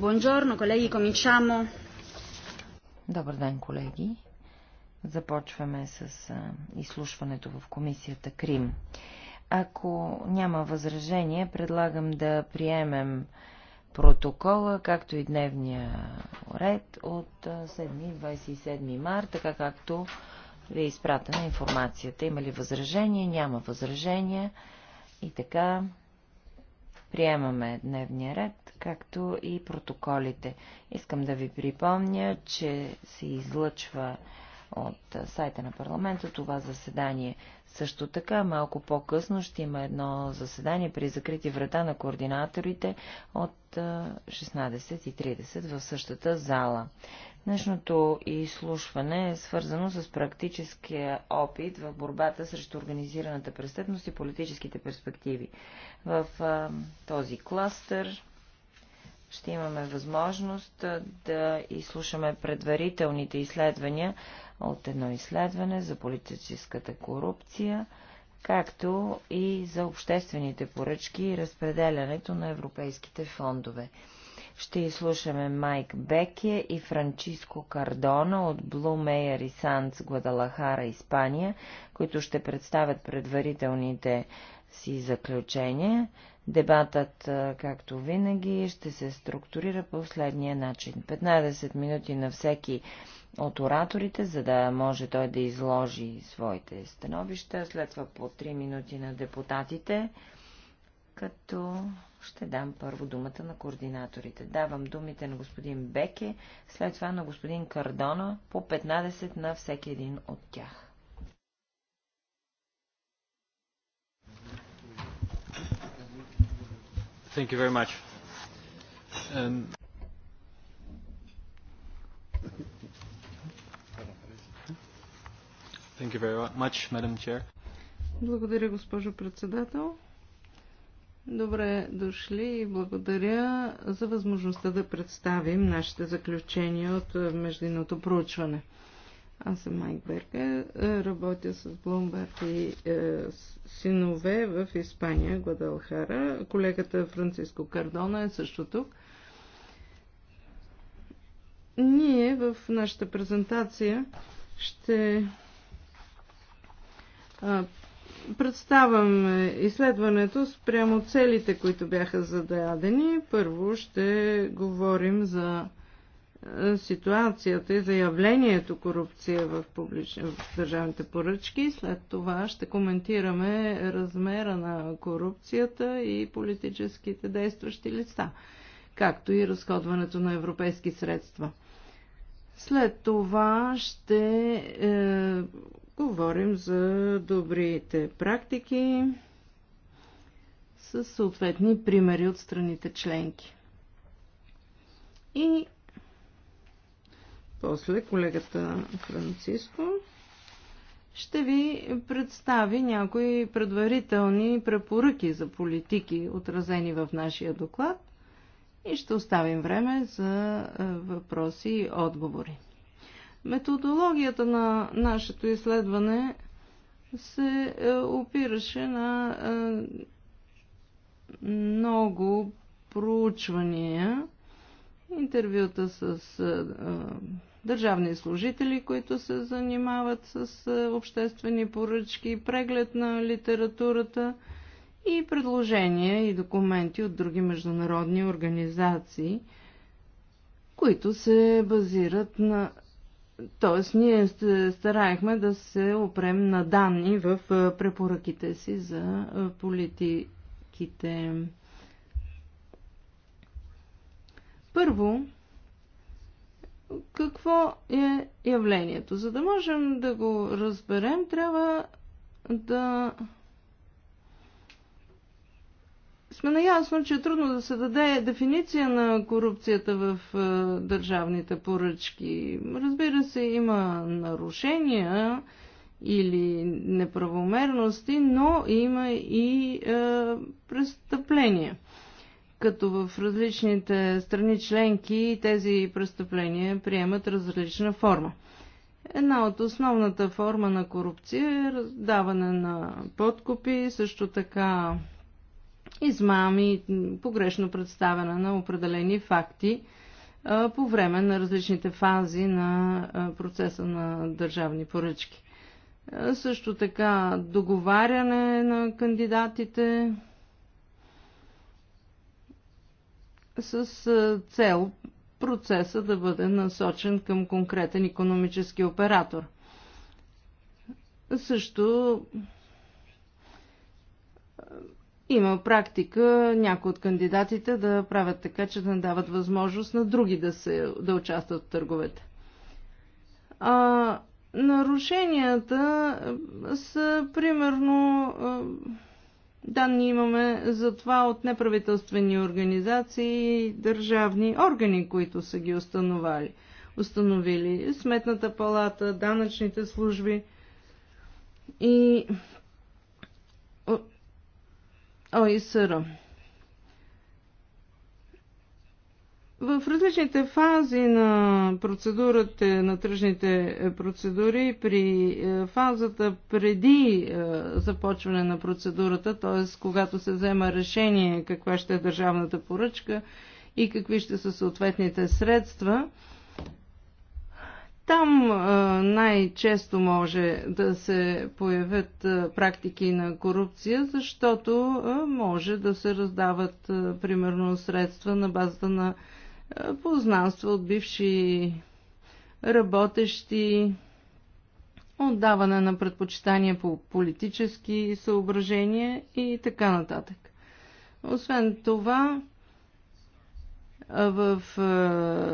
Buongiorno, колеги, cominciamo. Добър ден, колеги. Започваме с изслушването в комисията Крим. Ако няма възражение, предлагам да приемем протокола, както и дневния ред от 7 27 марта, така както ви е изпратена информацията. Има ли възражение? Няма възражения. И така Приемаме дневния ред, както и протоколите. Искам да ви припомня, че се излъчва от сайта на парламента това заседание. Също така, малко по-късно ще има едно заседание при закрити врата на координаторите от 16.30 в същата зала. Днешното изслушване е свързано с практическия опит в борбата срещу организираната престъпност и политическите перспективи. В а, този кластър ще имаме възможност да изслушаме предварителните изследвания от едно изследване за политическата корупция, както и за обществените поръчки и разпределянето на европейските фондове. Ще изслушаме Майк Беке и Франциско Кардона от Мейер и Санс Гладалахара, Испания, които ще представят предварителните си заключения. Дебатът, както винаги, ще се структурира по следния начин. 15 минути на всеки от ораторите, за да може той да изложи своите становища, след това по 3 минути на депутатите, като ще дам първо думата на координаторите. Давам думите на господин Беке, след това на господин Кардона по 15 на всеки един от тях. Thank you very much. Um... Thank you very much, Madam Chair. Благодаря, госпожо председател. Добре дошли и благодаря за възможността да представим нашите заключения от междинното проучване. Аз съм Майк Берка, е, работя с Блумбард и е, синове в Испания, Гладалхара. Колегата Франциско Кардона е също тук. Ние в нашата презентация ще е, представям изследването спрямо целите, които бяха зададени. Първо ще говорим за ситуацията и заявлението корупция в, публич... в държавните поръчки. След това ще коментираме размера на корупцията и политическите действащи лица, както и разходването на европейски средства. След това ще е, говорим за добрите практики с съответни примери от страните членки. И после колегата Франциско ще ви представи някои предварителни препоръки за политики, отразени в нашия доклад и ще оставим време за е, въпроси и отговори. Методологията на нашето изследване се е, опираше на е, много проучвания, интервюта с държавни служители, които се занимават с обществени поръчки, преглед на литературата и предложения и документи от други международни организации, които се базират на... Тоест, ние стараехме да се опрем на данни в препоръките си за политиките. Първо, какво е явлението. За да можем да го разберем, трябва да сме наясно, че е трудно да се даде дефиниция на корупцията в е, държавните поръчки. Разбира се, има нарушения или неправомерности, но има и е, престъпления като в различните страни членки тези престъпления приемат различна форма. Една от основната форма на корупция е раздаване на подкупи, също така измами, погрешно представяне на определени факти по време на различните фази на процеса на държавни поръчки. Също така договаряне на кандидатите, с цел процеса да бъде насочен към конкретен економически оператор. Също има практика някои от кандидатите да правят така, че да дават възможност на други да, се, да участват в търговете. А, нарушенията са примерно Данни имаме за това от неправителствени организации и държавни органи, които са ги установали. установили. Сметната палата, данъчните служби и ОИСР. В различните фази на процедурата, на тръжните процедури, при е, фазата преди е, започване на процедурата, т.е. когато се взема решение каква ще е държавната поръчка и какви ще са съответните средства, там е, най-често може да се появят практики на корупция, защото може да се раздават примерно средства на базата на познанства от бивши работещи, отдаване на предпочитания по политически съображения и така нататък. Освен това, в е,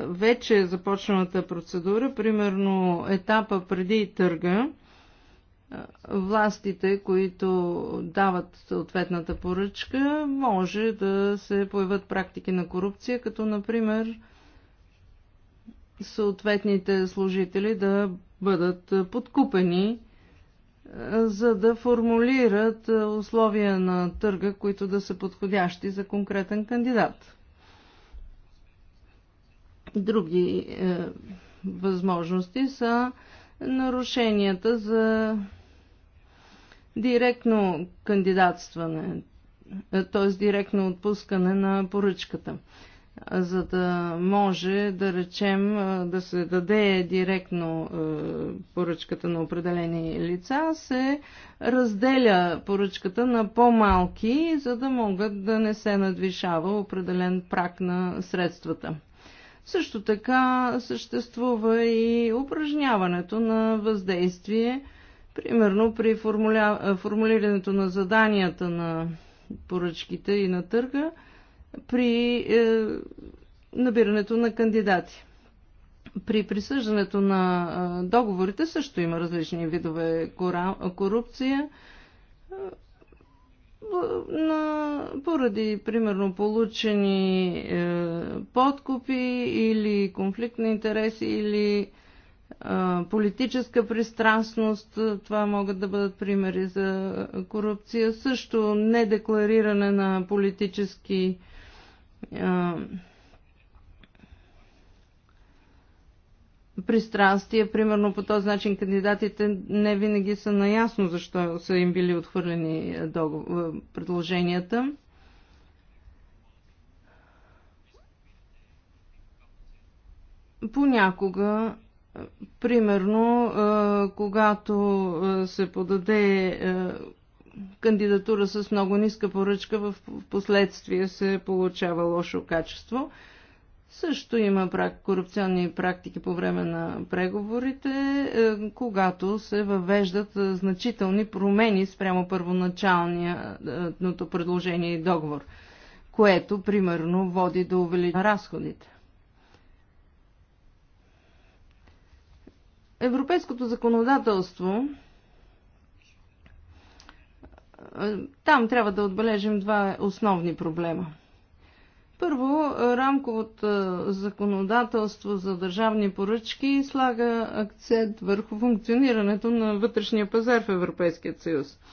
вече започналата процедура, примерно етапа преди търга, властите, които дават съответната поръчка, може да се появят практики на корупция, като например съответните служители да бъдат подкупени, за да формулират условия на търга, които да са подходящи за конкретен кандидат. Други е, възможности са нарушенията за директно кандидатстване, е, т.е. директно отпускане на поръчката, за да може, да речем, да се даде директно е, поръчката на определени лица, се разделя поръчката на по-малки, за да могат да не се надвишава определен прак на средствата. Също така съществува и упражняването на въздействие – Примерно при формуля... формулирането на заданията на поръчките и на търга, при е, набирането на кандидати. При присъждането на е, договорите също има различни видове корупция. На, поради, примерно, получени е, подкупи или конфликт на интереси или политическа пристрастност, това могат да бъдат примери за корупция, също недеклариране на политически пристрастия. Примерно по този начин кандидатите не винаги са наясно защо са им били отхвърлени предложенията. Понякога Примерно, когато се подаде кандидатура с много ниска поръчка, в последствие се получава лошо качество. Също има корупционни практики по време на преговорите, когато се въвеждат значителни промени спрямо първоначалното предложение и договор, което примерно води до увеличение на разходите. европейското законодателство, е, там трябва да отбележим два основни проблема. Първо, рамковото е, законодателство за държавни поръчки слага акцент върху функционирането на вътрешния пазар в Европейския съюз –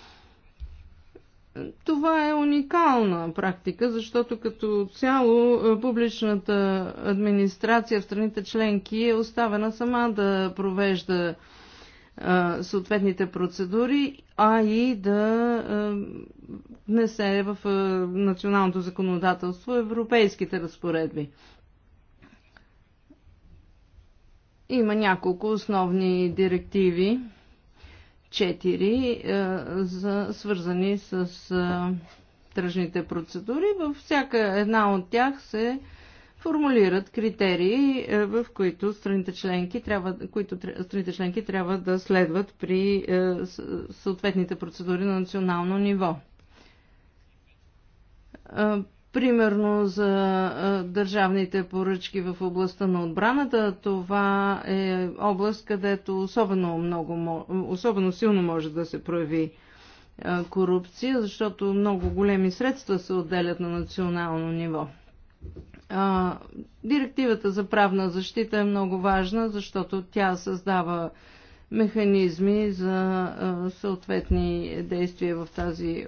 това е уникална практика, защото като цяло е, публичната администрация в страните членки е оставена сама да провежда е, съответните процедури, а и да е, внесе в националното законодателство европейските разпоредби. Има няколко основни директиви четири е, за, свързани с е, тръжните процедури. Във всяка една от тях се формулират критерии, е, в които страните членки трябва, които страните членки трябва да следват при съответните процедури на национално ниво Примерно за държавните поръчки в областта на отбраната, това е област, където особено, много, особено силно може да се прояви корупция, защото много големи средства се отделят на национално ниво. Директивата за правна защита е много важна, защото тя създава механизми за съответни действия в тази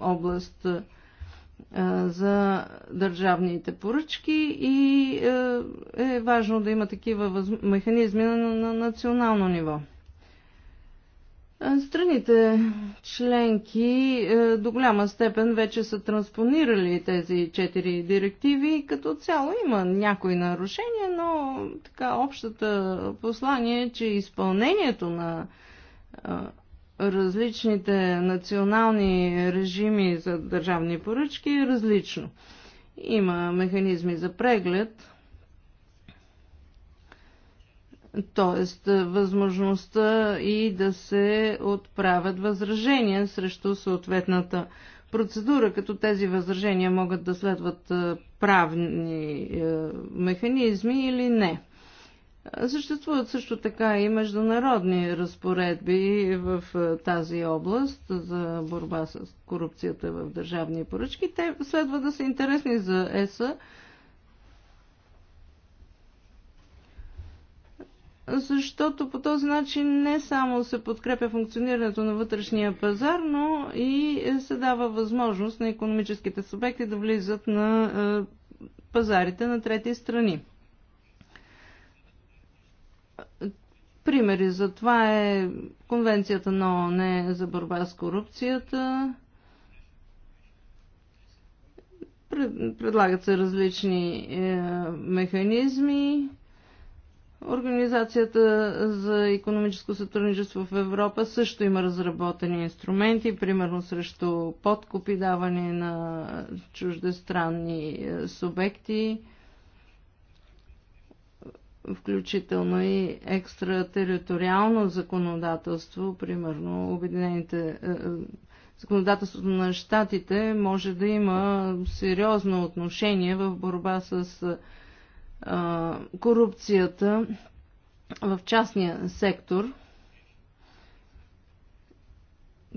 област за държавните поръчки и е важно да има такива механизми на национално ниво. Страните членки до голяма степен вече са транспонирали тези четири директиви. Като цяло има някои нарушения, но така общата послание е, че изпълнението на различните национални режими за държавни поръчки е различно. Има механизми за преглед, т.е. възможността и да се отправят възражения срещу съответната процедура, като тези възражения могат да следват правни механизми или не. Съществуват също така и международни разпоредби в тази област за борба с корупцията в държавни поръчки. Те следва да са интересни за ЕСА, защото по този начин не само се подкрепя функционирането на вътрешния пазар, но и се дава възможност на економическите субекти да влизат на пазарите на трети страни. Примери за това е Конвенцията на ООН за борба с корупцията. Предлагат се различни е, механизми. Организацията за економическо сътрудничество в Европа също има разработени инструменти, примерно срещу подкупи, даване на чуждестранни е, субекти включително и екстратериториално законодателство, примерно Обединените е, е, законодателството на щатите може да има сериозно отношение в борба с а, е, корупцията в частния сектор,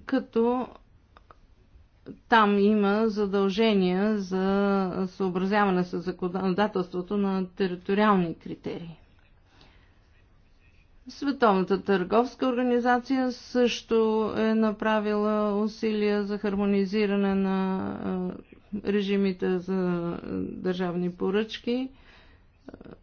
като там има задължения за съобразяване с законодателството на териториални критерии. Световната търговска организация също е направила усилия за хармонизиране на е, режимите за е, държавни поръчки –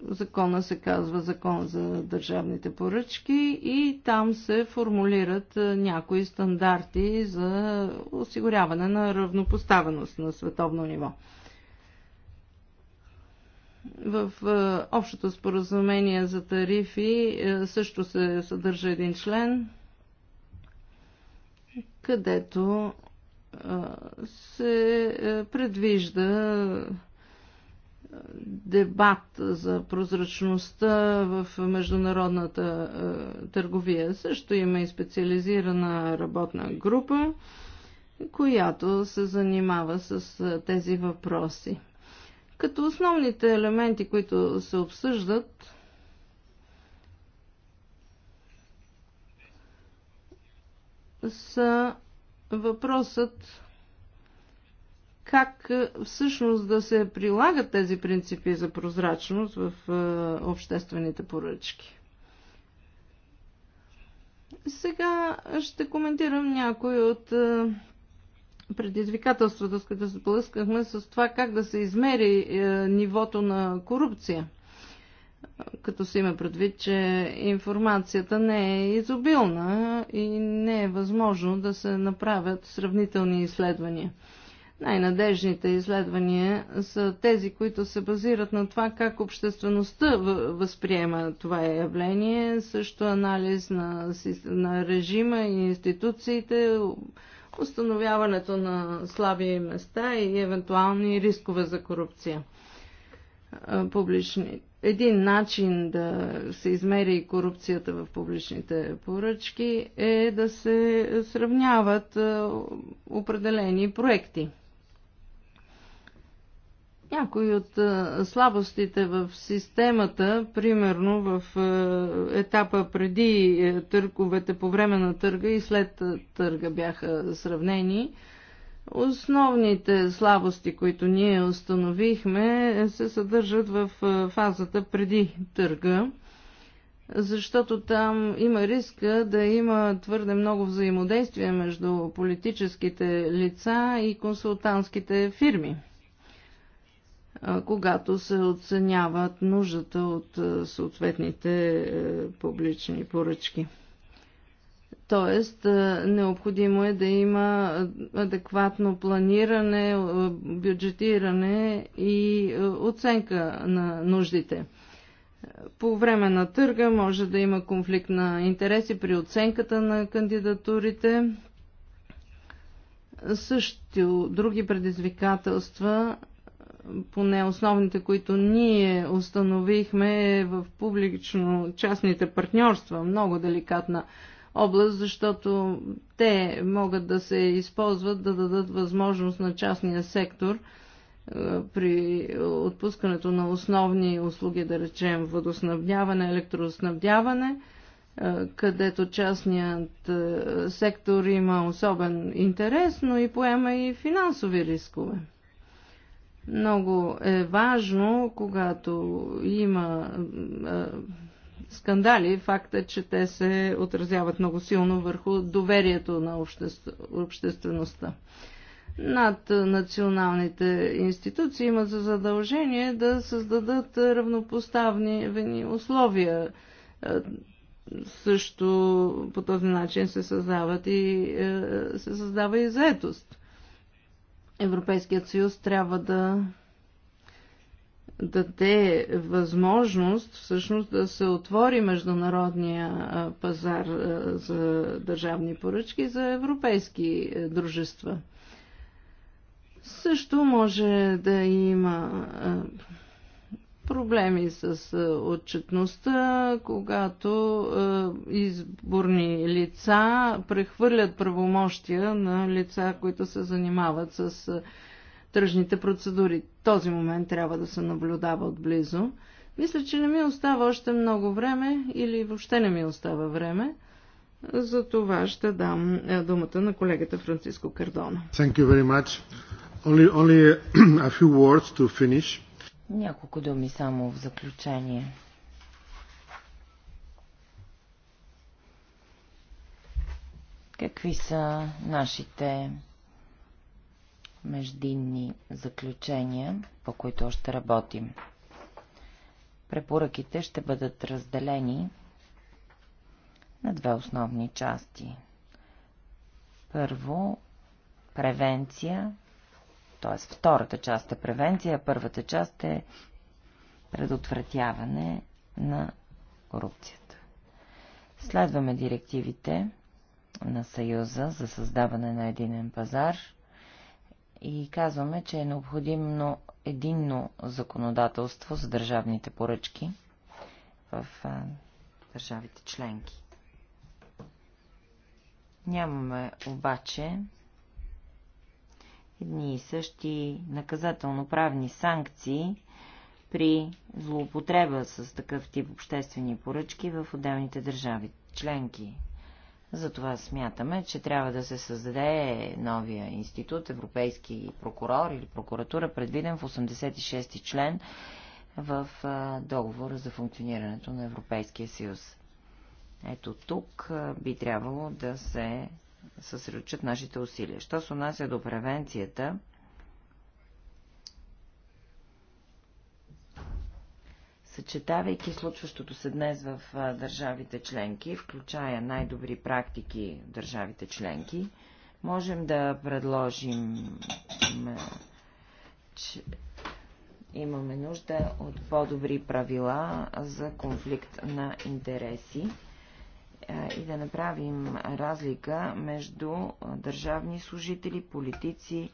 Закона се казва Закон за държавните поръчки и там се формулират е, някои стандарти за осигуряване на равнопоставеност на световно ниво. В е, общото споразумение за тарифи е, също се съдържа един член, където се предвижда дебат за прозрачността в международната е, търговия. Също има и специализирана работна група, която се занимава с е, тези въпроси. Като основните елементи, които се обсъждат, са въпросът как е, всъщност да се прилагат тези принципи за прозрачност в е, обществените поръчки. Сега ще коментирам някои от е, предизвикателствата, с които се блъскахме, с това как да се измери нивото на корупция. Като се има предвид, че информацията не е изобилна и не е възможно да се направят сравнителни изследвания. Най-надежните изследвания са тези, които се базират на това как обществеността възприема това явление, също анализ на, на режима и институциите, установяването на слаби места и евентуални рискове за корупция. Публични. Един начин да се измери корупцията в публичните поръчки е да се сравняват определени проекти – някои от слабостите в системата, примерно в етапа преди е, търговете, по време на търга и след търга бяха сравнени. Основните слабости, които ние установихме, е, се съдържат в фазата преди търга, защото там има риска да има твърде много взаимодействие между политическите лица и консултантските фирми когато се оценяват нуждата от съответните е, публични поръчки. Тоест, необходимо е да има адекватно планиране, бюджетиране и оценка на нуждите. По време на търга може да има конфликт на интереси при оценката на кандидатурите. Също други предизвикателства поне основните, които ние установихме е в публично-частните партньорства. Много деликатна област, защото те могат да се използват да дадат възможност на частния сектор е, при отпускането на основни услуги, да речем водоснабдяване, електроснабдяване, е, където частният сектор има особен интерес, но и поема и финансови рискове. Много е важно, когато има скандали, факта, че те се отразяват много силно върху доверието на обществ... обществеността. Над националните институции имат за задължение да създадат равнопоставни условия. Също по този начин се, създават и, се създава и заетост. Европейският съюз трябва да даде възможност всъщност да се отвори международния пазар за държавни поръчки за европейски дружества. Също може да има проблеми с е, отчетността, когато е, изборни лица прехвърлят правомощия на лица, които се занимават с е, тръжните процедури. Този момент трябва да се наблюдава отблизо. Мисля, че не ми остава още много време или въобще не ми остава време. За това ще дам думата на колегата Франциско Кардона. Thank you very much. Only, only a few words to finish. Няколко думи само в заключение. Какви са нашите междинни заключения, по които още работим? Препоръките ще бъдат разделени на две основни части. Първо, превенция т.е. втората част е превенция, първата част е предотвратяване на корупцията. Следваме директивите на Съюза за създаване на единен пазар и казваме, че е необходимо единно законодателство за държавните поръчки в държавите членки. Нямаме обаче едни и същи наказателно-правни санкции при злоупотреба с такъв тип обществени поръчки в отделните държави членки. Затова смятаме, че трябва да се създаде новия институт, европейски прокурор или прокуратура, предвиден в 86-ти член в договора за функционирането на Европейския съюз. Ето тук би трябвало да се съсредоточат нашите усилия. Що се отнася до превенцията, съчетавайки случващото се днес в държавите членки, включая най-добри практики в държавите членки, можем да предложим, че имаме нужда от по-добри правила за конфликт на интереси е, и да направим разлика между е, държавни служители, политици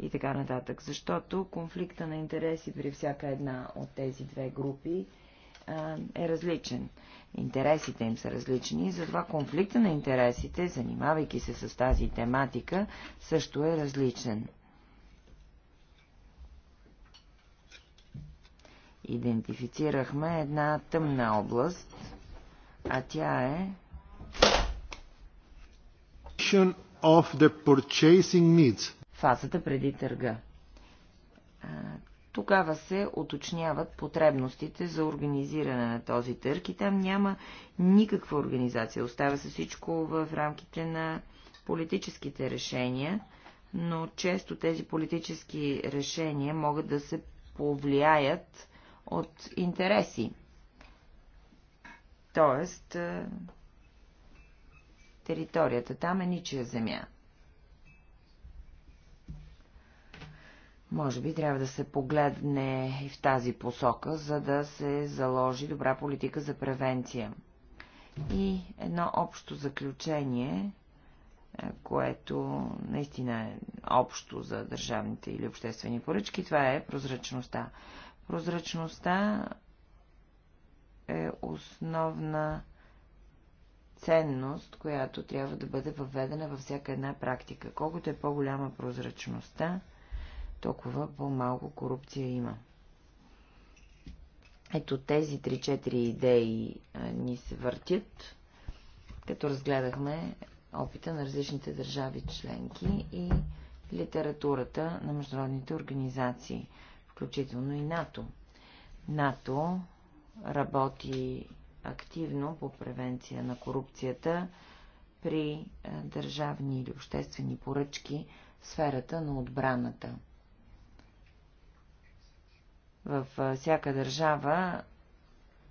и така нататък. Защото конфликта на интереси при всяка една от тези две групи е, е различен. Интересите им са различни, затова конфликта на интересите, занимавайки се с тази тематика, също е различен. Идентифицирахме една тъмна област, а тя е of the purchasing needs. Фазата преди търга. Тогава се уточняват потребностите за организиране на този търг и там няма никаква организация. Остава се всичко в рамките на политическите решения, но често тези политически решения могат да се повлияят от интереси. Тоест, територията там е ничия земя. Може би трябва да се погледне и в тази посока, за да се заложи добра политика за превенция. И едно общо заключение, е, което наистина е общо за държавните или обществени поръчки, това е прозрачността. Прозрачността е основна ценност, която трябва да бъде въведена във всяка една практика. Колкото е по-голяма прозрачността, толкова по-малко корупция има. Ето тези 3-4 идеи ни се въртят, като разгледахме опита на различните държави членки и литературата на международните организации, включително и НАТО. НАТО работи активно по превенция на корупцията при е, държавни или обществени поръчки в сферата на отбраната. В е, всяка държава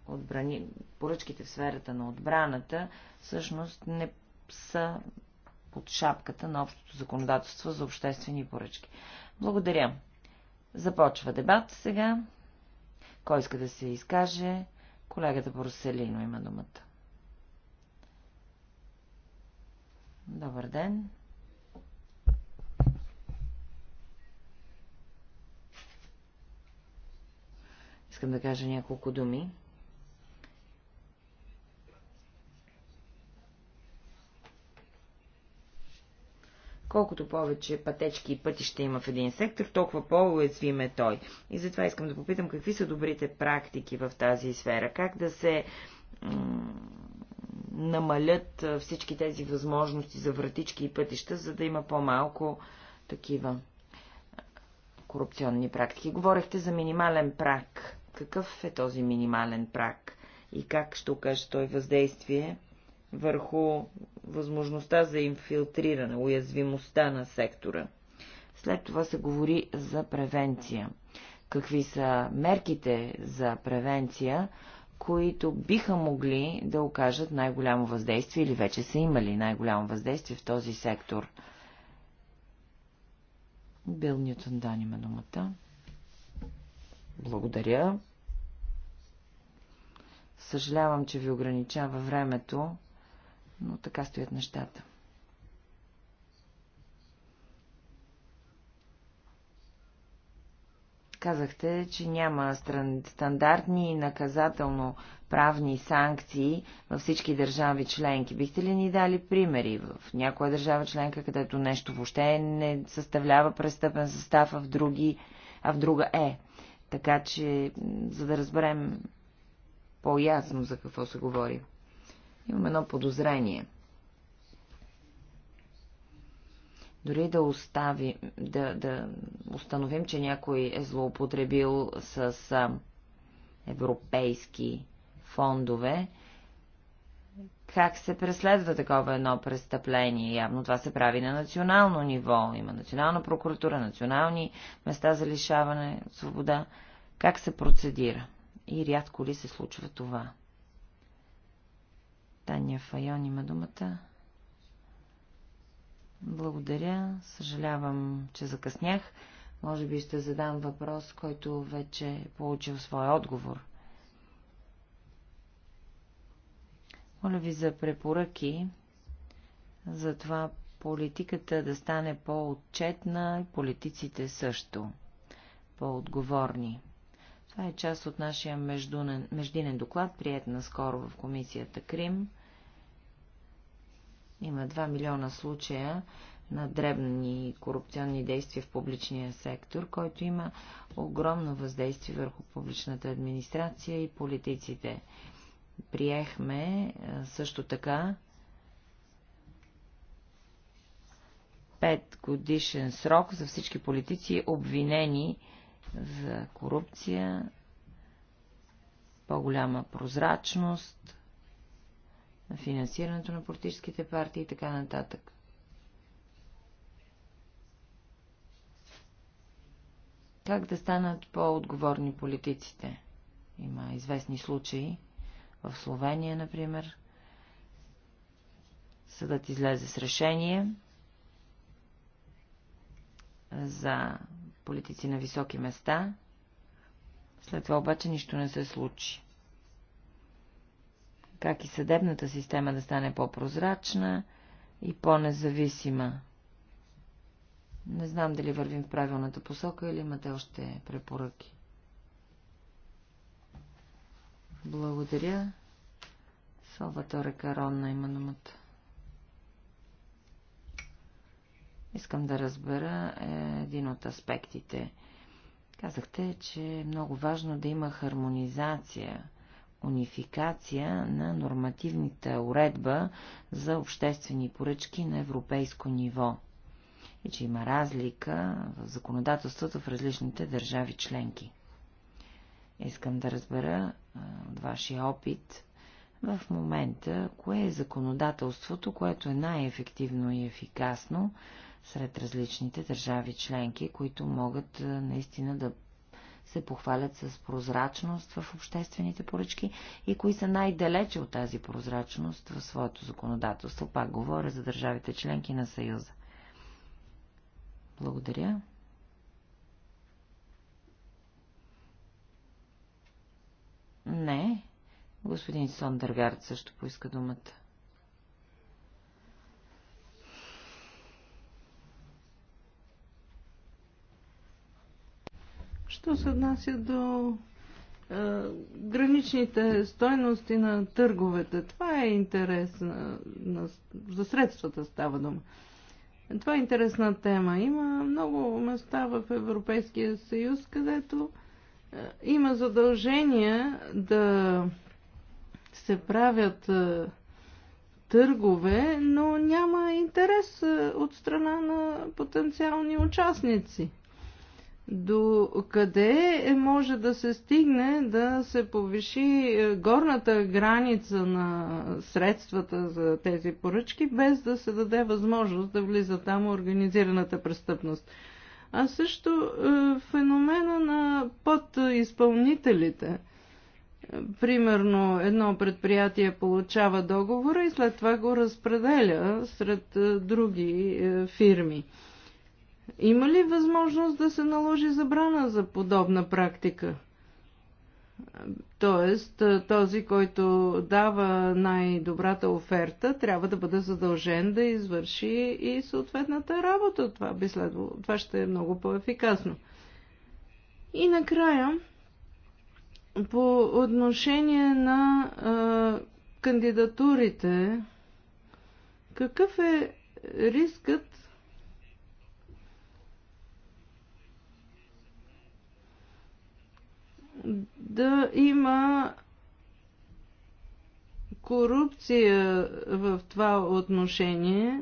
отбрани... поръчките в сферата на отбраната всъщност не са под шапката на общото законодателство за обществени поръчки. Благодаря. Започва дебат сега. Кой иска да се изкаже? Колегата Борселино има думата. Добър ден. Искам да кажа няколко думи. Колкото повече пътечки и пътища има в един сектор, толкова по-уязвим е той. И затова искам да попитам какви са добрите практики в тази сфера, как да се намалят всички тези възможности за вратички и пътища, за да има по-малко такива корупционни практики. Говорехте за минимален прак. Какъв е този минимален прак и как ще окаже той въздействие върху възможността за инфилтриране, уязвимостта на сектора. След това се говори за превенция. Какви са мерките за превенция, които биха могли да окажат най-голямо въздействие или вече са имали най-голямо въздействие в този сектор? Бил Нютон Дани има думата. Благодаря. Съжалявам, че ви ограничава времето но така стоят нещата. Казахте, че няма стандартни и наказателно-правни санкции във всички държави членки. Бихте ли ни дали примери в някоя държава членка, където нещо въобще не съставлява престъпен състав, а в, други, а в друга е? Така че, за да разберем по-ясно за какво се говори. Имам едно подозрение. Дори да, остави, да, да установим, че някой е злоупотребил с европейски фондове, как се преследва такова едно престъпление. Явно това се прави на национално ниво. Има национална прокуратура, национални места за лишаване свобода. Как се процедира? И рядко ли се случва това? Таня Файон има думата. Благодаря. Съжалявам, че закъснях. Може би ще задам въпрос, който вече е получил своя отговор. Моля ви за препоръки за това политиката да стане по-отчетна и политиците също по-отговорни. Това е част от нашия междунен, междинен доклад, прият наскоро в комисията Крим. Има 2 милиона случая на дребни корупционни действия в публичния сектор, който има огромно въздействие върху публичната администрация и политиците. Приехме също така пет годишен срок за всички политици, обвинени за корупция, по-голяма прозрачност на финансирането на политическите партии и така нататък. Как да станат по-отговорни политиците? Има известни случаи. В Словения, например, съдът излезе с решение за политици на високи места. След това обаче нищо не се случи. Как и съдебната система да стане по-прозрачна и по-независима. Не знам дали вървим в правилната посока или имате още препоръки. Благодаря. Салваторе Каронна има думата. Искам да разбера е, един от аспектите. Казахте, че е много важно да има хармонизация, унификация на нормативната уредба за обществени поръчки на европейско ниво и че има разлика в законодателството в различните държави членки. Искам да разбера е, от вашия опит в момента, кое е законодателството, което е най-ефективно и ефикасно, сред различните държави членки, които могат наистина да се похвалят с прозрачност в обществените поръчки и кои са най-далече от тази прозрачност в своето законодателство. Пак говоря за държавите членки на Съюза. Благодаря. Не. Господин Сондергард също поиска думата. Що се отнася до е, граничните стойности на търговете, това е интерес на, на, за средствата става дума. Това е интересна тема. Има много места в Европейския съюз, където е, има задължения да се правят е, търгове, но няма интерес е, от страна на потенциални участници до къде може да се стигне да се повиши е, горната граница на средствата за тези поръчки, без да се даде възможност да влиза там организираната престъпност. А също е, феномена на подизпълнителите. Примерно едно предприятие получава договора и след това го разпределя сред е, други фирми. Има ли възможност да се наложи забрана за подобна практика? Тоест, този, който дава най-добрата оферта, трябва да бъде задължен да извърши и съответната работа. Това би следвало. Това ще е много по-ефикасно. И накрая, по отношение на а, кандидатурите, какъв е рискът да има корупция в това отношение,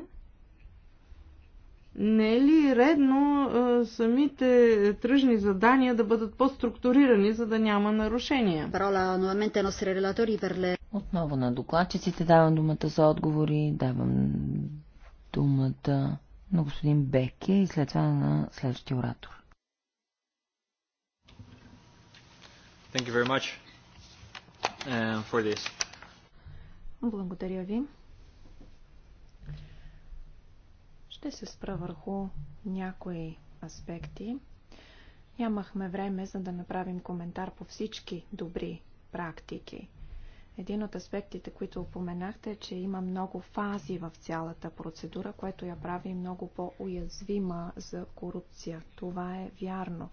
не е ли редно а, самите тръжни задания да бъдат по-структурирани, за да няма нарушения? Отново на докладчиците давам думата за отговори, давам думата на господин Беке и след това на следващия оратор. Thank you very much uh, for this. Благодаря ви. Ще се спра върху някои аспекти. Нямахме време за да направим коментар по всички добри практики. Един от аспектите, които упоменахте, е, че има много фази в цялата процедура, което я прави много по-уязвима за корупция. Това е вярно.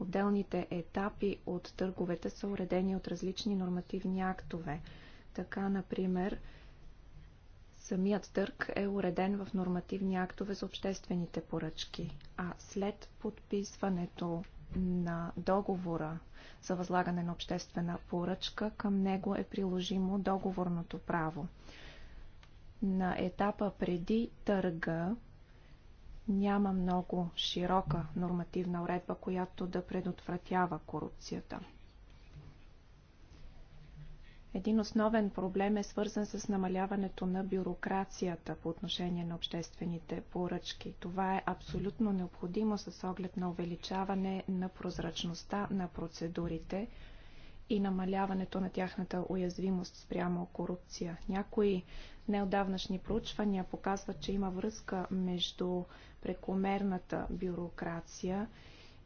Отделните етапи от търговете са уредени от различни нормативни актове. Така, например, самият търг е уреден в нормативни актове за обществените поръчки, а след подписването на договора за възлагане на обществена поръчка, към него е приложимо договорното право. На етапа преди търга няма много широка нормативна уредба, която да предотвратява корупцията. Един основен проблем е свързан с намаляването на бюрокрацията по отношение на обществените поръчки. Това е абсолютно необходимо с оглед на увеличаване на прозрачността на процедурите и намаляването на тяхната уязвимост спрямо корупция. Някои неодавнашни проучвания показват, че има връзка между прекомерната бюрокрация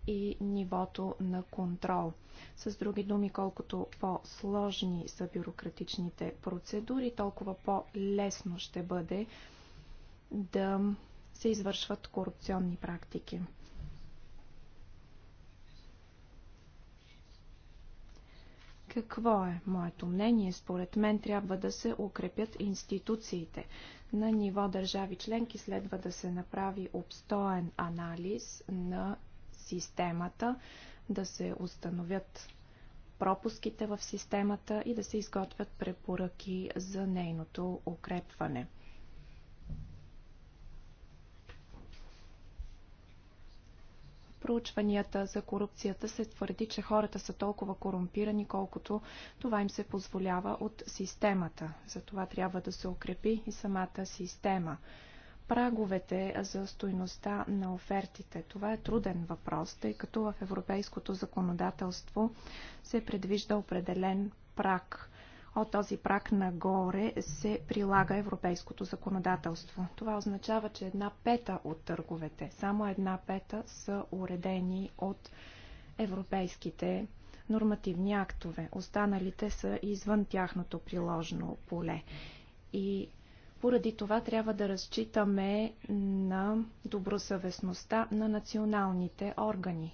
и нивото на контрол. С други думи, колкото по-сложни са бюрократичните процедури, толкова по-лесно ще бъде да се извършват корупционни практики. Какво е моето мнение? Според мен трябва да се укрепят институциите. На ниво държави членки следва да се направи обстоен анализ на системата, да се установят пропуските в системата и да се изготвят препоръки за нейното укрепване. проучванията за корупцията се твърди, че хората са толкова корумпирани, колкото това им се позволява от системата. Затова трябва да се укрепи и самата система. Праговете за стойността на офертите. Това е труден въпрос, тъй като в европейското законодателство се предвижда определен праг от този прак нагоре се прилага европейското законодателство. Това означава, че една пета от търговете, само една пета са уредени от европейските нормативни актове. Останалите са извън тяхното приложено поле. И поради това трябва да разчитаме на добросъвестността на националните органи.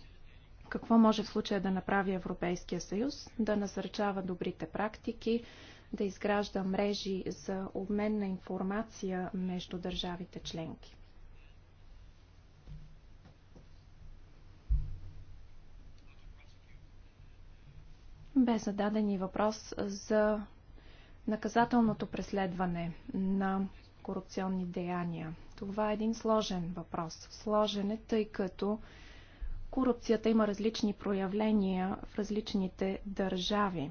Какво може в случая да направи Европейския съюз? Да насърчава добрите практики, да изгражда мрежи за обмен на информация между държавите членки. Бе зададен и въпрос за наказателното преследване на корупционни деяния. Това е един сложен въпрос. Сложен е, тъй като Корупцията има различни проявления в различните държави.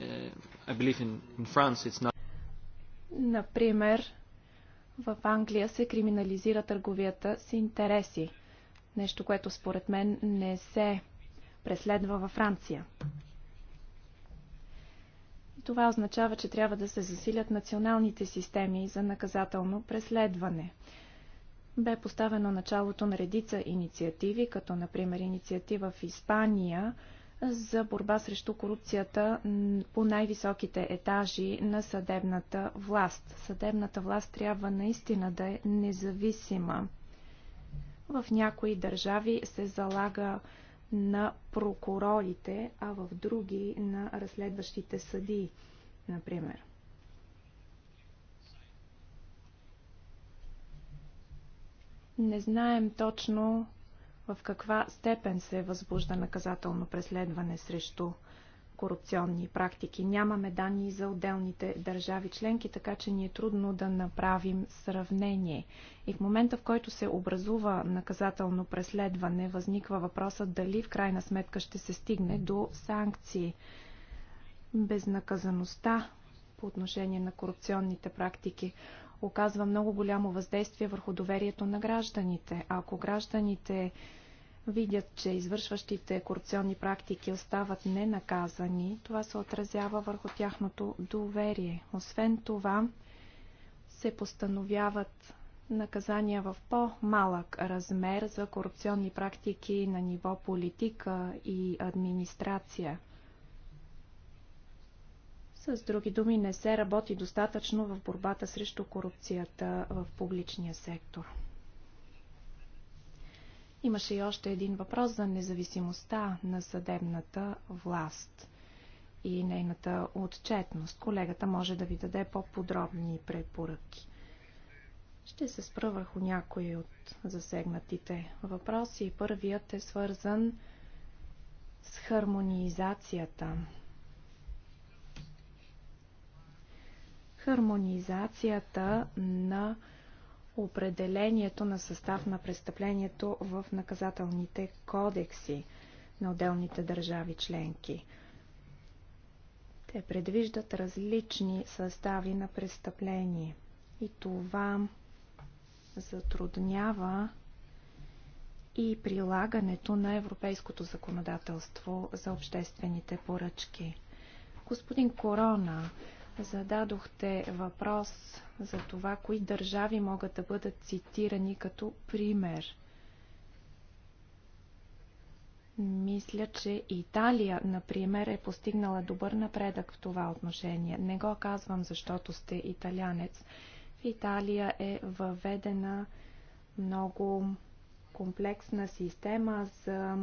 Uh, Например, в Англия се криминализира търговията с интереси. Нещо, което според мен не се преследва във Франция. Това означава, че трябва да се засилят националните системи за наказателно преследване. Бе поставено началото на редица инициативи, като например инициатива в Испания за борба срещу корупцията по най-високите етажи на съдебната власт. Съдебната власт трябва наистина да е независима. В някои държави се залага на прокурорите, а в други на разследващите съдии, например. Не знаем точно в каква степен се възбужда наказателно преследване срещу корупционни практики. Нямаме данни за отделните държави членки, така че ни е трудно да направим сравнение. И в момента, в който се образува наказателно преследване, възниква въпроса дали в крайна сметка ще се стигне до санкции. Безнаказаността по отношение на корупционните практики оказва много голямо въздействие върху доверието на гражданите. ако гражданите видят, че извършващите корупционни практики остават ненаказани, това се отразява върху тяхното доверие. Освен това, се постановяват наказания в по-малък размер за корупционни практики на ниво политика и администрация. С други думи, не се работи достатъчно в борбата срещу корупцията в публичния сектор. Имаше и още един въпрос за независимостта на съдебната власт и нейната отчетност. Колегата може да ви даде по-подробни препоръки. Ще се спра върху някои от засегнатите въпроси. Първият е свързан с хармонизацията. Хармонизацията на определението на състав на престъплението в наказателните кодекси на отделните държави членки. Те предвиждат различни състави на престъпление и това затруднява и прилагането на европейското законодателство за обществените поръчки. Господин Корона, зададохте въпрос за това, кои държави могат да бъдат цитирани като пример. Мисля, че Италия, например, е постигнала добър напредък в това отношение. Не го казвам, защото сте италянец. В Италия е въведена много комплексна система за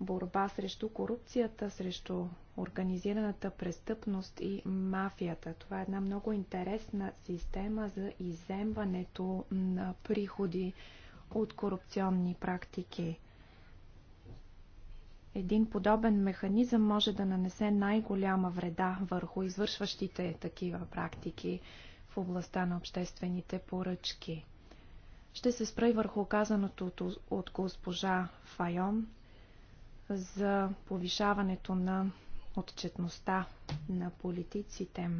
борба срещу корупцията, срещу организираната престъпност и мафията. Това е една много интересна система за иземването на приходи от корупционни практики. Един подобен механизъм може да нанесе най-голяма вреда върху извършващите такива практики в областта на обществените поръчки. Ще се спра и върху казаното от госпожа Файон за повишаването на отчетността на политиците.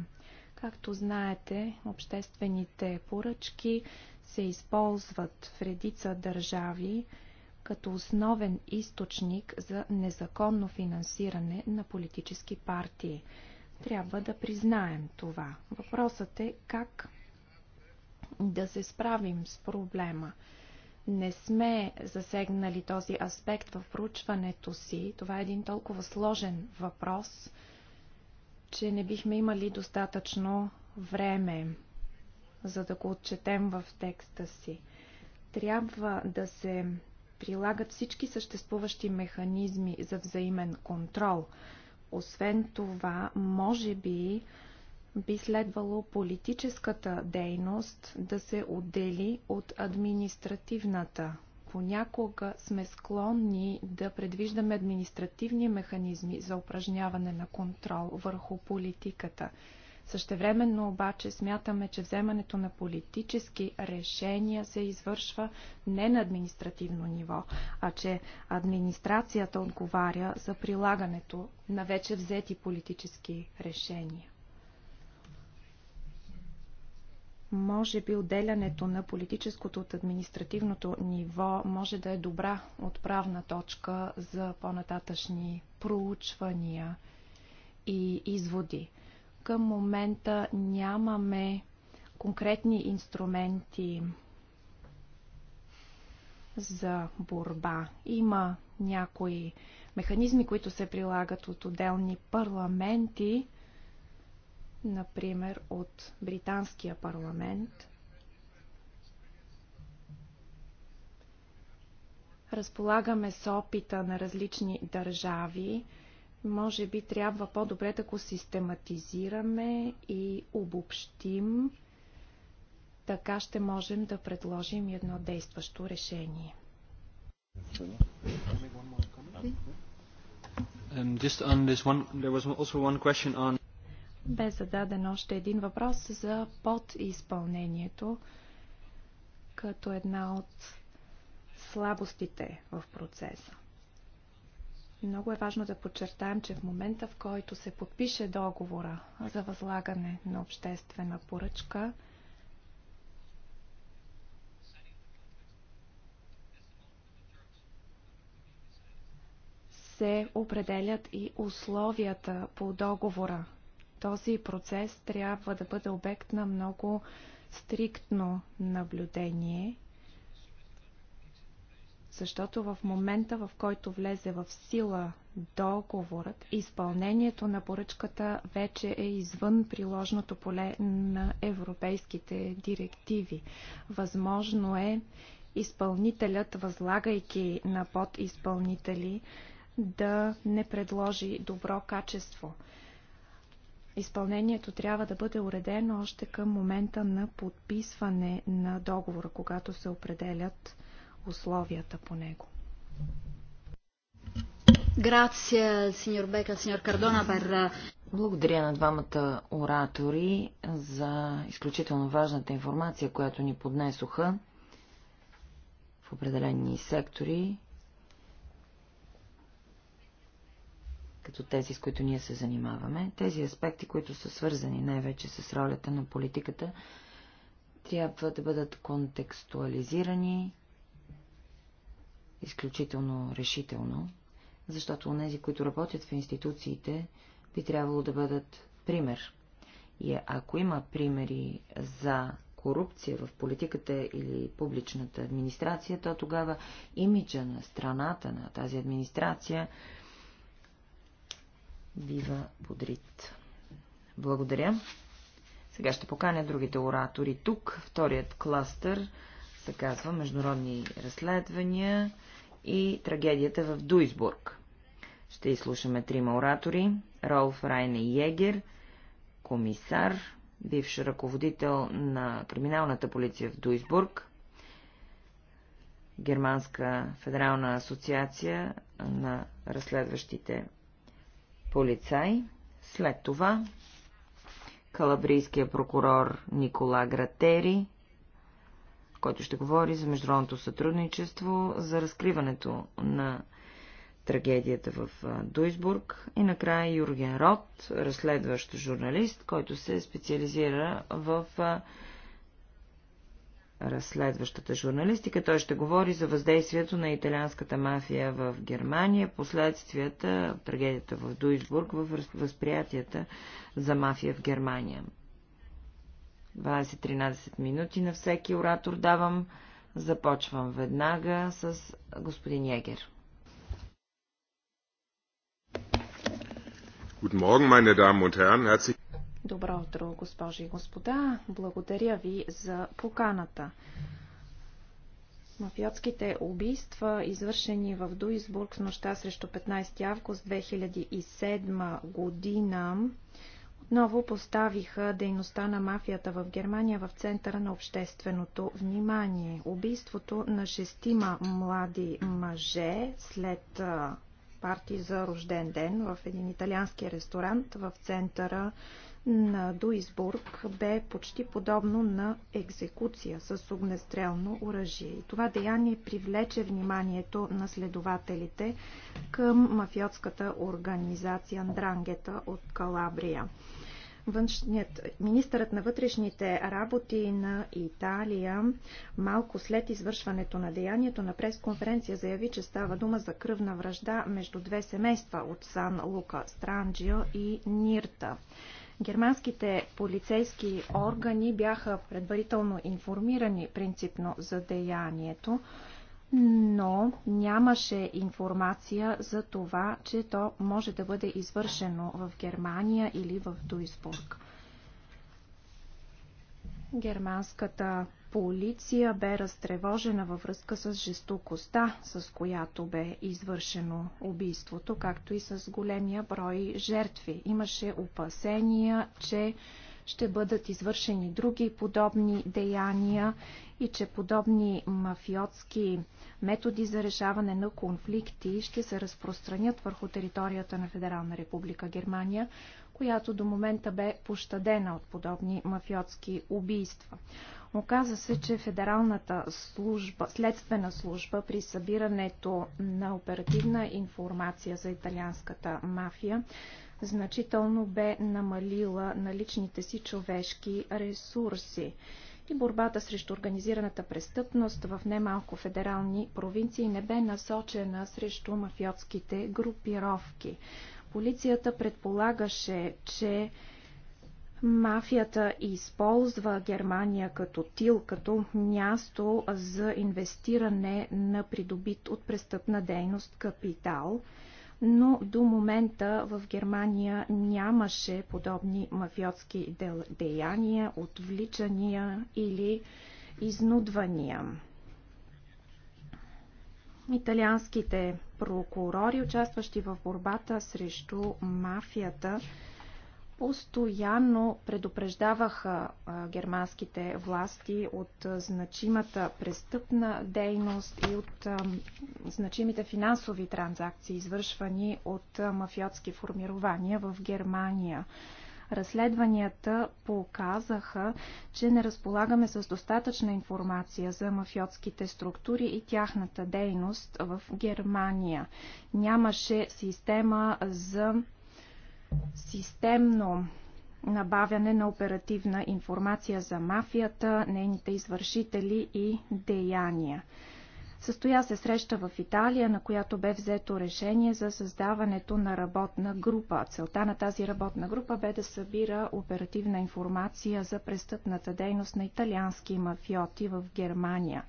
Както знаете, обществените поръчки се използват в редица държави като основен източник за незаконно финансиране на политически партии. Трябва да признаем това. Въпросът е как да се справим с проблема не сме засегнали този аспект в проучването си. Това е един толкова сложен въпрос, че не бихме имали достатъчно време, за да го отчетем в текста си. Трябва да се прилагат всички съществуващи механизми за взаимен контрол. Освен това, може би, би следвало политическата дейност да се отдели от административната. Понякога сме склонни да предвиждаме административни механизми за упражняване на контрол върху политиката. Същевременно обаче смятаме, че вземането на политически решения се извършва не на административно ниво, а че администрацията отговаря за прилагането на вече взети политически решения. Може би отделянето на политическото от административното ниво може да е добра отправна точка за по-нататъчни проучвания и изводи. Към момента нямаме конкретни инструменти за борба. Има някои механизми, които се прилагат от отделни парламенти, например от британския парламент. Разполагаме с опита на различни държави. Може би трябва по-добре да го систематизираме и обобщим. Така ще можем да предложим едно действащо решение. Um, just on this one, there was also one question on бе зададен още един въпрос за подизпълнението като една от слабостите в процеса. Много е важно да подчертаем, че в момента, в който се подпише договора за възлагане на обществена поръчка, се определят и условията по договора този процес трябва да бъде обект на много стриктно наблюдение, защото в момента, в който влезе в сила договорът, изпълнението на поръчката вече е извън приложното поле на европейските директиви. Възможно е изпълнителят, възлагайки на подизпълнители, да не предложи добро качество изпълнението трябва да бъде уредено още към момента на подписване на договора, когато се определят условията по него. Благодаря на двамата оратори за изключително важната информация, която ни поднесоха в определени сектори. като тези, с които ние се занимаваме, тези аспекти, които са свързани най-вече с ролята на политиката, трябва да бъдат контекстуализирани изключително решително, защото тези, които работят в институциите, би трябвало да бъдат пример. И ако има примери за корупция в политиката или публичната администрация, то тогава имиджа на страната на тази администрация бива бодрит. Благодаря. Сега ще поканя другите оратори тук. Вторият кластър се казва Международни разследвания и трагедията в Дуйсбург. Ще изслушаме трима оратори. Ролф Райне Йегер, комисар, бивш ръководител на криминалната полиция в Дуйсбург, Германска федерална асоциация на разследващите полицай. След това калабрийския прокурор Никола Гратери, който ще говори за международното сътрудничество, за разкриването на трагедията в Дуйсбург и накрая Юрген Рот, разследващ журналист, който се специализира в разследващата журналистика. Той ще говори за въздействието на италианската мафия в Германия, последствията, трагедията в Дуйсбург, в възприятията за мафия в Германия. 20-13 минути на всеки оратор давам. Започвам веднага с господин Егер. Guten Morgen, meine Damen und Herren. Herzlich Добро утро, госпожи и господа. Благодаря ви за поканата. Мафиотските убийства, извършени в Дуисбург в нощта срещу 15 август 2007 година, отново поставиха дейността на мафията в Германия в центъра на общественото внимание. Убийството на шестима млади мъже след парти за рожден ден в един италиански ресторант в центъра на Дуисбург бе почти подобно на екзекуция с огнестрелно оръжие. И това деяние привлече вниманието на следователите към мафиотската организация Андрангета от Калабрия. Външният, министърът на вътрешните работи на Италия малко след извършването на деянието на пресконференция заяви, че става дума за кръвна връжда между две семейства от Сан Лука Странджио и Нирта. Германските полицейски органи бяха предварително информирани принципно за деянието, но нямаше информация за това, че то може да бъде извършено в Германия или в Дуисбург. Германската полиция бе разтревожена във връзка с жестокостта, с която бе извършено убийството, както и с големия брой жертви. Имаше опасения, че ще бъдат извършени други подобни деяния и че подобни мафиотски методи за решаване на конфликти ще се разпространят върху територията на Федерална република Германия, която до момента бе пощадена от подобни мафиотски убийства. Оказа се, че Федералната служба, следствена служба при събирането на оперативна информация за италианската мафия значително бе намалила наличните си човешки ресурси и борбата срещу организираната престъпност в немалко федерални провинции не бе насочена срещу мафиотските групировки. Полицията предполагаше, че Мафията използва Германия като тил, като място за инвестиране на придобит от престъпна дейност капитал, но до момента в Германия нямаше подобни мафиотски деяния, отвличания или изнудвания. Италианските прокурори, участващи в борбата срещу мафията, постоянно предупреждаваха германските власти от значимата престъпна дейност и от значимите финансови транзакции, извършвани от мафиотски формирования в Германия. Разследванията показаха, че не разполагаме с достатъчна информация за мафиотските структури и тяхната дейност в Германия. Нямаше система за системно набавяне на оперативна информация за мафията, нейните извършители и деяния. Състоя се среща в Италия, на която бе взето решение за създаването на работна група. Целта на тази работна група бе да събира оперативна информация за престъпната дейност на италиански мафиоти в Германия.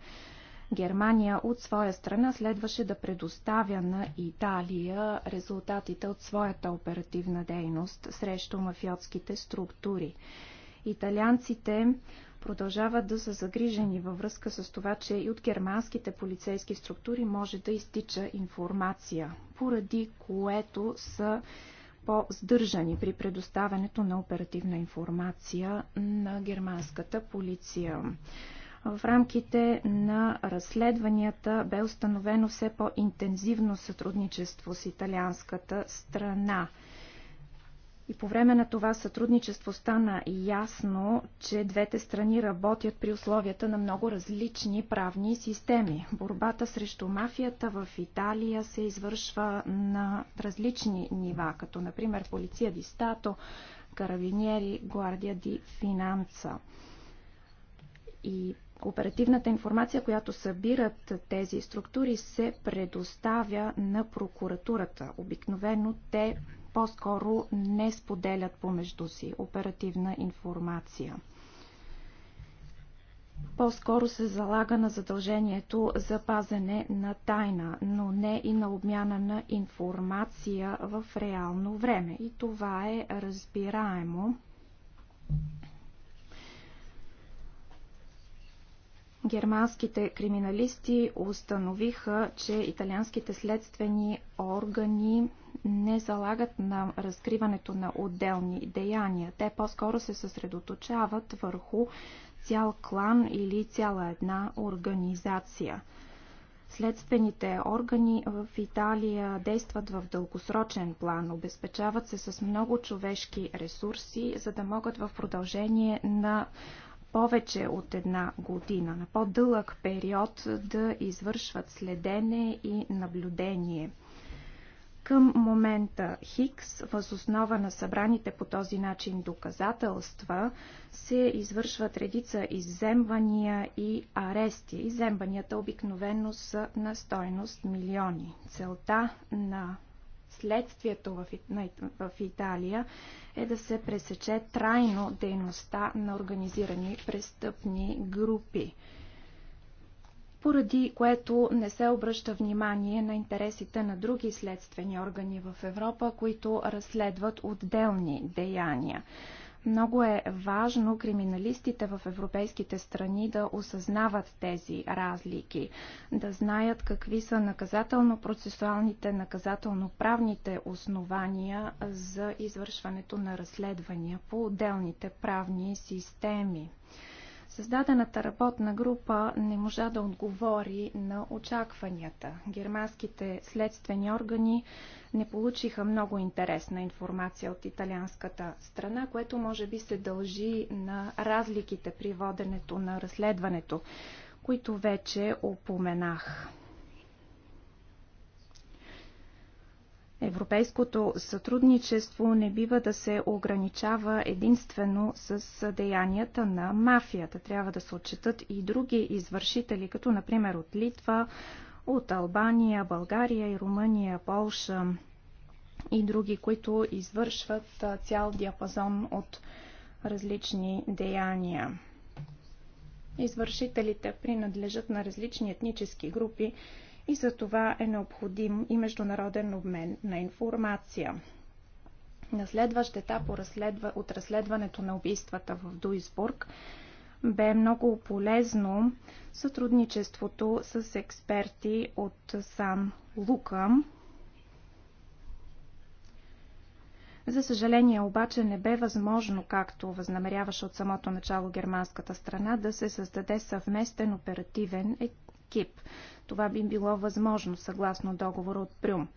Германия от своя страна следваше да предоставя на Италия резултатите от своята оперативна дейност срещу мафиотските структури. Италианците продължават да са загрижени във връзка с това, че и от германските полицейски структури може да изтича информация, поради което са по-здържани при предоставянето на оперативна информация на германската полиция. В рамките на разследванията бе установено все по-интензивно сътрудничество с италианската страна. И по време на това сътрудничество стана ясно, че двете страни работят при условията на много различни правни системи. Борбата срещу мафията в Италия се извършва на различни нива, като например полиция ди стато, карабиниери, гвардия ди финанса. И Оперативната информация, която събират тези структури, се предоставя на прокуратурата. Обикновено те по-скоро не споделят помежду си оперативна информация. По-скоро се залага на задължението за пазене на тайна, но не и на обмяна на информация в реално време. И това е разбираемо Германските криминалисти установиха, че италианските следствени органи не залагат на разкриването на отделни деяния. Те по-скоро се съсредоточават върху цял клан или цяла една организация. Следствените органи в Италия действат в дългосрочен план, обезпечават се с много човешки ресурси, за да могат в продължение на повече от една година, на по-дълъг период да извършват следене и наблюдение. Към момента Хикс, възоснова на събраните по този начин доказателства, се извършват редица изземвания и арести. Изземванията обикновено са на стойност милиони. Целта на Следствието в, Италия е да се пресече трайно дейността на организирани престъпни групи поради което не се обръща внимание на интересите на други следствени органи в Европа, които разследват отделни деяния. Много е важно криминалистите в европейските страни да осъзнават тези разлики, да знаят какви са наказателно-процесуалните, наказателно-правните основания за извършването на разследвания по отделните правни системи. Създадената работна група не можа да отговори на очакванията. Германските следствени органи не получиха много интересна информация от италианската страна, което може би се дължи на разликите при воденето на разследването, които вече упоменах. Европейското сътрудничество не бива да се ограничава единствено с деянията на мафията. Трябва да се отчитат и други извършители, като например от Литва, от Албания, България и Румъния, Полша и други, които извършват цял диапазон от различни деяния. Извършителите принадлежат на различни етнически групи и за това е необходим и международен обмен на информация. На следващ етап от разследването на убийствата в Дуисбург бе много полезно сътрудничеството с експерти от Сан Лука. За съжаление обаче не бе възможно, както възнамеряваше от самото начало германската страна, да се създаде съвместен оперативен екип. Това би било възможно съгласно договора от Прюм.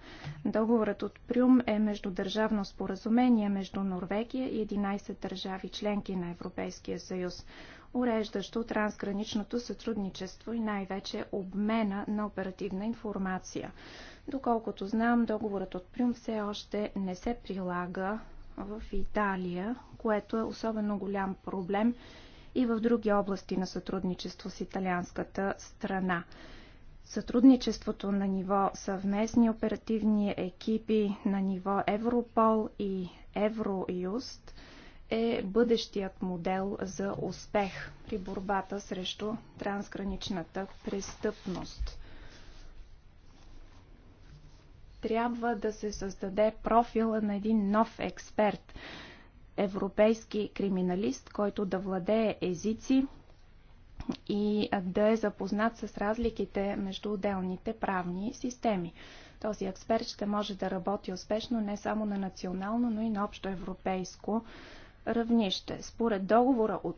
Договорът от Прюм е междудържавно споразумение между Норвегия и 11 държави членки на Европейския съюз, уреждащо трансграничното сътрудничество и най-вече обмена на оперативна информация. Доколкото знам, договорът от Прюм все още не се прилага в Италия, което е особено голям проблем и в други области на сътрудничество с италианската страна. Сътрудничеството на ниво съвместни оперативни екипи на ниво Европол и Евроюст е бъдещият модел за успех при борбата срещу трансграничната престъпност. Трябва да се създаде профила на един нов експерт, европейски криминалист, който да владее езици, и да е запознат с разликите между отделните правни системи. Този експерт ще може да работи успешно не само на национално, но и на общо европейско равнище. Според договора от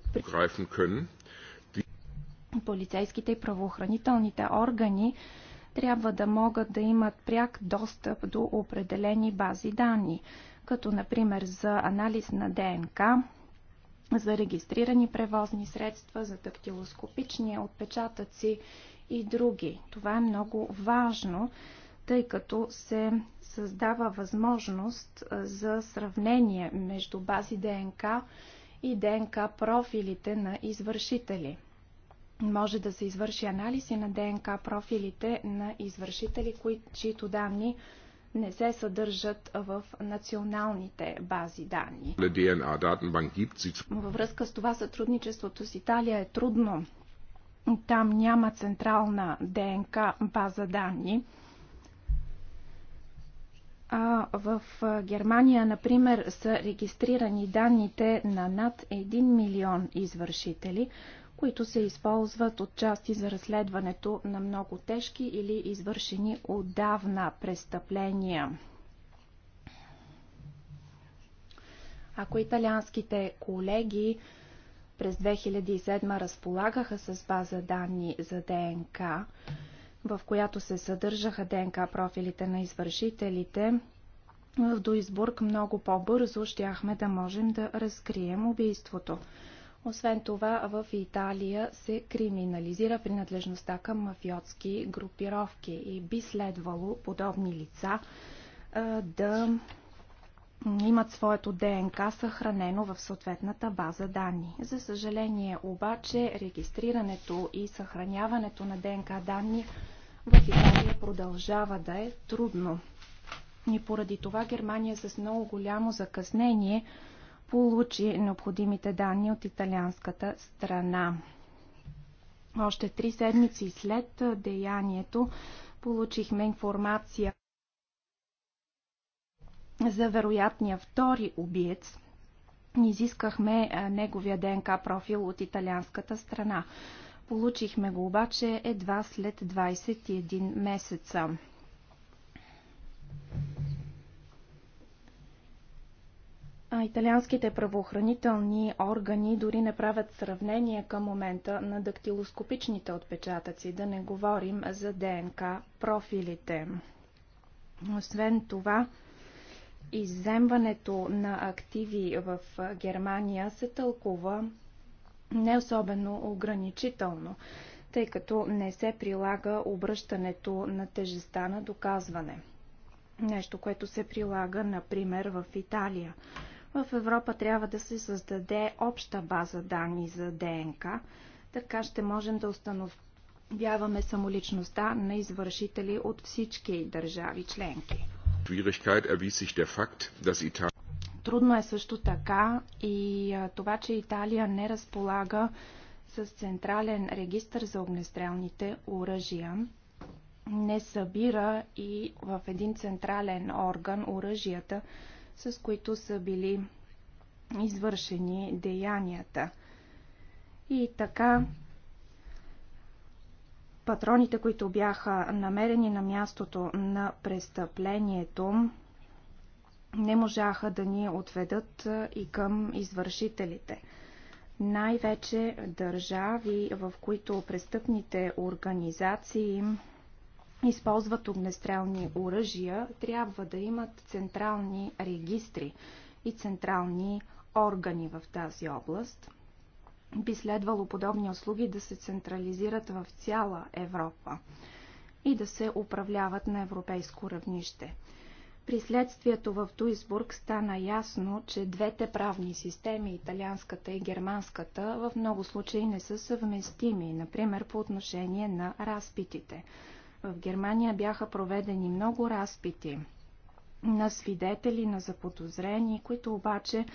полицейските и правоохранителните органи трябва да могат да имат пряк достъп до определени бази данни, като например за анализ на ДНК, за регистрирани превозни средства, за тактилоскопични отпечатъци и други. Това е много важно, тъй като се създава възможност за сравнение между бази ДНК и ДНК профилите на извършители. Може да се извърши анализи на ДНК профилите на извършители, чието данни не се съдържат в националните бази данни. Във връзка с това сътрудничеството с Италия е трудно. Там няма централна ДНК база данни. А в Германия, например, са регистрирани данните на над 1 милион извършители, които се използват от части за разследването на много тежки или извършени отдавна престъпления. Ако италианските колеги през 2007 разполагаха с база данни за ДНК, в която се съдържаха ДНК профилите на извършителите, в Дуизбург много по-бързо щяхме да можем да разкрием убийството. Освен това, в Италия се криминализира принадлежността към мафиотски групировки и би следвало подобни лица да имат своето ДНК съхранено в съответната база данни. За съжаление обаче, регистрирането и съхраняването на ДНК данни в Италия продължава да е трудно. И поради това Германия с много голямо закъснение получи необходимите данни от италианската страна. Още три седмици след деянието получихме информация за вероятния втори убиец. Изискахме неговия ДНК профил от италианската страна. Получихме го обаче едва след 21 месеца. италианските правоохранителни органи дори не правят сравнение към момента на дактилоскопичните отпечатъци, да не говорим за ДНК профилите. Освен това, изземването на активи в Германия се тълкува не особено ограничително, тъй като не се прилага обръщането на тежеста на доказване. Нещо, което се прилага, например, в Италия. В Европа трябва да се създаде обща база данни за ДНК, така ще можем да установяваме самоличността на извършители от всички държави членки. Трудно е също така и това, че Италия не разполага с централен регистр за огнестрелните оръжия, не събира и в един централен орган оръжията, с които са били извършени деянията. И така патроните, които бяха намерени на мястото на престъплението, не можаха да ни отведат и към извършителите. Най-вече държави, в които престъпните организации използват огнестрелни оръжия, трябва да имат централни регистри и централни органи в тази област. Би следвало подобни услуги да се централизират в цяла Европа и да се управляват на европейско равнище. При следствието в Туисбург стана ясно, че двете правни системи, италианската и германската, в много случаи не са съвместими, например по отношение на разпитите. В Германия бяха проведени много разпити на свидетели, на заподозрени, които обаче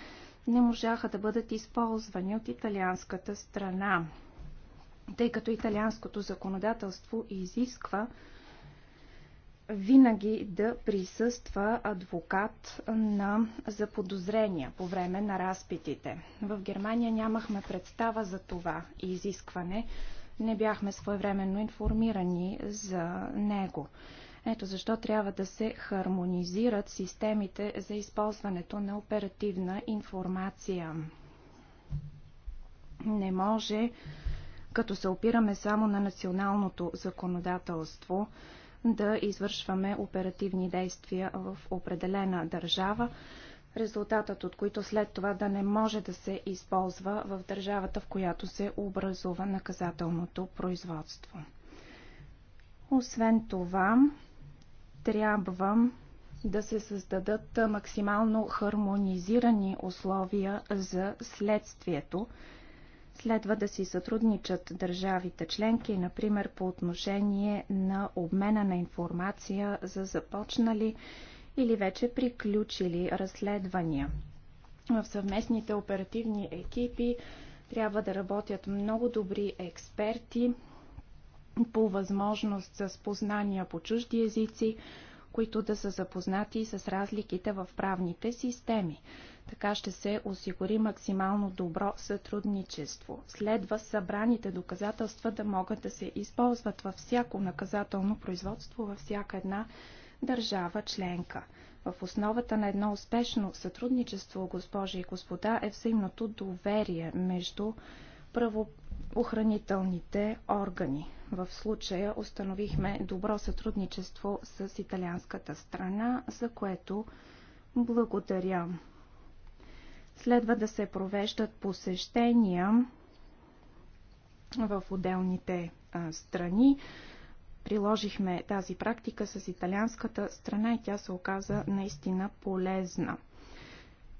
не можаха да бъдат използвани от италианската страна, тъй като италианското законодателство изисква винаги да присъства адвокат на заподозрения по време на разпитите. В Германия нямахме представа за това изискване, не бяхме своевременно информирани за него. Ето защо трябва да се хармонизират системите за използването на оперативна информация. Не може, като се опираме само на националното законодателство, да извършваме оперативни действия в определена държава, резултатът от които след това да не може да се използва в държавата, в която се образува наказателното производство. Освен това, трябва да се създадат максимално хармонизирани условия за следствието. Следва да си сътрудничат държавите членки, например по отношение на обмена на информация за започнали или вече приключили разследвания. В съвместните оперативни екипи трябва да работят много добри експерти, по възможност с познания по чужди езици, които да са запознати с разликите в правните системи. Така ще се осигури максимално добро сътрудничество. Следва събраните доказателства да могат да се използват във всяко наказателно производство, във всяка една държава членка. В основата на едно успешно сътрудничество, госпожи и господа, е взаимното доверие между правоохранителните органи. В случая установихме добро сътрудничество с италианската страна, за което благодаря. Следва да се провеждат посещения в отделните страни. Приложихме тази практика с италианската страна и тя се оказа наистина полезна.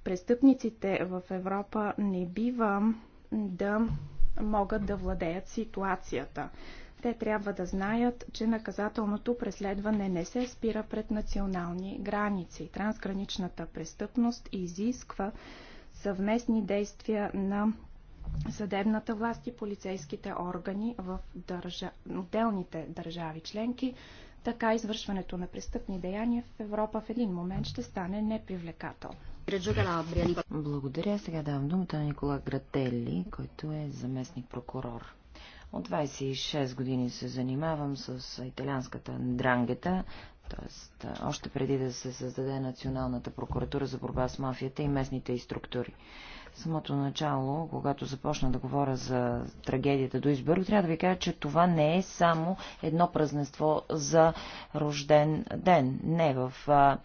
Престъпниците в Европа не бива да могат да владеят ситуацията. Те трябва да знаят, че наказателното преследване не се спира пред национални граници. Трансграничната престъпност изисква съвместни действия на съдебната власт и полицейските органи в държа... отделните държави членки, така извършването на престъпни деяния в Европа в един момент ще стане непривлекателно. Благодаря. Сега давам думата на Никола Грателли, който е заместник прокурор. От 26 години се занимавам с италианската дрангета, т.е. още преди да се създаде Националната прокуратура за борба с мафията и местните и структури самото начало, когато започна да говоря за трагедията до Избърг, трябва да ви кажа, че това не е само едно празненство за рожден ден. Не, в а,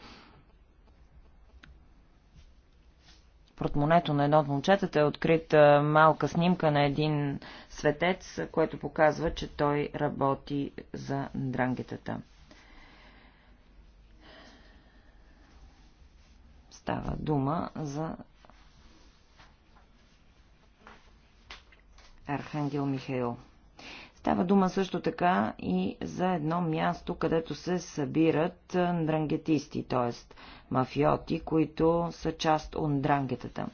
портмонето на едно от момчетата е открита малка снимка на един светец, което показва, че той работи за дрангетата. Става дума за Архангел Михаил. Става дума също така и за едно място, където се събират дрангетисти, т.е. мафиоти, които са част от дрангетата.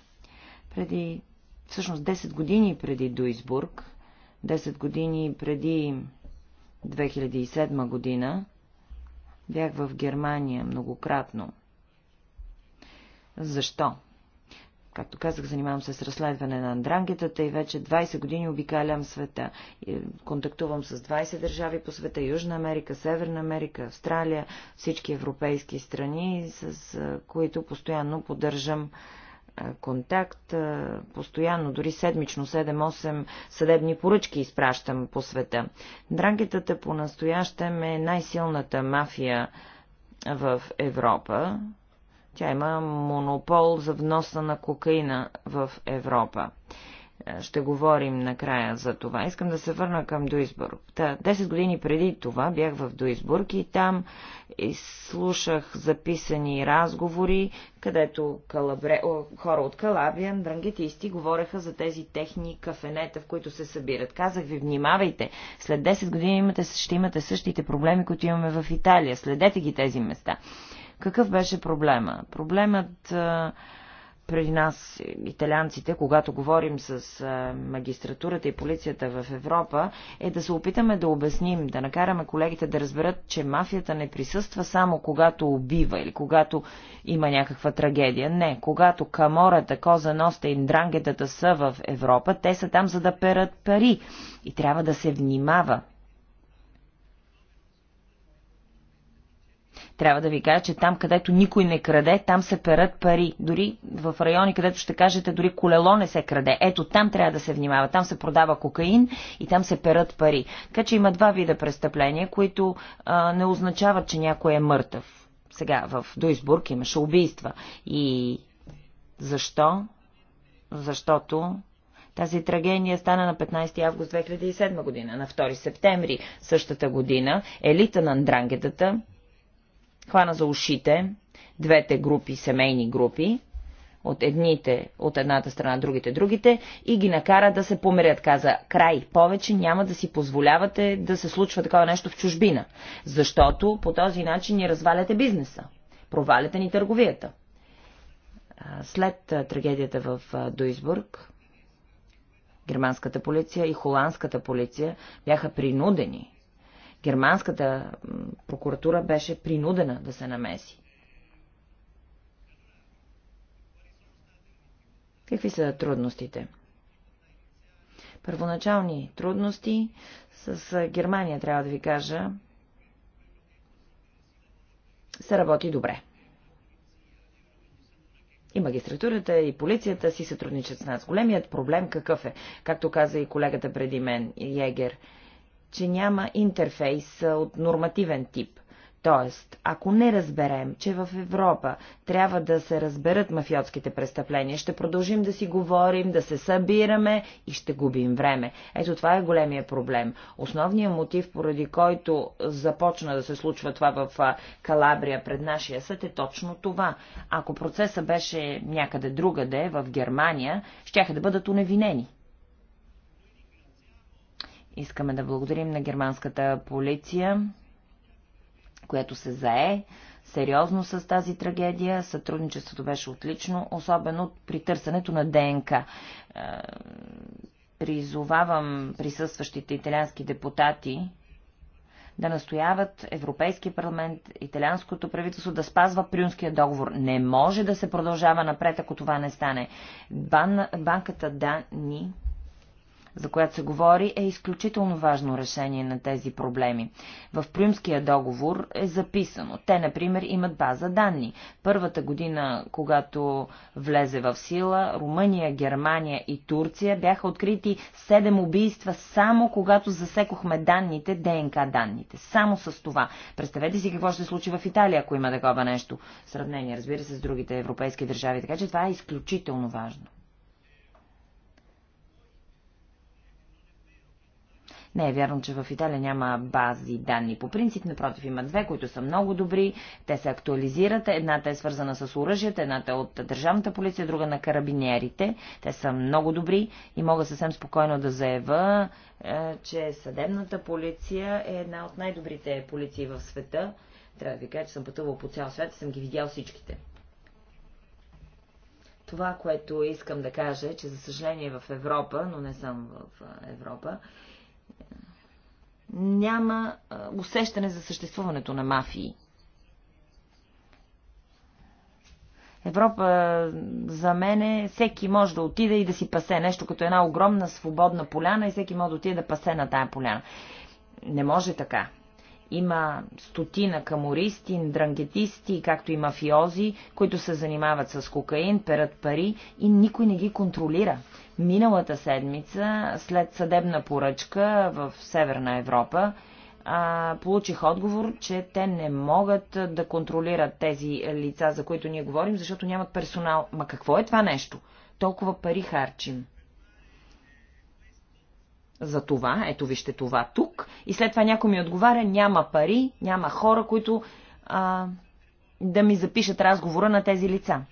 Преди, всъщност 10 години преди Дуисбург, 10 години преди 2007 година, бях в Германия многократно. Защо? Както казах, занимавам се с разследване на андрангетата и вече 20 години обикалям света. Контактувам с 20 държави по света, Южна Америка, Северна Америка, Австралия, всички европейски страни, с които постоянно поддържам контакт. Постоянно, дори седмично, 7-8 съдебни поръчки изпращам по света. Дрангетата по-настоящем е най-силната мафия в Европа. Тя има монопол за вноса на кокаина в Европа. Е, ще говорим накрая за това. Искам да се върна към Дуисбург. Та, 10 години преди това бях в Дуисбург и там слушах записани разговори, където калабре... О, хора от Калабия, дрангетисти, говореха за тези техни кафенета, в които се събират. Казах ви, внимавайте, след 10 години имате, ще имате същите проблеми, които имаме в Италия. Следете ги тези места. Какъв беше проблема? Проблемът преди нас, италянците, когато говорим с магистратурата и полицията в Европа, е да се опитаме да обясним, да накараме колегите да разберат, че мафията не присъства само когато убива или когато има някаква трагедия. Не, когато камората, коза носта и дрангетата са в Европа, те са там за да перат пари и трябва да се внимава Трябва да ви кажа, че там, където никой не краде, там се перат пари. Дори в райони, където ще кажете, дори колело не се краде. Ето там трябва да се внимава. Там се продава кокаин и там се перат пари. Така че има два вида престъпления, които а, не означават, че някой е мъртъв. Сега в Дуйсбург имаше убийства. И защо? Защото тази трагедия стана на 15 август 2007 година. На 2 септември същата година елита на Андрангетата хвана за ушите двете групи, семейни групи, от едните от едната страна, другите другите, и ги накара да се померят. Каза, край, повече няма да си позволявате да се случва такова нещо в чужбина, защото по този начин ни разваляте бизнеса, проваляте ни търговията. След трагедията в Дуисбург, германската полиция и холандската полиция бяха принудени германската прокуратура беше принудена да се намеси. Какви са трудностите? Първоначални трудности с Германия, трябва да ви кажа, се работи добре. И магистратурата, и полицията си сътрудничат с нас. Големият проблем какъв е? Както каза и колегата преди мен, Егер – че няма интерфейс от нормативен тип. Тоест, ако не разберем, че в Европа трябва да се разберат мафиотските престъпления, ще продължим да си говорим, да се събираме и ще губим време. Ето това е големия проблем. Основният мотив, поради който започна да се случва това в Калабрия пред нашия съд е точно това. Ако процеса беше някъде другаде, в Германия, щяха да бъдат уневинени. Искаме да благодарим на германската полиция, която се зае сериозно с тази трагедия. Сътрудничеството беше отлично, особено при търсенето на ДНК. Е, призовавам присъстващите италиански депутати да настояват Европейския парламент, италианското правителство да спазва Прюнския договор. Не може да се продължава напред, ако това не стане. Бан, банката Дани за която се говори, е изключително важно решение на тези проблеми. В Прюмския договор е записано. Те, например, имат база данни. Първата година, когато влезе в сила, Румъния, Германия и Турция бяха открити 7 убийства само когато засекохме данните, ДНК данните. Само с това. Представете си какво ще се случи в Италия, ако има такова нещо. В сравнение, разбира се, с другите европейски държави. Така че това е изключително важно. Не е вярно, че в Италия няма бази данни по принцип, напротив има две, които са много добри, те се актуализират, едната е свързана с оръжията, едната е от държавната полиция, друга на карабинерите, те са много добри и мога съвсем спокойно да заява, е, че съдебната полиция е една от най-добрите полиции в света. Трябва да ви кажа, че съм пътувал по цял свят и съм ги видял всичките. Това, което искам да кажа е, че за съжаление в Европа, но не само в е, Европа, няма усещане за съществуването на мафии. Европа за мен е, всеки може да отиде и да си пасе нещо като една огромна свободна поляна и всеки може да отиде да пасе на тая поляна. Не може така. Има стотина камористи, дрангетисти, както и мафиози, които се занимават с кокаин, перат пари и никой не ги контролира. Миналата седмица, след съдебна поръчка в Северна Европа, а, получих отговор, че те не могат да контролират тези лица, за които ние говорим, защото нямат персонал. Ма какво е това нещо? Толкова пари харчим за това. Ето вижте това тук. И след това някой ми отговаря, няма пари, няма хора, които а, да ми запишат разговора на тези лица.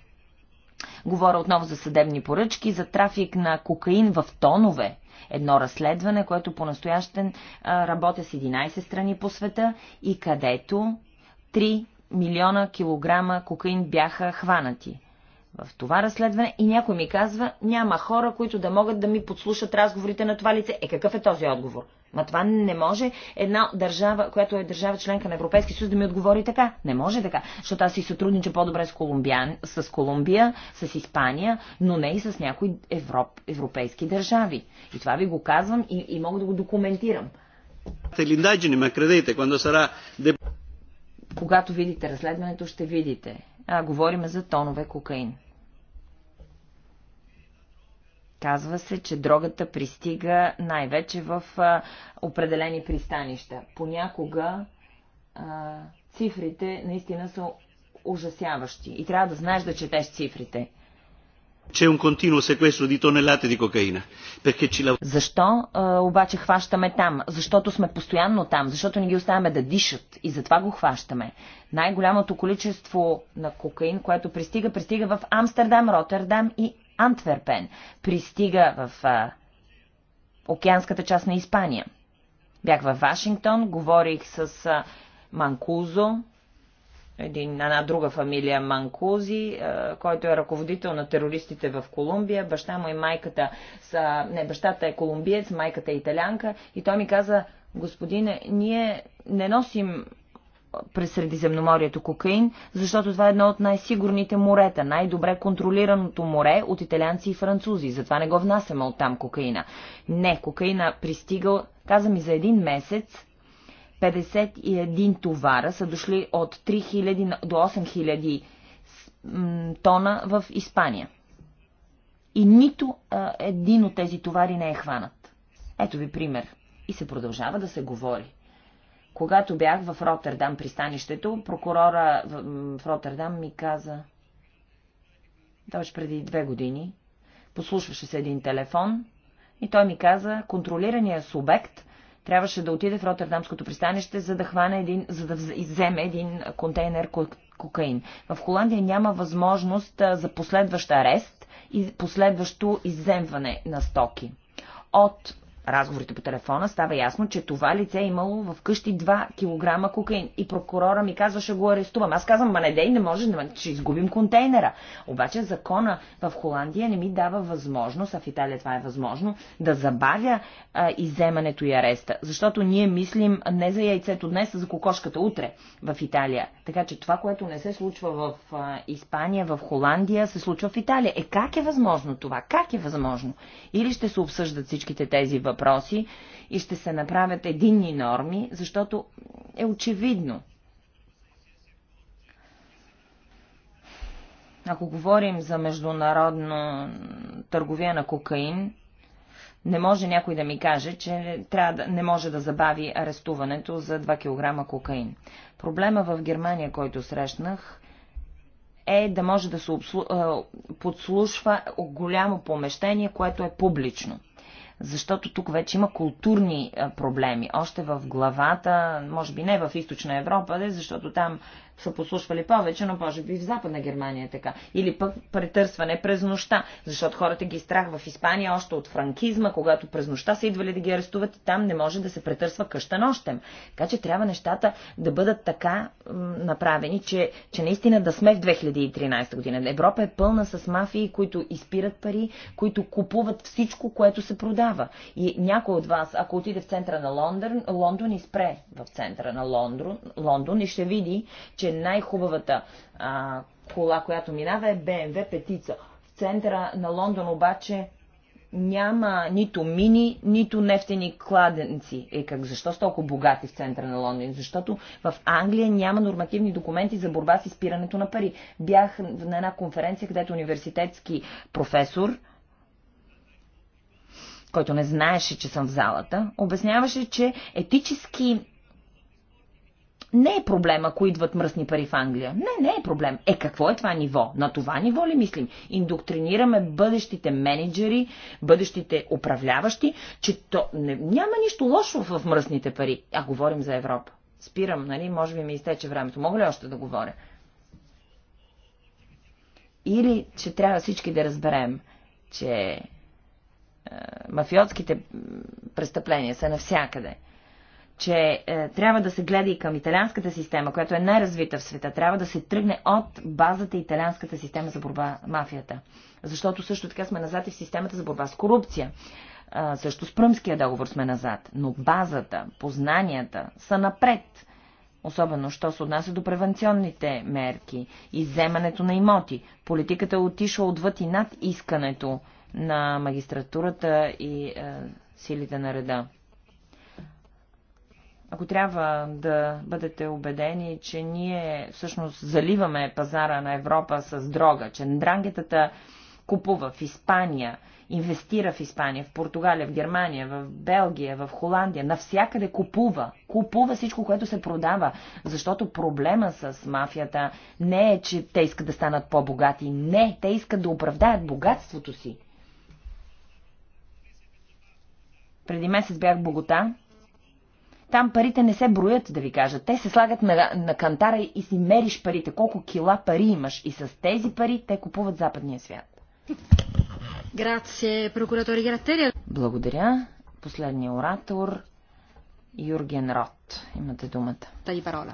Говоря отново за съдебни поръчки, за трафик на кокаин в тонове. Едно разследване, което по-настоящен работя с 11 страни по света и където 3 милиона килограма кокаин бяха хванати в това разследване и някой ми казва, няма хора, които да могат да ми подслушат разговорите на това лице. Е, какъв е този отговор? Ма това не може една държава, която е държава членка на Европейски съюз, да ми отговори така. Не може така, защото аз си сътруднича по-добре с, Колумбия, с Колумбия, с Испания, но не и с някои Европ, европейски държави. И това ви го казвам и, и мога да го документирам. Когато видите разследването, ще видите. А, говорим за тонове кокаин. Казва се, че дрогата пристига най-вече в а, определени пристанища. Понякога а, цифрите наистина са ужасяващи и трябва да знаеш да четеш цифрите. C'è un continuo sequestro di tonnellate di cocaina. ci Защо а, обаче хващаме там? Защото сме постоянно там, защото не ги оставяме да дишат и затова го хващаме. Най-голямото количество на кокаин, което пристига, пристига в Амстердам, Роттердам и Антверпен, пристига в а, океанската част на Испания. Бях във Вашингтон, говорих с а, Манкузо, един, една друга фамилия Манкузи, който е ръководител на терористите в Колумбия. Баща му и майката са... Не, бащата е колумбиец, майката е италянка. И той ми каза, господине, ние не носим през Средиземноморието кокаин, защото това е едно от най-сигурните морета, най-добре контролираното море от италианци и французи. Затова не го внасяме от там кокаина. Не, кокаина пристигал, каза ми за един месец, 51 товара са дошли от 3000 до 8000 тона в Испания. И нито а, един от тези товари не е хванат. Ето ви пример. И се продължава да се говори. Когато бях в Роттердам пристанището, прокурора в, в Роттердам ми каза, точно преди две години, послушваше се един телефон и той ми каза, контролирания субект трябваше да отиде в Роттердамското пристанище, за да хване един, за да вземе един контейнер кокаин. В Холандия няма възможност за последващ арест и последващо изземване на стоки. От разговорите по телефона, става ясно, че това лице е имало в къщи 2 кг кокаин. И прокурора ми казва, ще го арестувам. Аз казвам, ма не дей, не може, ще изгубим контейнера. Обаче закона в Холандия не ми дава възможност, а в Италия това е възможно, да забавя а, иземането и ареста. Защото ние мислим не за яйцето днес, а за кокошката утре в Италия. Така че това, което не се случва в а, Испания, в Холандия, се случва в Италия. Е как е възможно това? Как е възможно? Или ще се обсъждат всичките тези въпроси? въпроси и ще се направят единни норми, защото е очевидно. Ако говорим за международно търговия на кокаин, не може някой да ми каже, че трябва да, не може да забави арестуването за 2 кг кокаин. Проблема в Германия, който срещнах, е да може да се обслу... подслушва голямо помещение, което е публично защото тук вече има културни проблеми. Още в главата, може би не в източна Европа, защото там са послушвали повече, но може би в Западна Германия е така. Или пък претърсване през нощта, защото хората ги страх в Испания още от франкизма, когато през нощта са идвали да ги арестуват и там не може да се претърсва къща нощем. Така че трябва нещата да бъдат така направени, че, че наистина да сме в 2013 година. Европа е пълна с мафии, които изпират пари, които купуват всичко, което се продава минава. И някой от вас, ако отиде в центъра на Лондон, Лондон и спре в центъра на Лондон, Лондон и ще види, че най-хубавата кола, която минава е BMW петица. В центъра на Лондон обаче няма нито мини, нито нефтени кладенци. Е, как, защо са толкова богати в центъра на Лондон? Защото в Англия няма нормативни документи за борба с изпирането на пари. Бях на една конференция, където университетски професор, който не знаеше, че съм в залата, обясняваше, че етически не е проблем, ако идват мръсни пари в Англия. Не, не е проблем. Е, какво е това ниво? На това ниво ли мислим? Индоктринираме бъдещите менеджери, бъдещите управляващи, че то не, няма нищо лошо в мръсните пари, а говорим за Европа. Спирам, нали? Може би ми изтече времето. Мога ли още да говоря? Или че трябва всички да разберем, че е, мафиотските престъпления са навсякъде. Че е, трябва да се гледа и към италианската система, която е най-развита в света. Трябва да се тръгне от базата италианската система за борба с мафията. Защото също така сме назад и в системата за борба с корупция. А, е, също с Пръмския договор сме назад. Но базата, познанията са напред. Особено, що се отнася до превенционните мерки, изземането на имоти. Политиката е отишла отвъд и над искането на магистратурата и е, силите на реда. Ако трябва да бъдете убедени, че ние всъщност заливаме пазара на Европа с дрога, че дрангетата купува в Испания, инвестира в Испания, в Португалия, в Германия, в Белгия, в Холандия, навсякъде купува. Купува всичко, което се продава, защото проблема с мафията не е, че те искат да станат по-богати. Не, те искат да оправдаят богатството си. Преди месец бях в Богота. Там парите не се броят, да ви кажа. Те се слагат на, на кантара и си мериш парите, колко кила пари имаш. И с тези пари те купуват западния свят. Грация, прокуратори Гратерия. Благодаря. Последният оратор Юрген Рот. Имате думата. Тази парола.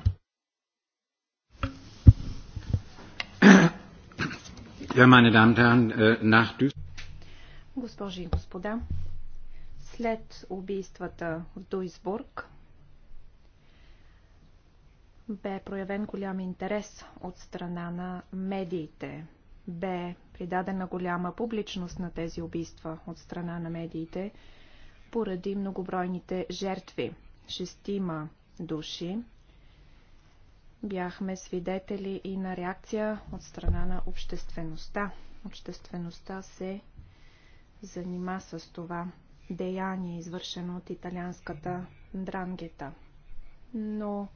Äh, Госпожи и господа, след убийствата в Дуйсбург бе проявен голям интерес от страна на медиите. Бе придадена голяма публичност на тези убийства от страна на медиите поради многобройните жертви. Шестима души. Бяхме свидетели и на реакция от страна на обществеността. Обществеността се занима с това деяние, извършено от италианската дрангета. Но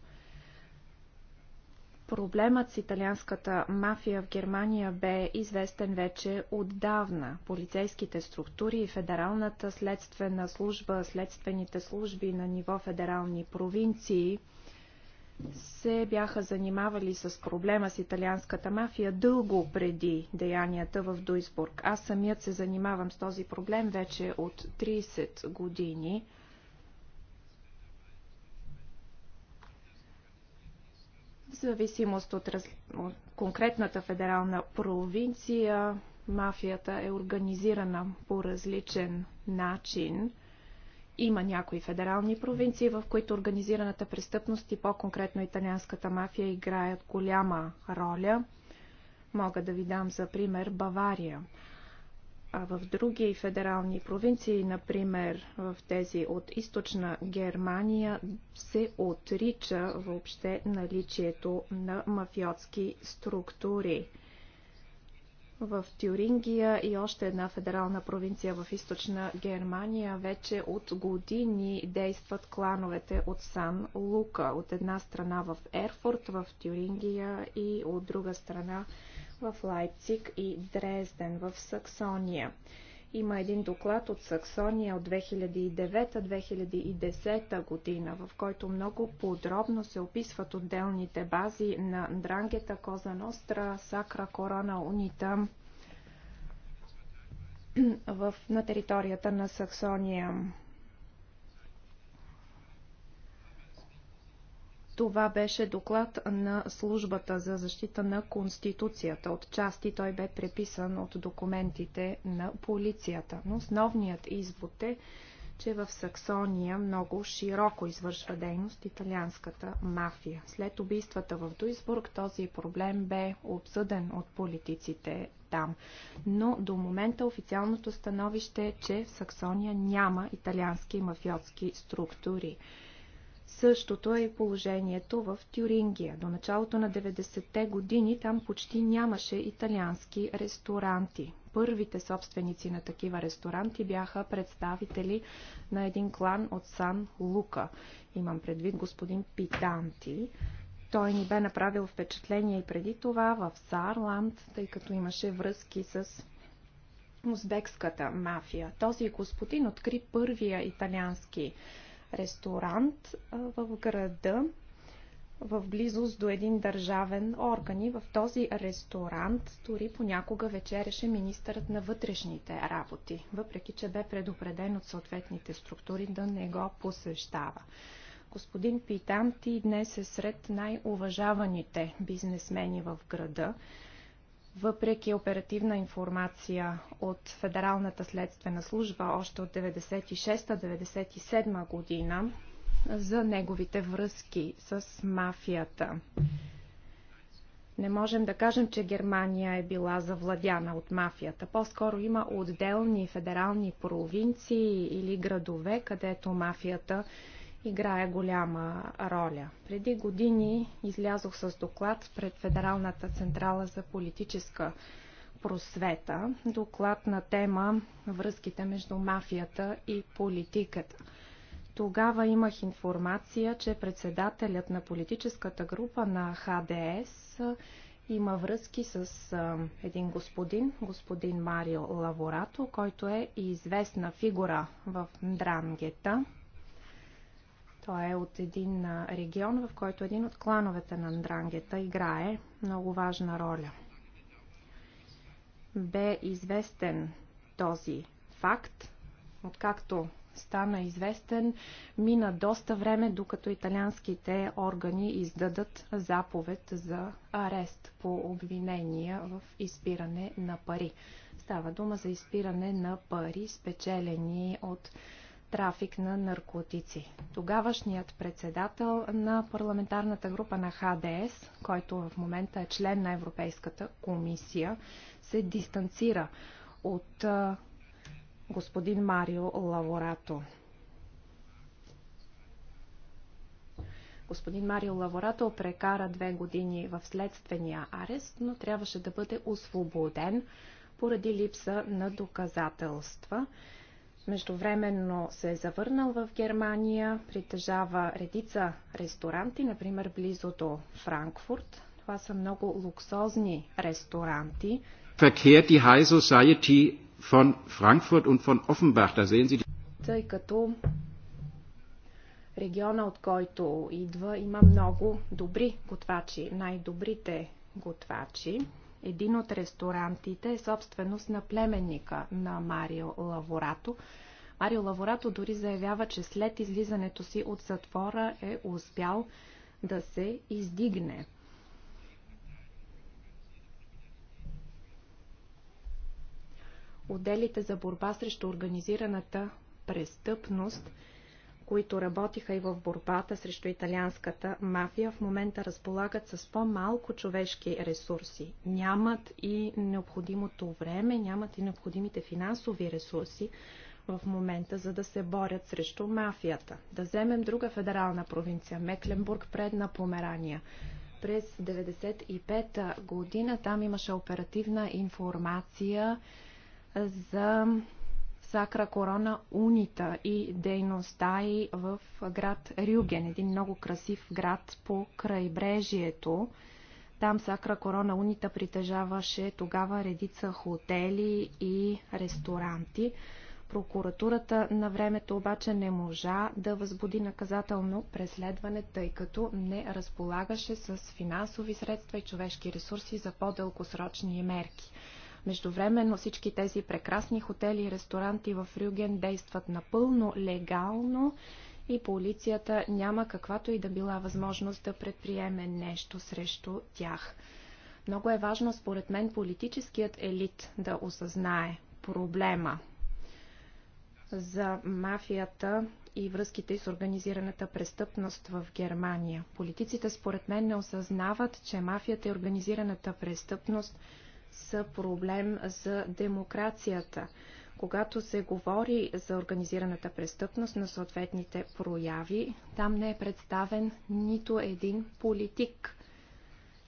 проблемът с италианската мафия в Германия бе известен вече отдавна. Полицейските структури, федералната следствена служба, следствените служби на ниво федерални провинции – се бяха занимавали с проблема с италианската мафия дълго преди деянията в Дуйсбург. Аз самият се занимавам с този проблем вече от 30 години. В зависимост от, раз... от конкретната федерална провинция, мафията е организирана по различен начин – има някои федерални провинции, в които организираната престъпност и по-конкретно италианската мафия играят голяма роля. Мога да ви дам за пример Бавария. А в други федерални провинции, например в тези от източна Германия, се отрича въобще наличието на мафиотски структури в Тюрингия и още една федерална провинция в източна Германия вече от години действат клановете от Сан Лука. От една страна в Ерфурт, в Тюрингия и от друга страна в Лайпциг и Дрезден, в Саксония. Има един доклад от Саксония от 2009-2010 година, в който много подробно се описват отделните бази на Дрангета, Коза Ностра, Сакра, Корона, Унита в, на територията на Саксония. Това беше доклад на службата за защита на Конституцията. От части той бе преписан от документите на полицията. Но основният извод е, че в Саксония много широко извършва дейност италианската мафия. След убийствата в Дуисбург, този проблем бе обсъден от политиците там. Но до момента официалното становище е, че в Саксония няма италиански мафиотски структури. Същото е и положението в Тюрингия. До началото на 90-те години там почти нямаше италиански ресторанти. Първите собственици на такива ресторанти бяха представители на един клан от Сан Лука. Имам предвид господин Питанти. Той ни бе направил впечатление и преди това в Сарланд, тъй като имаше връзки с узбекската мафия. Този господин откри първия италиански ресторант ресторант в града, в близост до един държавен орган. И в този ресторант дори понякога вечеряше министърът на вътрешните работи, въпреки че бе предупреден от съответните структури да не го посещава. Господин Питанти днес е сред най-уважаваните бизнесмени в града. Въпреки оперативна информация от Федералната следствена служба още от 96-97 година за неговите връзки с мафията. Не можем да кажем, че Германия е била завладяна от мафията. По-скоро има отделни федерални провинции или градове, където мафията играе голяма роля. Преди години излязох с доклад пред Федералната централа за политическа просвета, доклад на тема връзките между мафията и политиката. Тогава имах информация, че председателят на политическата група на ХДС има връзки с един господин, господин Марио Лаворато, който е известна фигура в Дрангета. Той е от един регион, в който един от клановете на Андрангета играе много важна роля. Бе известен този факт, откакто стана известен, мина доста време, докато италианските органи издадат заповед за арест по обвинения в изпиране на пари. Става дума за изпиране на пари, спечелени от трафик на наркотици. Тогавашният председател на парламентарната група на ХДС, който в момента е член на Европейската комисия, се дистанцира от господин Марио Лаворато. Господин Марио Лаворато прекара две години в следствения арест, но трябваше да бъде освободен поради липса на доказателства. Междувременно се е завърнал в Германия, притежава редица ресторанти, например близо до Франкфурт. Това са много луксозни ресторанти. Verkehrt die High Society von Frankfurt und von Offenbach. Da sehen Sie Тъй като региона, от който идва, има много добри готвачи, най-добрите готвачи. Един от ресторантите е собственост на племенника на Марио Лаворато. Марио Лаворато дори заявява, че след излизането си от затвора е успял да се издигне. Отделите за борба срещу организираната престъпност – които работиха и в борбата срещу италианската мафия, в момента разполагат с по-малко човешки ресурси. Нямат и необходимото време, нямат и необходимите финансови ресурси в момента, за да се борят срещу мафията. Да вземем друга федерална провинция, Мекленбург, предна Померания. През 1995 година там имаше оперативна информация за Сакра Корона Унита и дейността й в град Рюген, един много красив град по крайбрежието. Там Сакра Корона Унита притежаваше тогава редица хотели и ресторанти. Прокуратурата на времето обаче не можа да възбуди наказателно преследване, тъй като не разполагаше с финансови средства и човешки ресурси за по-дългосрочни мерки. Междувременно всички тези прекрасни хотели и ресторанти в Рюген действат напълно легално и полицията няма каквато и да била възможност да предприеме нещо срещу тях. Много е важно, според мен, политическият елит да осъзнае проблема за мафията и връзките с организираната престъпност в Германия. Политиците, според мен, не осъзнават, че мафията и организираната престъпност – са проблем за демокрацията. Когато се говори за организираната престъпност на съответните прояви, там не е представен нито един политик.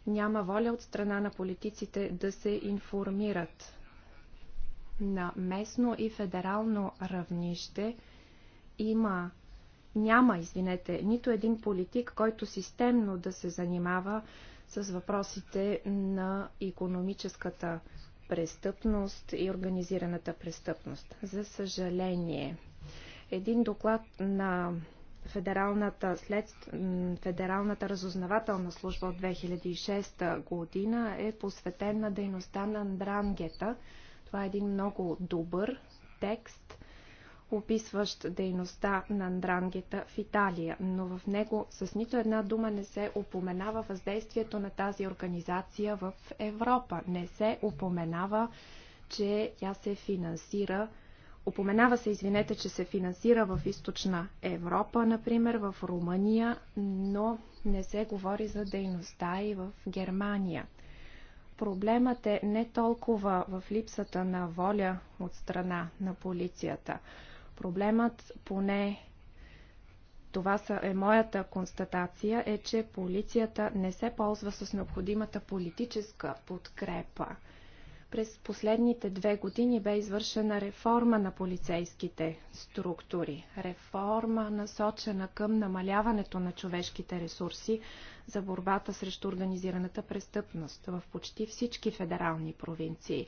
Няма воля от страна на политиците да се информират. На местно и федерално равнище има няма, извинете, нито един политик, който системно да се занимава с въпросите на економическата престъпност и организираната престъпност. За съжаление, един доклад на Федералната, след, Федералната разузнавателна служба от 2006 година е посветен на дейността на Андрангета. Това е един много добър текст, описващ дейността на Андрангета в Италия, но в него с нито една дума не се упоменава въздействието на тази организация в Европа. Не се упоменава, че тя се финансира Опоменава се, извинете, че се финансира в източна Европа, например в Румъния, но не се говори за дейността и в Германия. Проблемът е не толкова в липсата на воля от страна на полицията. Проблемът, поне това е моята констатация, е, че полицията не се ползва с необходимата политическа подкрепа. През последните две години бе извършена реформа на полицейските структури. Реформа насочена към намаляването на човешките ресурси за борбата срещу организираната престъпност в почти всички федерални провинции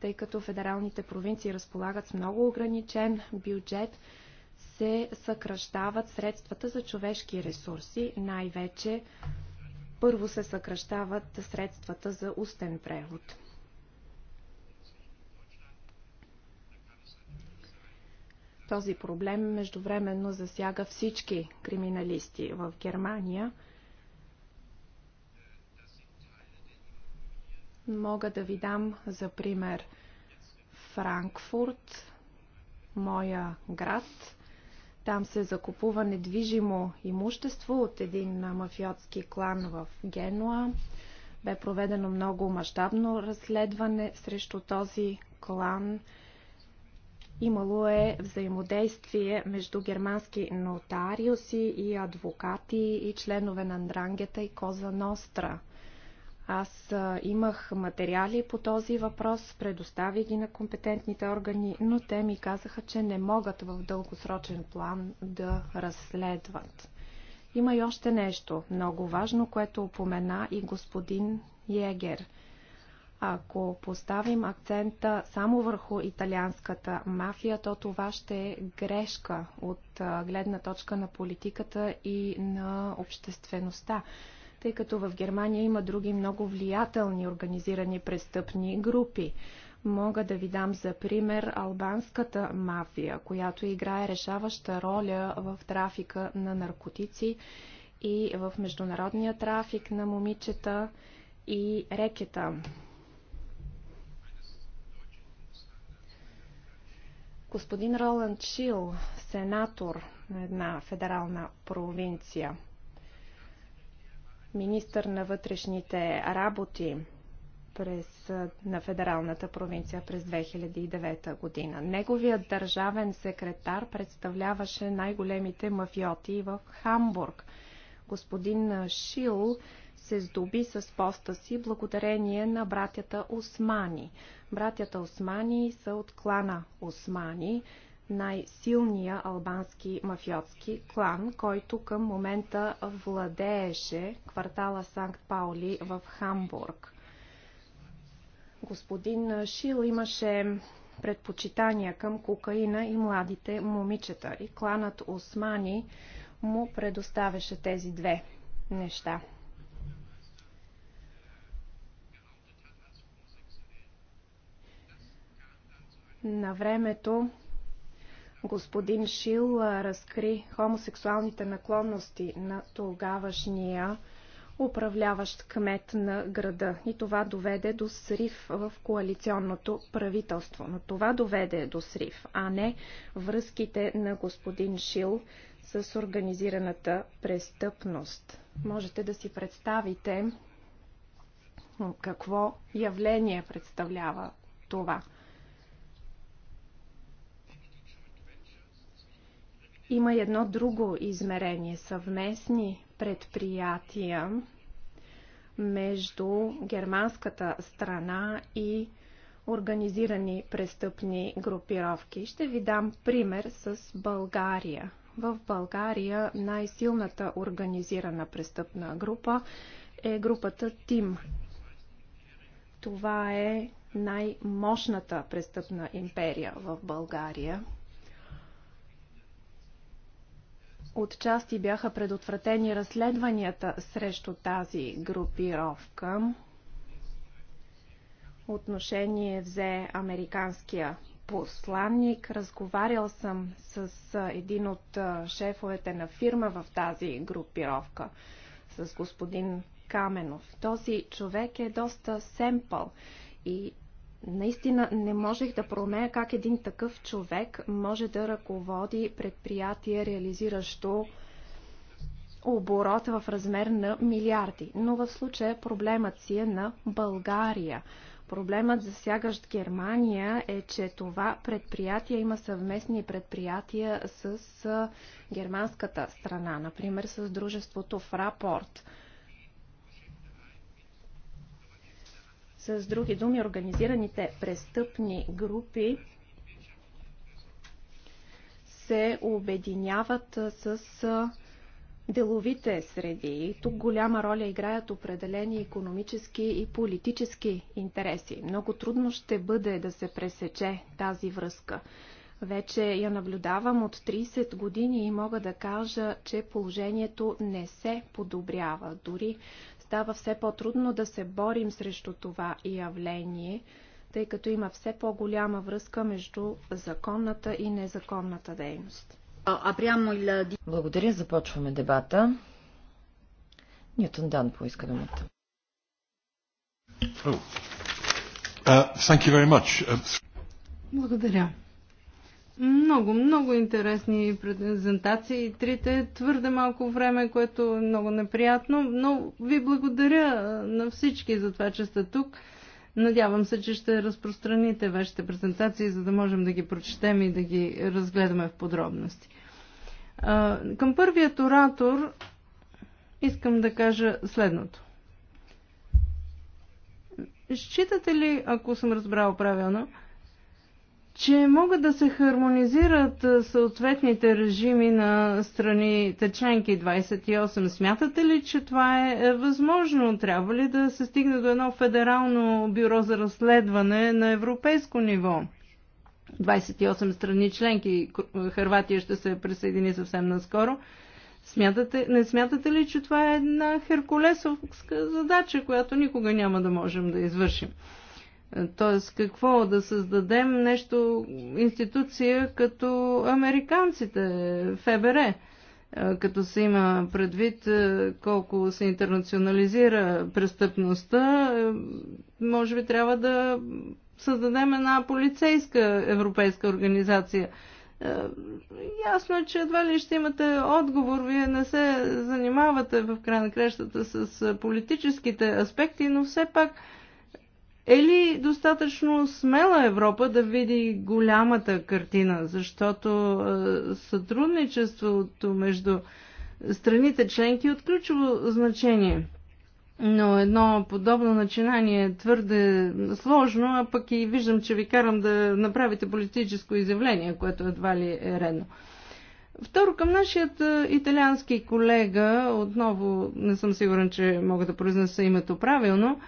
тъй като федералните провинции разполагат с много ограничен бюджет, се съкръщават средствата за човешки ресурси, най-вече първо се съкръщават средствата за устен превод. Този проблем междувременно засяга всички криминалисти в Германия – Мога да ви дам за пример Франкфурт, моя град. Там се закупува недвижимо имущество от един мафиотски клан в Генуа. Бе проведено много мащабно разследване срещу този клан. Имало е взаимодействие между германски нотариуси и адвокати и членове на Ндрангета и Коза Ностра – аз имах материали по този въпрос, предостави ги на компетентните органи, но те ми казаха, че не могат в дългосрочен план да разследват. Има и още нещо много важно, което упомена и господин Йегер. Ако поставим акцента само върху италианската мафия, то това ще е грешка от гледна точка на политиката и на обществеността тъй като в Германия има други много влиятелни организирани престъпни групи. Мога да ви дам за пример албанската мафия, която играе решаваща роля в трафика на наркотици и в международния трафик на момичета и рекета. Господин Роланд Шил, сенатор на една федерална провинция, министър на вътрешните работи през, на федералната провинция през 2009 година. Неговият държавен секретар представляваше най-големите мафиоти в Хамбург. Господин Шил се здоби с поста си благодарение на братята Османи. Братята Османи са от клана Османи най-силния албански мафиотски клан, който към момента владееше квартала Санкт Паули в Хамбург. Господин Шил имаше предпочитания към кокаина и младите момичета и кланът Османи му предоставяше тези две неща. На времето господин Шил разкри хомосексуалните наклонности на тогавашния управляващ кмет на града. И това доведе до срив в коалиционното правителство. Но това доведе до срив, а не връзките на господин Шил с организираната престъпност. Можете да си представите какво явление представлява това – Има и едно друго измерение съвместни предприятия между германската страна и организирани престъпни групировки. Ще ви дам пример с България. В България най-силната организирана престъпна група е групата ТИМ. Това е най-мощната престъпна империя в България. отчасти бяха предотвратени разследванията срещу тази групировка. Отношение взе американския посланник. Разговарял съм с един от шефовете на фирма в тази групировка, с господин Каменов. Този човек е доста семпъл и Наистина не можех да променя как един такъв човек може да ръководи предприятие, реализиращо оборот в размер на милиарди. Но в случая проблемът си е на България. Проблемът засягащ Германия е, че това предприятие има съвместни предприятия с германската страна, например с дружеството Фрапорт. С други думи, организираните престъпни групи се обединяват с деловите среди. И тук голяма роля играят определени економически и политически интереси. Много трудно ще бъде да се пресече тази връзка. Вече я наблюдавам от 30 години и мога да кажа, че положението не се подобрява. Дори Става все по-трудно да се борим срещу това явление, тъй като има все по-голяма връзка между законната и незаконната дейност. Благодаря, започваме дебата. Ньютон Дан поиска думата. Oh. Uh, uh Благодаря. Много, много интересни презентации. Трите твърде малко време, което е много неприятно, но ви благодаря на всички за това, че сте тук. Надявам се, че ще разпространите вашите презентации, за да можем да ги прочетем и да ги разгледаме в подробности. Към първият оратор искам да кажа следното. Считате ли, ако съм разбрал правилно, че могат да се хармонизират съответните режими на страните членки 28. Смятате ли, че това е, е възможно? Трябва ли да се стигне до едно федерално бюро за разследване на европейско ниво? 28 страни членки, Харватия ще се присъедини съвсем наскоро. Смятате, не смятате ли, че това е една херкулесовска задача, която никога няма да можем да извършим? Т.е. какво да създадем нещо, институция като американците, ФБР, като се има предвид колко се интернационализира престъпността, може би трябва да създадем една полицейска европейска организация. Ясно е, че едва ли ще имате отговор. Вие не се занимавате в край на крещата с политическите аспекти, но все пак е ли достатъчно смела Европа да види голямата картина, защото е, сътрудничеството между страните членки е от ключово значение. Но едно подобно начинание е твърде сложно, а пък и виждам, че ви карам да направите политическо изявление, което едва ли е редно. Второ, към нашият италиански колега, отново не съм сигурен, че мога да произнеса името правилно,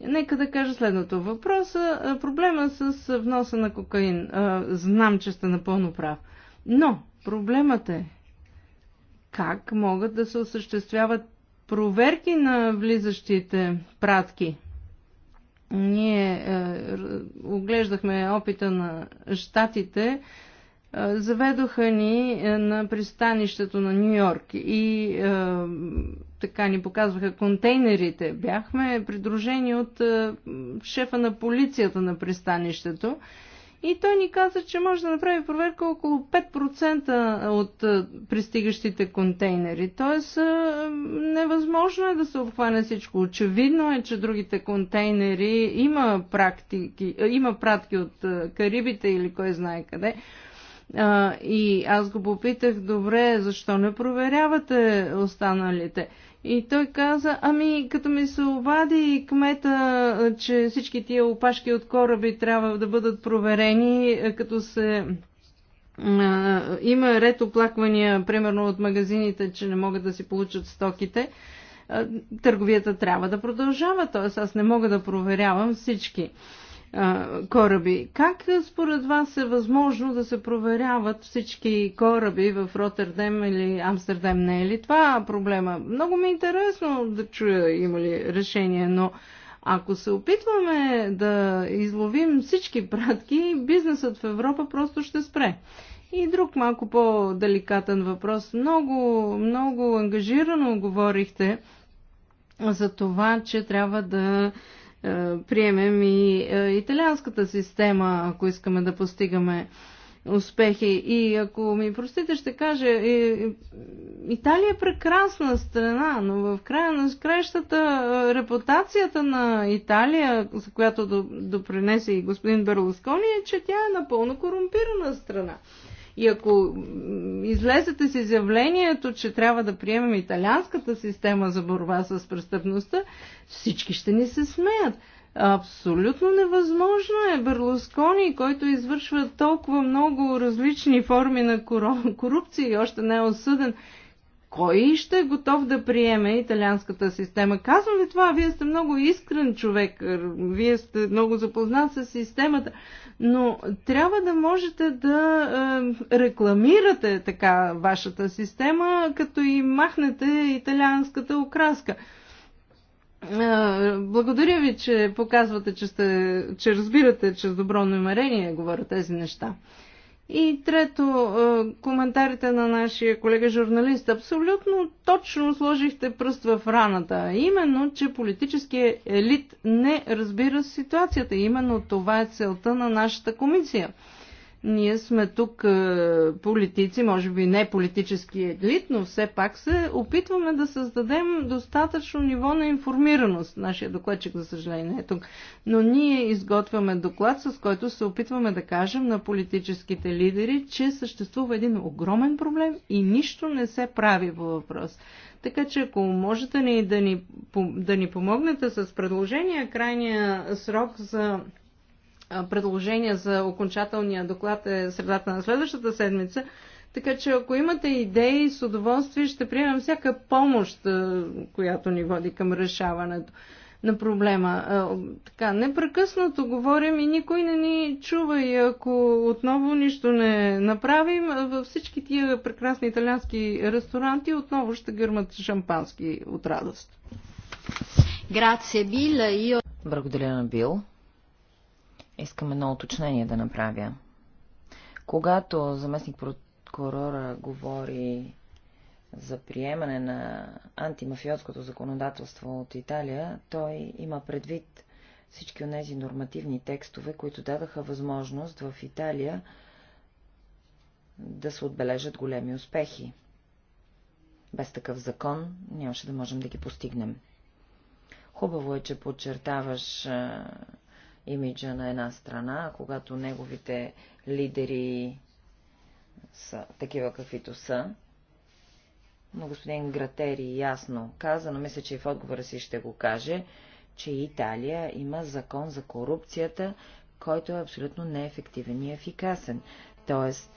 Нека да кажа следното. Въпроса, проблема с вноса на кокаин. Знам, че сте напълно прав. Но проблемът е как могат да се осъществяват проверки на влизащите пратки. Ние е, оглеждахме опита на щатите, е, заведоха ни е, на пристанището на Нью Йорк и е, така ни показваха контейнерите. Бяхме придружени от е, шефа на полицията на пристанището. И той ни каза, че може да направи проверка около 5% от е, пристигащите контейнери. Тоест, е, невъзможно е да се обхване всичко. Очевидно е, че другите контейнери има, практики, има пратки от Карибите или кой знае къде. А, и аз го попитах, добре, защо не проверявате останалите? И той каза, ами като ми се обади кмета, че всички тия опашки от кораби трябва да бъдат проверени, като се има ред оплаквания, примерно от магазините, че не могат да си получат стоките, търговията трябва да продължава, т.е. аз не мога да проверявам всички кораби. Как според вас е възможно да се проверяват всички кораби в Роттердем или Амстердем? Не е ли това проблема? Много ми е интересно да чуя има ли решение, но ако се опитваме да изловим всички пратки, бизнесът в Европа просто ще спре. И друг малко по-деликатен въпрос. Много, много ангажирано говорихте за това, че трябва да е, приемем и е, италианската система, ако искаме да постигаме успехи. И ако ми простите, ще кажа, е, Италия е прекрасна страна, но в края на скрещата репутацията на Италия, за която допринесе и господин Берлускони, е, че тя е напълно корумпирана страна. И ако излезете с изявлението, че трябва да приемем италианската система за борба с престъпността, всички ще ни се смеят. Абсолютно невъзможно е Берлускони, който извършва толкова много различни форми на корупция и още не е осъден. Кой ще е готов да приеме италианската система? Казвам ви това, вие сте много искрен човек, вие сте много запознат с системата но трябва да можете да е, рекламирате така вашата система, като и махнете италианската окраска. Е, благодаря ви, че показвате, че, сте, че разбирате, че с добро намерение говоря тези неща. И трето, коментарите на нашия колега журналист. Абсолютно точно сложихте пръст в раната. Именно, че политическият елит не разбира ситуацията. Именно това е целта на нашата комисия. Ние сме тук е, политици, може би не политически елит, но все пак се опитваме да създадем достатъчно ниво на информираност. Нашия докладчик, за съжаление, не е тук. Но ние изготвяме доклад, с който се опитваме да кажем на политическите лидери, че съществува един огромен проблем и нищо не се прави по въпрос. Така че ако можете ни да, ни, да ни помогнете с предложения, крайния срок за предложения за окончателния доклад е средата на следващата седмица. Така че ако имате идеи, с удоволствие ще приемем всяка помощ, която ни води към решаването на проблема. Така, непрекъснато говорим и никой не ни чува и ако отново нищо не направим, във всички тия прекрасни италиански ресторанти отново ще гърмат шампански от радост. Грация, Бил. Благодаря на Бил. Искам едно уточнение да направя. Когато заместник прокурора говори за приемане на антимафиотското законодателство от Италия, той има предвид всички от тези нормативни текстове, които дадаха възможност в Италия да се отбележат големи успехи. Без такъв закон нямаше да можем да ги постигнем. Хубаво е, че подчертаваш имиджа на една страна, а когато неговите лидери са такива каквито са. Но господин Гратери ясно каза, но мисля, че и в отговора си ще го каже, че Италия има закон за корупцията, който е абсолютно неефективен и ефикасен. Тоест,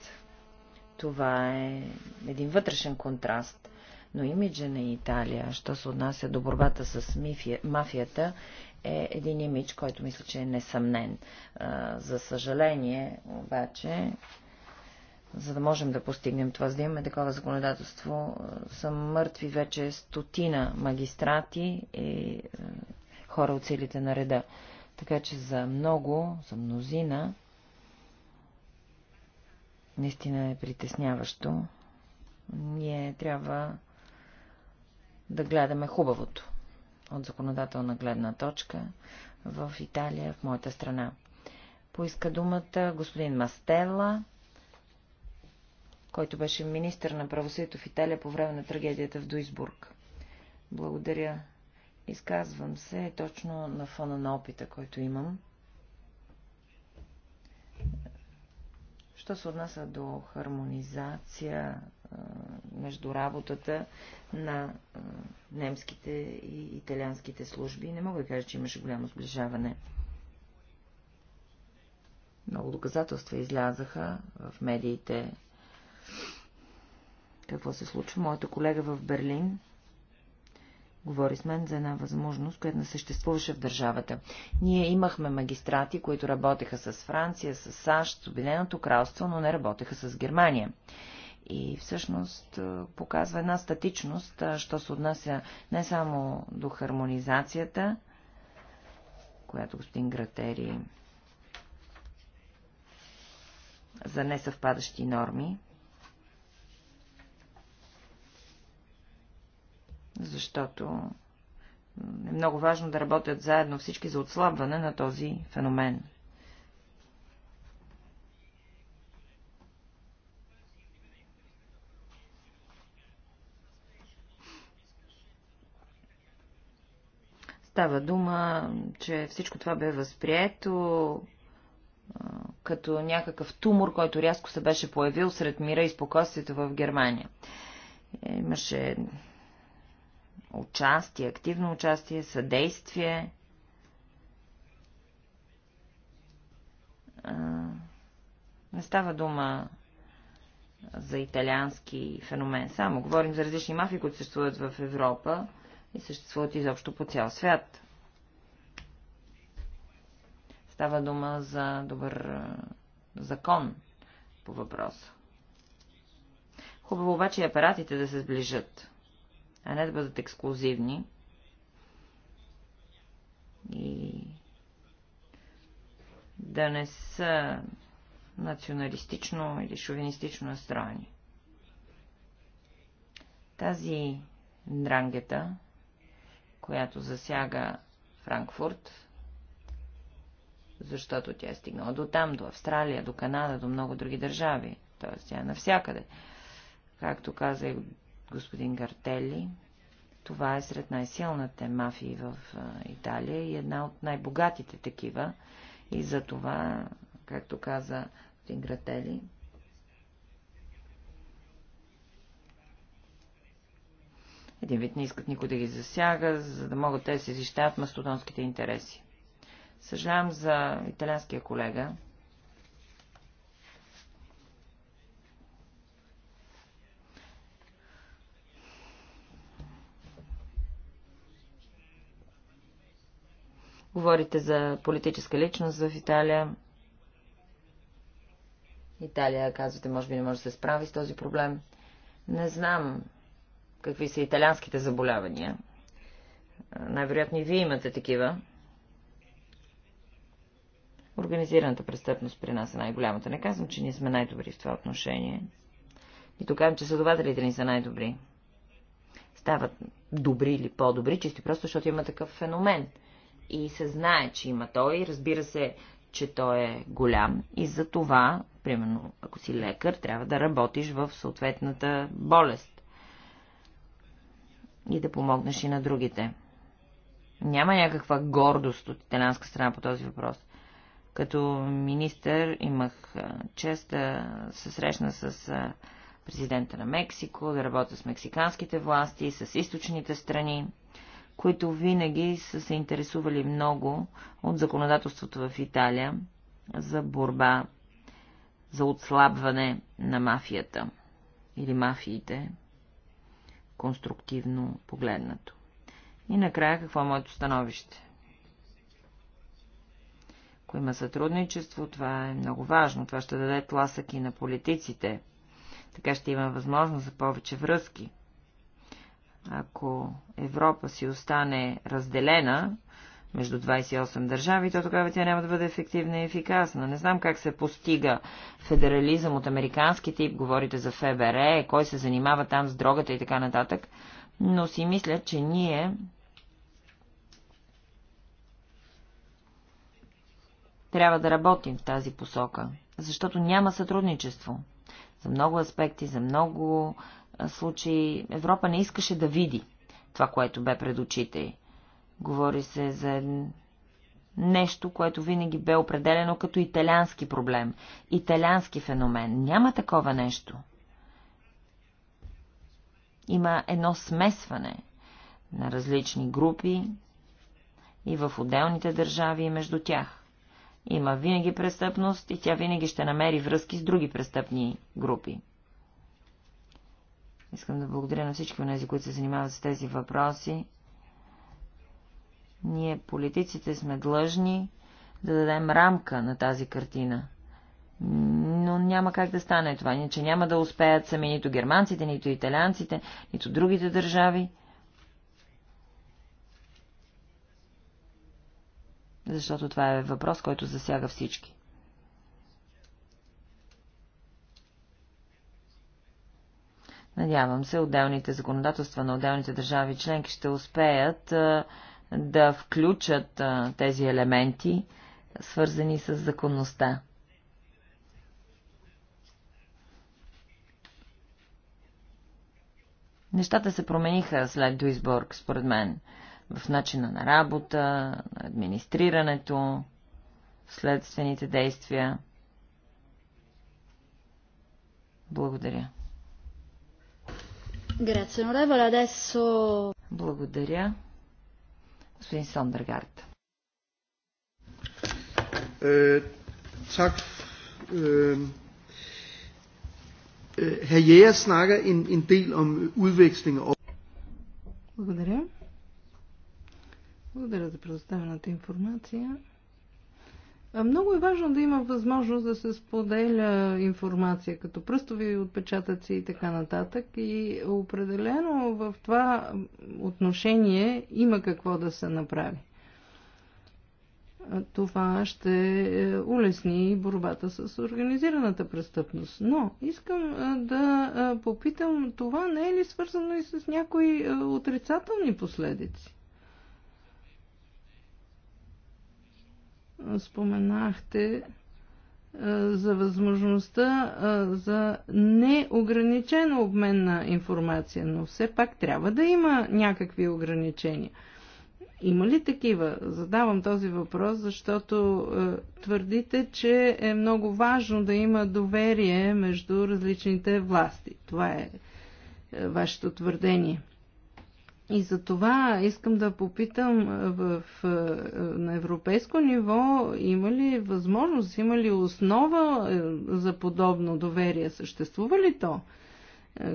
това е един вътрешен контраст. Но имиджа на Италия, що се отнася до борбата с мафията е един имидж, който мисля, че е несъмнен. За съжаление, обаче, за да можем да постигнем това, за да имаме такова законодателство, са мъртви вече стотина магистрати и хора от силите на реда. Така че за много, за мнозина, наистина е притесняващо. Ние трябва да гледаме хубавото от законодателна гледна точка в Италия, в моята страна. Поиска думата господин Мастела, който беше министр на правосъдието в Италия по време на трагедията в Дуисбург. Благодаря. Изказвам се точно на фона на опита, който имам. Що се отнася до хармонизация между работата на немските и италианските служби. Не мога да кажа, че имаше голямо сближаване. Много доказателства излязаха в медиите. Какво се случва? Моята колега в Берлин говори с мен за една възможност, която не съществуваше в държавата. Ние имахме магистрати, които работеха с Франция, с САЩ, с Обединеното кралство, но не работеха с Германия и всъщност показва една статичност, що се отнася не само до хармонизацията, която господин Гратери за несъвпадащи норми, защото е много важно да работят заедно всички за отслабване на този феномен. Става дума, че всичко това бе възприето като някакъв тумор, който рязко се беше появил сред мира и спокойствието в Германия. Е, имаше участие, активно участие, съдействие. Не става дума за италиански феномен. Само говорим за различни мафии, които съществуват в Европа и съществуват изобщо по цял свят. Става дума за добър закон по въпроса. Хубаво обаче и апаратите да се сближат, а не да бъдат ексклюзивни и да не са националистично или шовинистично настроени. Тази дрангета която засяга Франкфурт, защото тя е стигнала до там, до Австралия, до Канада, до много други държави. Тоест тя е навсякъде. Както каза и господин Гартели, това е сред най-силните мафии в Италия и една от най-богатите такива. И за това, както каза господин Гратели, Един вид не искат никой да ги засяга, за да могат те да се защитават мастодонските интереси. Съжалявам за италянския колега. Говорите за политическа личност в Италия. Италия, казвате, може би не може да се справи с този проблем. Не знам какви са италианските заболявания. Най-вероятно и вие имате такива. Организираната престъпност при нас е най-голямата. Не казвам, че ние сме най-добри в това отношение. И тук казвам, че следователите ни са най-добри. Стават добри или по-добри, чисто просто, защото има такъв феномен. И се знае, че има той. Разбира се, че той е голям. И за това, примерно, ако си лекар, трябва да работиш в съответната болест и да помогнеш и на другите. Няма някаква гордост от италянска страна по този въпрос. Като министър имах чест да се срещна с президента на Мексико, да работя с мексиканските власти, с източните страни, които винаги са се интересували много от законодателството в Италия за борба, за отслабване на мафията или мафиите, конструктивно погледнато. И накрая какво е моето становище? Ако има сътрудничество, това е много важно. Това ще даде тласък и на политиците. Така ще има възможност за повече връзки. Ако Европа си остане разделена, между 28 държави, то тогава тя няма да бъде ефективна и ефикасна. Не знам как се постига федерализъм от американски тип, говорите за ФБР, кой се занимава там с дрогата и така нататък, но си мисля, че ние трябва да работим в тази посока, защото няма сътрудничество. За много аспекти, за много случаи Европа не искаше да види това, което бе пред очите й. Говори се за нещо, което винаги бе определено като италиански проблем, италиански феномен. Няма такова нещо. Има едно смесване на различни групи и в отделните държави и между тях. Има винаги престъпност и тя винаги ще намери връзки с други престъпни групи. Искам да благодаря на всички от тези, които се занимават с тези въпроси. Ние, политиците, сме длъжни да дадем рамка на тази картина. Но няма как да стане това, Че няма да успеят сами нито германците, нито италианците, нито другите държави. Защото това е въпрос, който засяга всички. Надявам се, отделните законодателства на отделните държави членки ще успеят да включат а, тези елементи, свързани с законността. Нещата се промениха след Дуисбург, според мен, в начина на работа, на администрирането, следствените действия. Благодаря. Благодаря. Господин Сондергард. Tak. Е, е, е, Herr Jæger snakker en, Благодаря. Благодаря за предоставената информация. Много е важно да има възможност да се споделя информация, като пръстови отпечатъци и така нататък. И определено в това отношение има какво да се направи. Това ще улесни борбата с организираната престъпност. Но искам да попитам, това не е ли свързано и с някои отрицателни последици? споменахте е, за възможността е, за неограничен обмен на информация, но все пак трябва да има някакви ограничения. Има ли такива? Задавам този въпрос, защото е, твърдите, че е много важно да има доверие между различните власти. Това е вашето твърдение. И за това искам да попитам в, на европейско ниво има ли възможност, има ли основа е, за подобно доверие? Съществува ли то?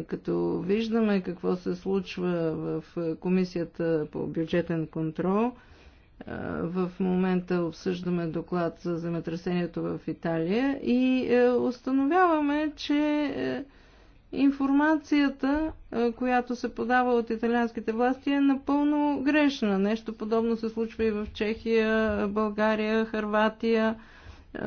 Като виждаме какво се случва в Комисията по бюджетен контрол, в момента обсъждаме доклад за земетресението в Италия и е, установяваме, че е, Информацията, е, която се подава от италианските власти е напълно грешна. Нещо подобно се случва и в Чехия, България, Харватия. Е,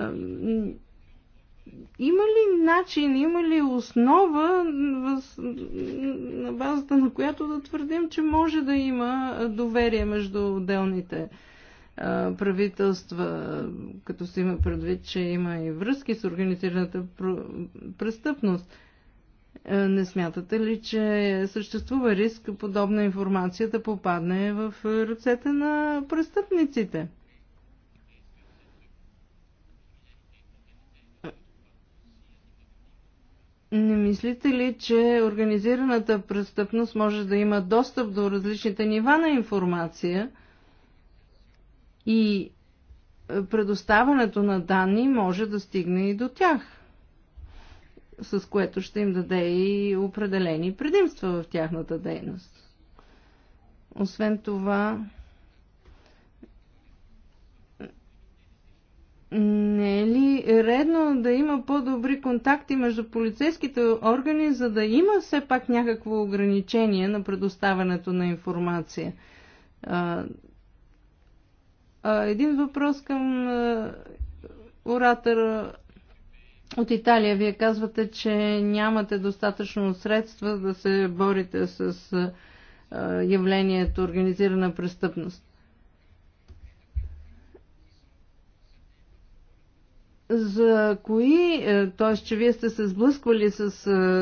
има ли начин, има ли основа, на базата на която да твърдим, че може да има доверие между отделните е, правителства, като се има предвид, че има и връзки с организираната престъпност? Е, не смятате ли, че съществува риск подобна информация да попадне в ръцете на престъпниците? Не мислите ли, че организираната престъпност може да има достъп до различните нива на информация и предоставянето на данни може да стигне и до тях? с което ще им даде и определени предимства в тяхната дейност. Освен това, не е ли редно да има по-добри контакти между полицейските органи, за да има все пак някакво ограничение на предоставянето на информация? един въпрос към оратора от Италия. Вие казвате, че нямате достатъчно средства да се борите с явлението организирана престъпност. За кои, е, т.е. че вие сте се сблъсквали с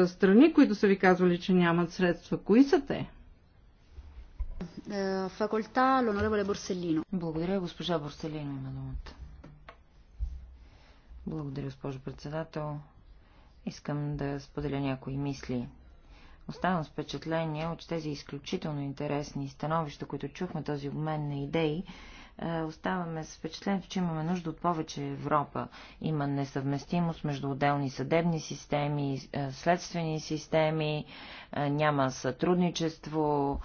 страни, които са ви казвали, че нямат средства, кои са те? Е, факулта, лонореволе Борселино. Благодаря, госпожа Борселино има думата. Благодаря, госпожо председател. Искам да споделя някои мисли. Оставам с впечатление от тези изключително интересни становища, които чухме, този обмен на идеи. Е, оставаме с впечатлението, че имаме нужда от повече Европа. Има несъвместимост между отделни съдебни системи, е, следствени системи, е, няма сътрудничество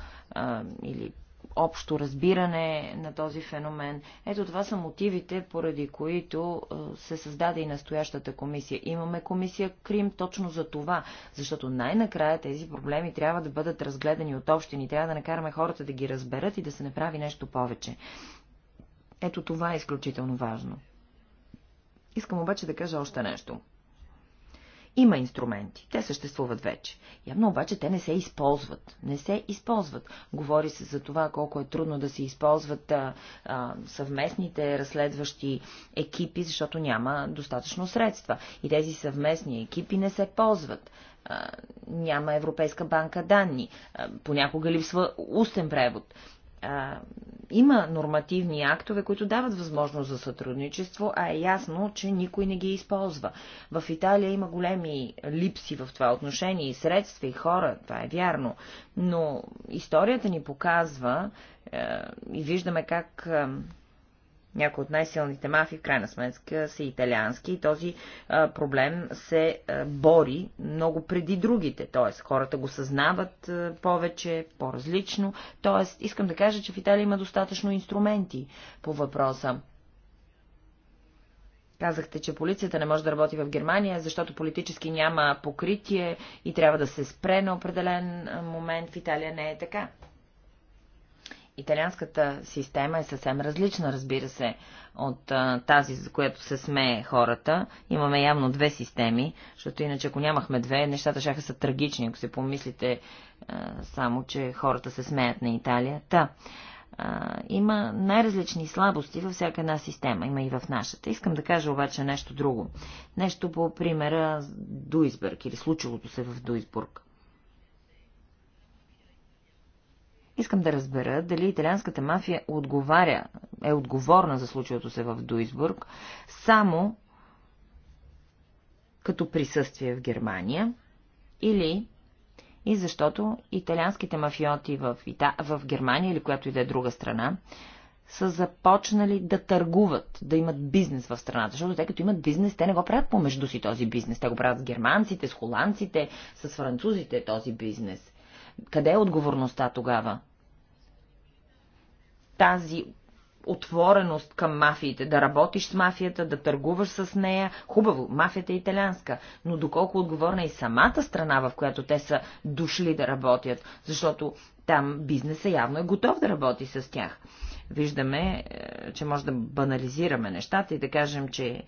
или общо разбиране на този феномен. Ето това са мотивите, поради които е, се създаде и настоящата комисия. Имаме комисия Крим точно за това, защото най-накрая тези проблеми трябва да бъдат разгледани от общини. Трябва да накараме хората да ги разберат и да се направи нещо повече. Ето това е изключително важно. Искам обаче да кажа още нещо. Има инструменти. Те съществуват вече. Явно обаче те не се използват. Не се използват. Говори се за това колко е трудно да се използват а, а, съвместните разследващи екипи, защото няма достатъчно средства. И тези съвместни екипи не се ползват няма Европейска банка данни, понякога липсва устен превод а, има нормативни актове, които дават възможност за сътрудничество, а е ясно, че никой не ги използва. В Италия има големи липси в това отношение и средства, и хора, това е вярно. Но историята ни показва е, и виждаме как. Е, някои от най-силните мафи в крайна сметка са италиански и този а, проблем се а, бори много преди другите, т.е. хората го съзнават а, повече, по-различно, т.е. искам да кажа, че в Италия има достатъчно инструменти по въпроса. Казахте, че полицията не може да работи в Германия, защото политически няма покритие и трябва да се спре на определен момент. В Италия не е така. Италианската система е съвсем различна, разбира се, от а, тази, за която се смее хората. Имаме явно две системи, защото иначе ако нямахме две, нещата шаха са трагични, ако се помислите а, само, че хората се смеят на Италия. Та, а, има най-различни слабости във всяка една система, има и в нашата. Искам да кажа обаче нещо друго. Нещо по примера Дуисбърг или случилото се в Дуисбург. Искам да разбера дали италианската мафия отговаря, е отговорна за случилото се в Дуисбург, само като присъствие в Германия или и защото италианските мафиоти в, Ита... в Германия или която и да е друга страна са започнали да търгуват, да имат бизнес в страната, защото те като имат бизнес, те не го правят помежду си този бизнес, те го правят с германците, с холандците, с французите този бизнес. Къде е отговорността тогава? тази отвореност към мафиите, да работиш с мафията, да търгуваш с нея. Хубаво, мафията е италианска, но доколко отговорна е и самата страна, в която те са дошли да работят, защото там бизнесът явно е готов да работи с тях. Виждаме, е, че може да банализираме нещата и да кажем, че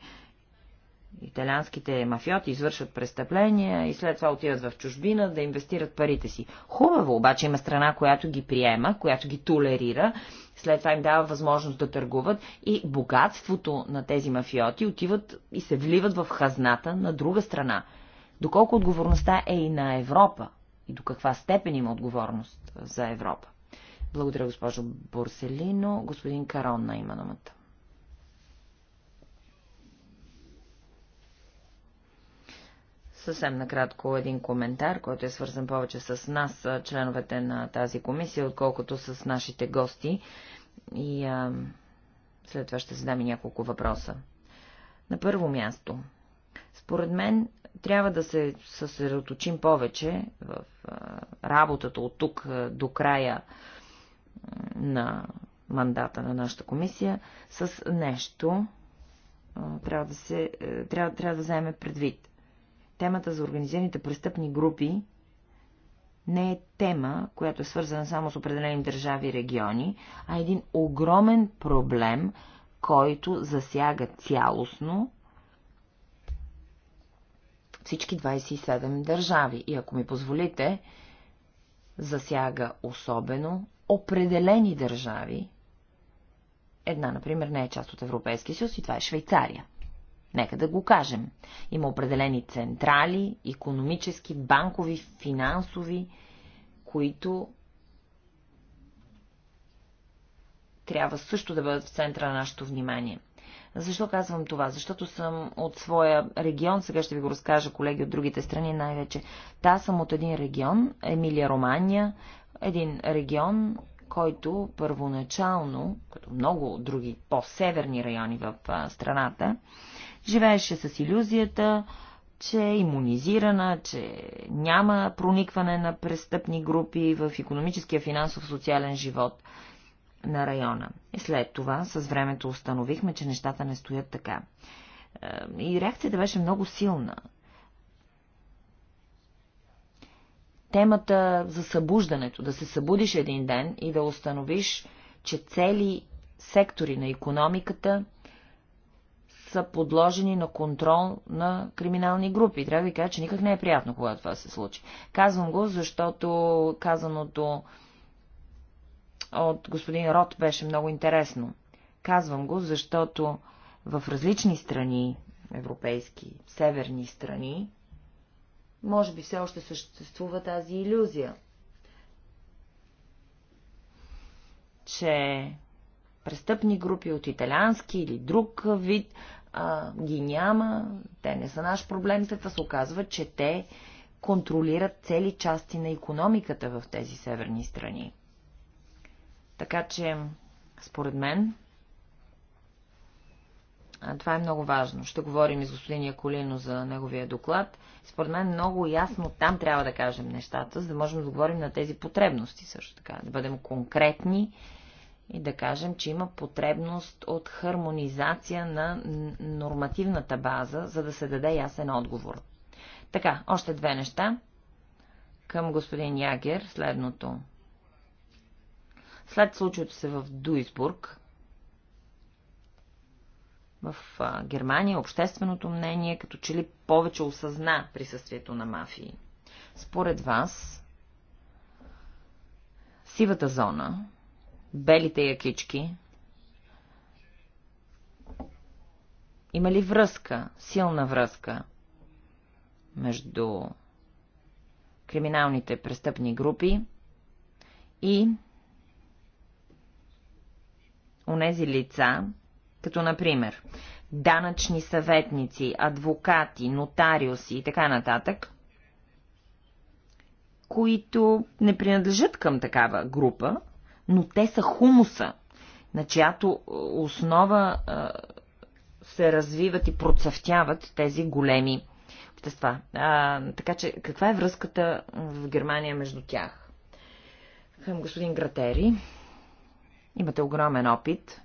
италианските мафиоти извършват престъпления и след това отиват в чужбина да инвестират парите си. Хубаво, обаче има страна, която ги приема, която ги толерира след това им дава възможност да търгуват и богатството на тези мафиоти отиват и се вливат в хазната на друга страна. Доколко отговорността е и на Европа и до каква степен има отговорност за Европа. Благодаря, госпожо Борселино. Господин Карон има думата. Съвсем накратко един коментар, който е свързан повече с нас, членовете на тази комисия, отколкото с нашите гости. И а, след това ще задам и няколко въпроса. На първо място, според мен трябва да се съсредоточим повече в а, работата от тук а, до края на мандата на нашата комисия с нещо, а, трябва да се, е, трябва, трябва да вземе предвид. Темата за организираните престъпни групи не е тема, която е свързана само с определени държави и региони, а един огромен проблем, който засяга цялостно всички 27 държави. И ако ми позволите, засяга особено определени държави. Една, например, не е част от Европейския съюз и това е Швейцария. Нека да го кажем. Има определени централи, економически, банкови, финансови, които трябва също да бъдат в центъра на нашето внимание. Защо казвам това? Защото съм от своя регион, сега ще ви го разкажа колеги от другите страни най-вече. Та съм от един регион, Емилия Романия, един регион, който първоначално, като много други по-северни райони в страната, Живееше с иллюзията, че е иммунизирана, че няма проникване на престъпни групи в економическия, финансов, социален живот на района. И след това, с времето установихме, че нещата не стоят така. Е, и реакцията беше много силна. Темата за събуждането, да се събудиш един ден и да установиш, че цели сектори на економиката – са подложени на контрол на криминални групи. Трябва да ви кажа, че никак не е приятно, когато това се случи. Казвам го, защото казаното от господин Рот беше много интересно. Казвам го, защото в различни страни, европейски, северни страни, може би все още съществува тази иллюзия, че престъпни групи от италиански или друг вид а, ги няма, те не са наш проблем, това се оказва, че те контролират цели части на економиката в тези северни страни. Така че, според мен, това е много важно. Ще говорим и с господин Яколино за неговия доклад. Според мен много ясно там трябва да кажем нещата, за да можем да говорим на тези потребности също така. Да бъдем конкретни и да кажем, че има потребност от хармонизация на нормативната база, за да се даде ясен отговор. Така, още две неща. Към господин Ягер следното. След случилото се в Дуисбург, в Германия общественото мнение като че ли повече осъзна присъствието на мафии. Според вас, сивата зона, белите якички, има ли връзка, силна връзка между криминалните престъпни групи и унези лица, като например данъчни съветници, адвокати, нотариуси и така нататък, които не принадлежат към такава група, но те са хумуса, на чиято е, основа е, се развиват и процъфтяват тези големи общества. А, така че, каква е връзката в Германия между тях? Към господин Гратери. Имате огромен опит.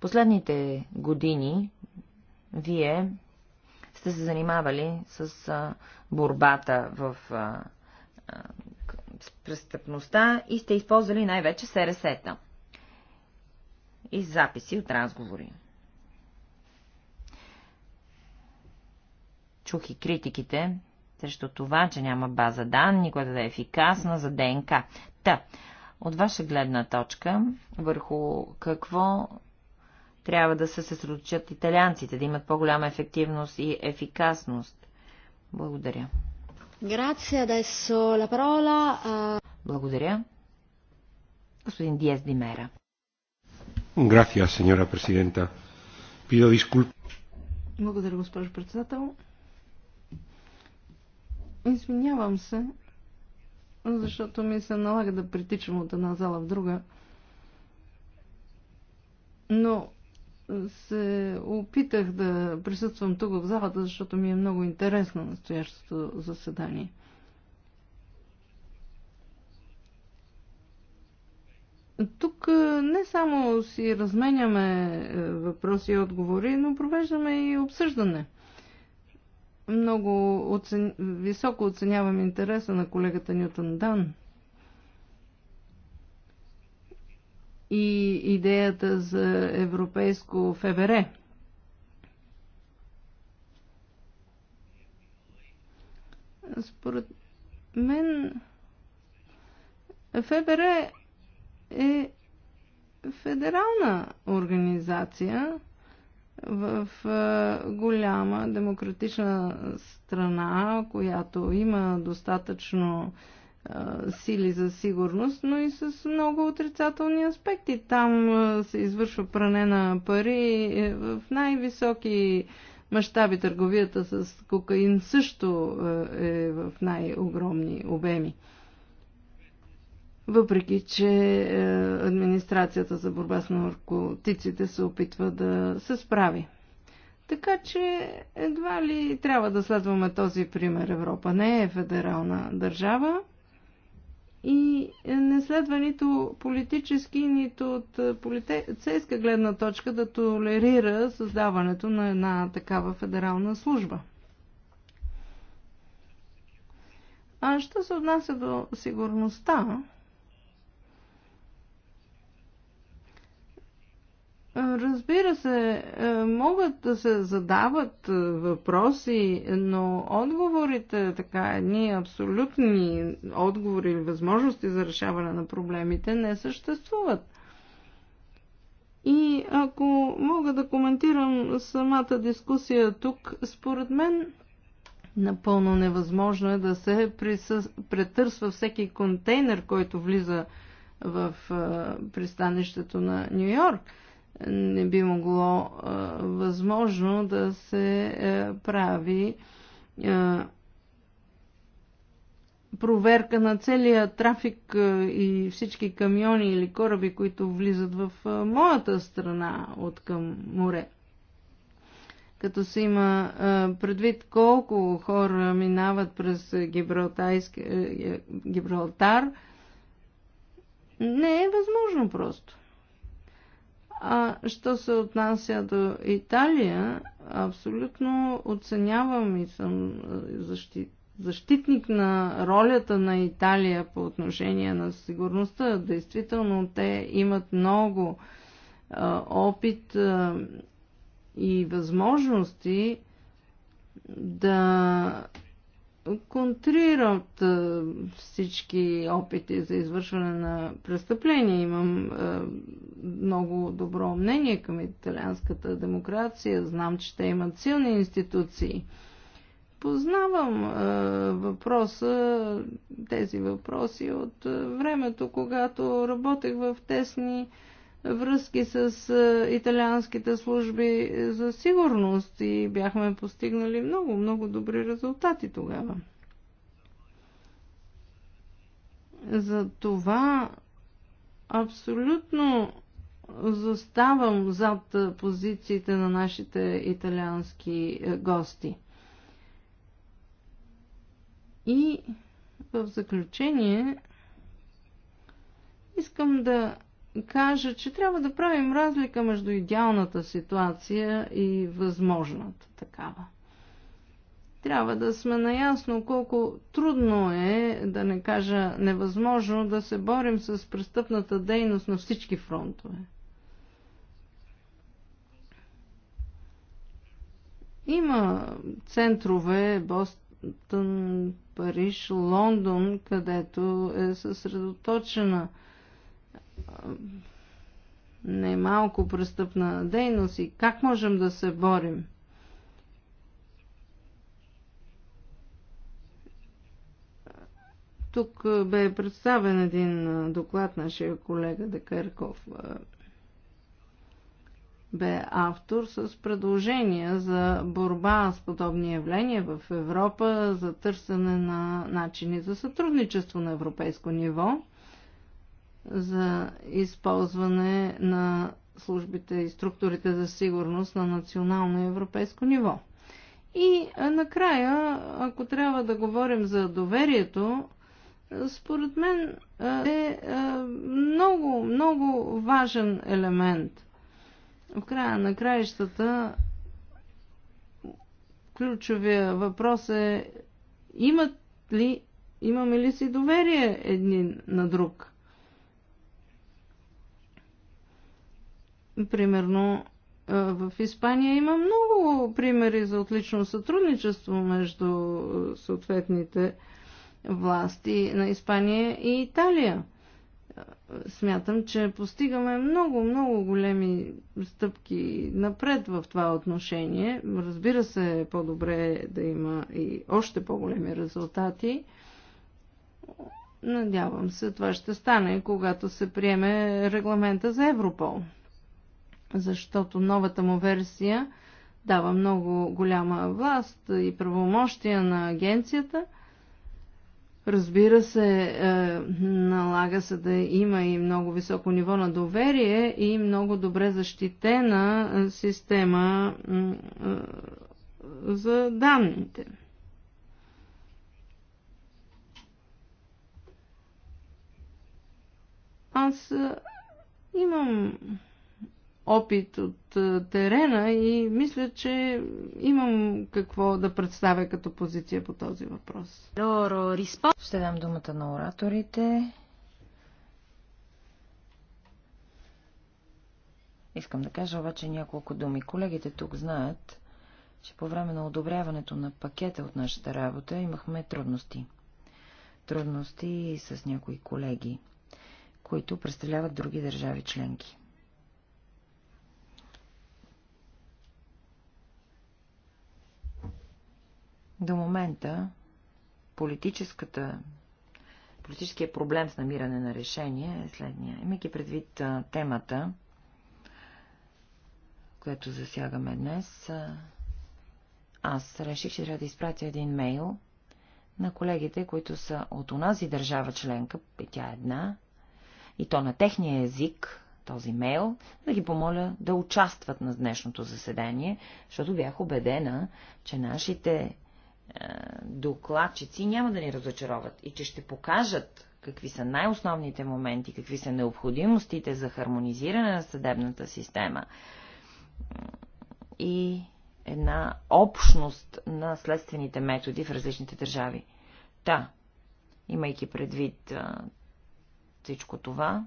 Последните години вие сте се занимавали с борбата в с престъпността и сте използвали най-вече СРС-та и записи от разговори. Чух и критиките срещу това, че няма база данни, която да е ефикасна за ДНК. Та, от ваша гледна точка, върху какво трябва да се съсредоточат италианците, да имат по-голяма ефективност и ефикасност. Благодаря. Грация, adesso la парола. Благодаря. Господин Диес Димера. Грация, сеньора президента. Pido дискулп. Благодаря, госпожо председател. Извинявам се, защото ми се налага да притичам от една зала в друга. Но се опитах да присъствам тук в залата, защото ми е много интересно настоящото заседание. Тук е, не само си разменяме е, въпроси и отговори, но провеждаме и обсъждане. Много оцен... високо оценявам интереса на колегата Нютон Дан и идеята за европейско ФБР. Според мен ФБР е федерална организация в голяма демократична страна, която има достатъчно сили за сигурност, но и с много отрицателни аспекти. Там се извършва пране на пари е, в най-високи мащаби. Търговията с кокаин също е в най-огромни обеми. Въпреки, че е, администрацията за борба с наркотиците се опитва да се справи. Така че едва ли трябва да следваме този пример. Европа не е федерална държава и не следва нито политически, нито от е, полицейска гледна точка да толерира създаването на една такава федерална служба. А що се отнася до сигурността, Разбира се, е, могат да се задават е, въпроси, но отговорите, така едни абсолютни отговори или възможности за решаване на проблемите не съществуват. И ако мога да коментирам самата дискусия тук, според мен напълно невъзможно е да се присъс... претърсва всеки контейнер, който влиза в е, пристанището на Нью Йорк не би могло а, възможно да се а, е, прави а, е, проверка на целия трафик а, е, и всички камиони или кораби, които влизат в а, моята страна от към море. Като се има а, предвид колко хора минават през Гибралтар, не е възможно просто. А, що се отнася до Италия, абсолютно оценявам и съм защит, защитник на ролята на Италия по отношение на сигурността. Действително, те имат много а, опит а, и възможности да контрират всички опити за извършване на престъпления. Имам много добро мнение към италианската демокрация. Знам, че те имат силни институции. Познавам е, въпроса, тези въпроси от времето, когато работех в тесни връзки с италианските служби за сигурност и бяхме постигнали много, много добри резултати тогава. За това абсолютно заставам зад позициите на нашите италиански е, гости. И в заключение искам да кажа, че трябва да правим разлика между идеалната ситуация и възможната такава. Трябва да сме наясно колко трудно е, да не кажа невъзможно, да се борим с престъпната дейност на всички фронтове. Има центрове, Бостън, Париж, Лондон, където е съсредоточена немалко престъпна дейност и как можем да се борим? Тук бе представен един доклад нашия колега Декарков. Бе автор с предложения за борба с подобни явления в Европа, за търсене на начини за сътрудничество на европейско ниво – за използване на службите и структурите за сигурност на национално и европейско ниво. И накрая, ако трябва да говорим за доверието, според мен е много, много важен елемент. В края на краищата ключовия въпрос е имат ли, имаме ли си доверие един на друг? Примерно в Испания има много примери за отлично сътрудничество между съответните власти на Испания и Италия. Смятам, че постигаме много, много големи стъпки напред в това отношение. Разбира се, по-добре е да има и още по-големи резултати. Надявам се, това ще стане, когато се приеме регламента за Европол защото новата му версия дава много голяма власт и правомощия на агенцията. Разбира се, е, налага се да има и много високо ниво на доверие и много добре защитена система е, за данните. Аз е, имам опит от е, терена и мисля, че имам какво да представя като позиция по този въпрос. Ще дам думата на ораторите. Искам да кажа обаче няколко думи. Колегите тук знаят, че по време на одобряването на пакета от нашата работа имахме трудности. Трудности с някои колеги, които представляват други държави членки. До момента политическата политическия проблем с намиране на решение е следния. Имайки предвид темата, която засягаме днес, аз реших, че трябва да изпратя един мейл на колегите, които са от онази държава членка, и тя е една, и то на техния език, този мейл, да ги помоля да участват на днешното заседание, защото бях убедена, че нашите е, докладчици няма да ни разочароват и че ще покажат какви са най-основните моменти, какви са необходимостите за хармонизиране на съдебната система и една общност на следствените методи в различните държави. Та, да, имайки предвид е, всичко това,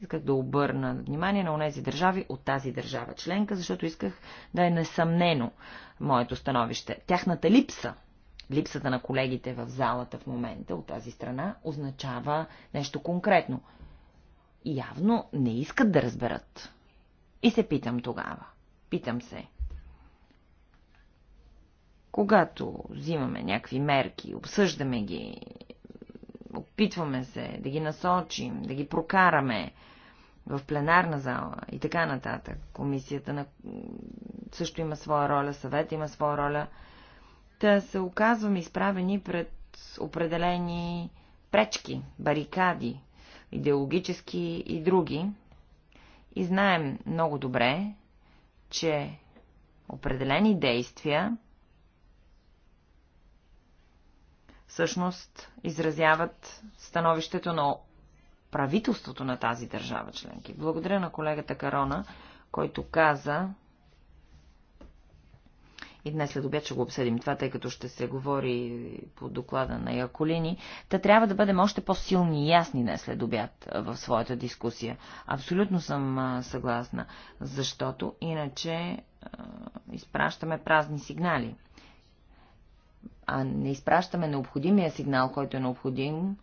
Исках да обърна внимание на тези държави от тази държава членка, защото исках да е несъмнено моето становище. Тяхната липса, липсата на колегите в залата в момента от тази страна, означава нещо конкретно. Явно не искат да разберат. И се питам тогава. Питам се. Когато взимаме някакви мерки, обсъждаме ги, Опитваме се да ги насочим, да ги прокараме в пленарна зала и така нататък. Комисията на... също има своя роля, съвет има своя роля. Та се оказваме изправени пред определени пречки, барикади, идеологически и други. И знаем много добре, че определени действия всъщност изразяват становището на правителството на тази държава членки. Благодаря на колегата Карона, който каза, и днес след обяд ще го обсъдим това, тъй като ще се говори по доклада на Яколини, та трябва да бъдем още по-силни и ясни днес след обяд в своята дискусия. Абсолютно съм съгласна, защото иначе изпращаме празни сигнали а не изпращаме необходимия сигнал, който е необходим,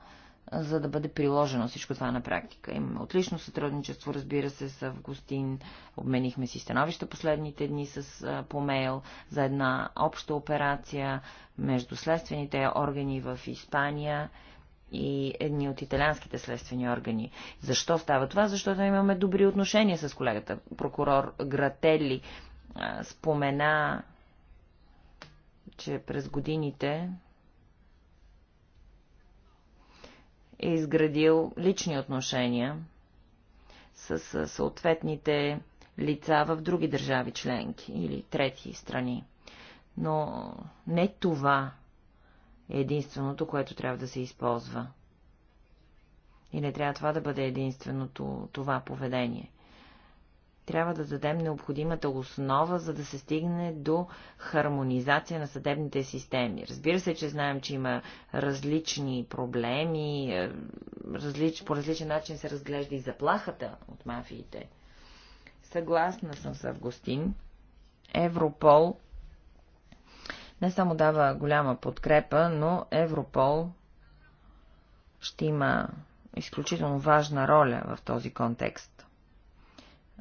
за да бъде приложено всичко това на практика. Имаме отлично сътрудничество, разбира се, с Августин. Обменихме си становища последните дни с помейл за една обща операция между следствените органи в Испания и едни от италианските следствени органи. Защо става това? Защото имаме добри отношения с колегата. Прокурор Грателли спомена че през годините е изградил лични отношения с съответните лица в други държави членки или трети страни. Но не това е единственото, което трябва да се използва. И не трябва това да бъде единственото това поведение трябва да дадем необходимата основа, за да се стигне до хармонизация на съдебните системи. Разбира се, че знаем, че има различни проблеми, е, различ, по различен начин се разглежда и заплахата от мафиите. Съгласна съм с Августин. Европол не само дава голяма подкрепа, но Европол ще има изключително важна роля в този контекст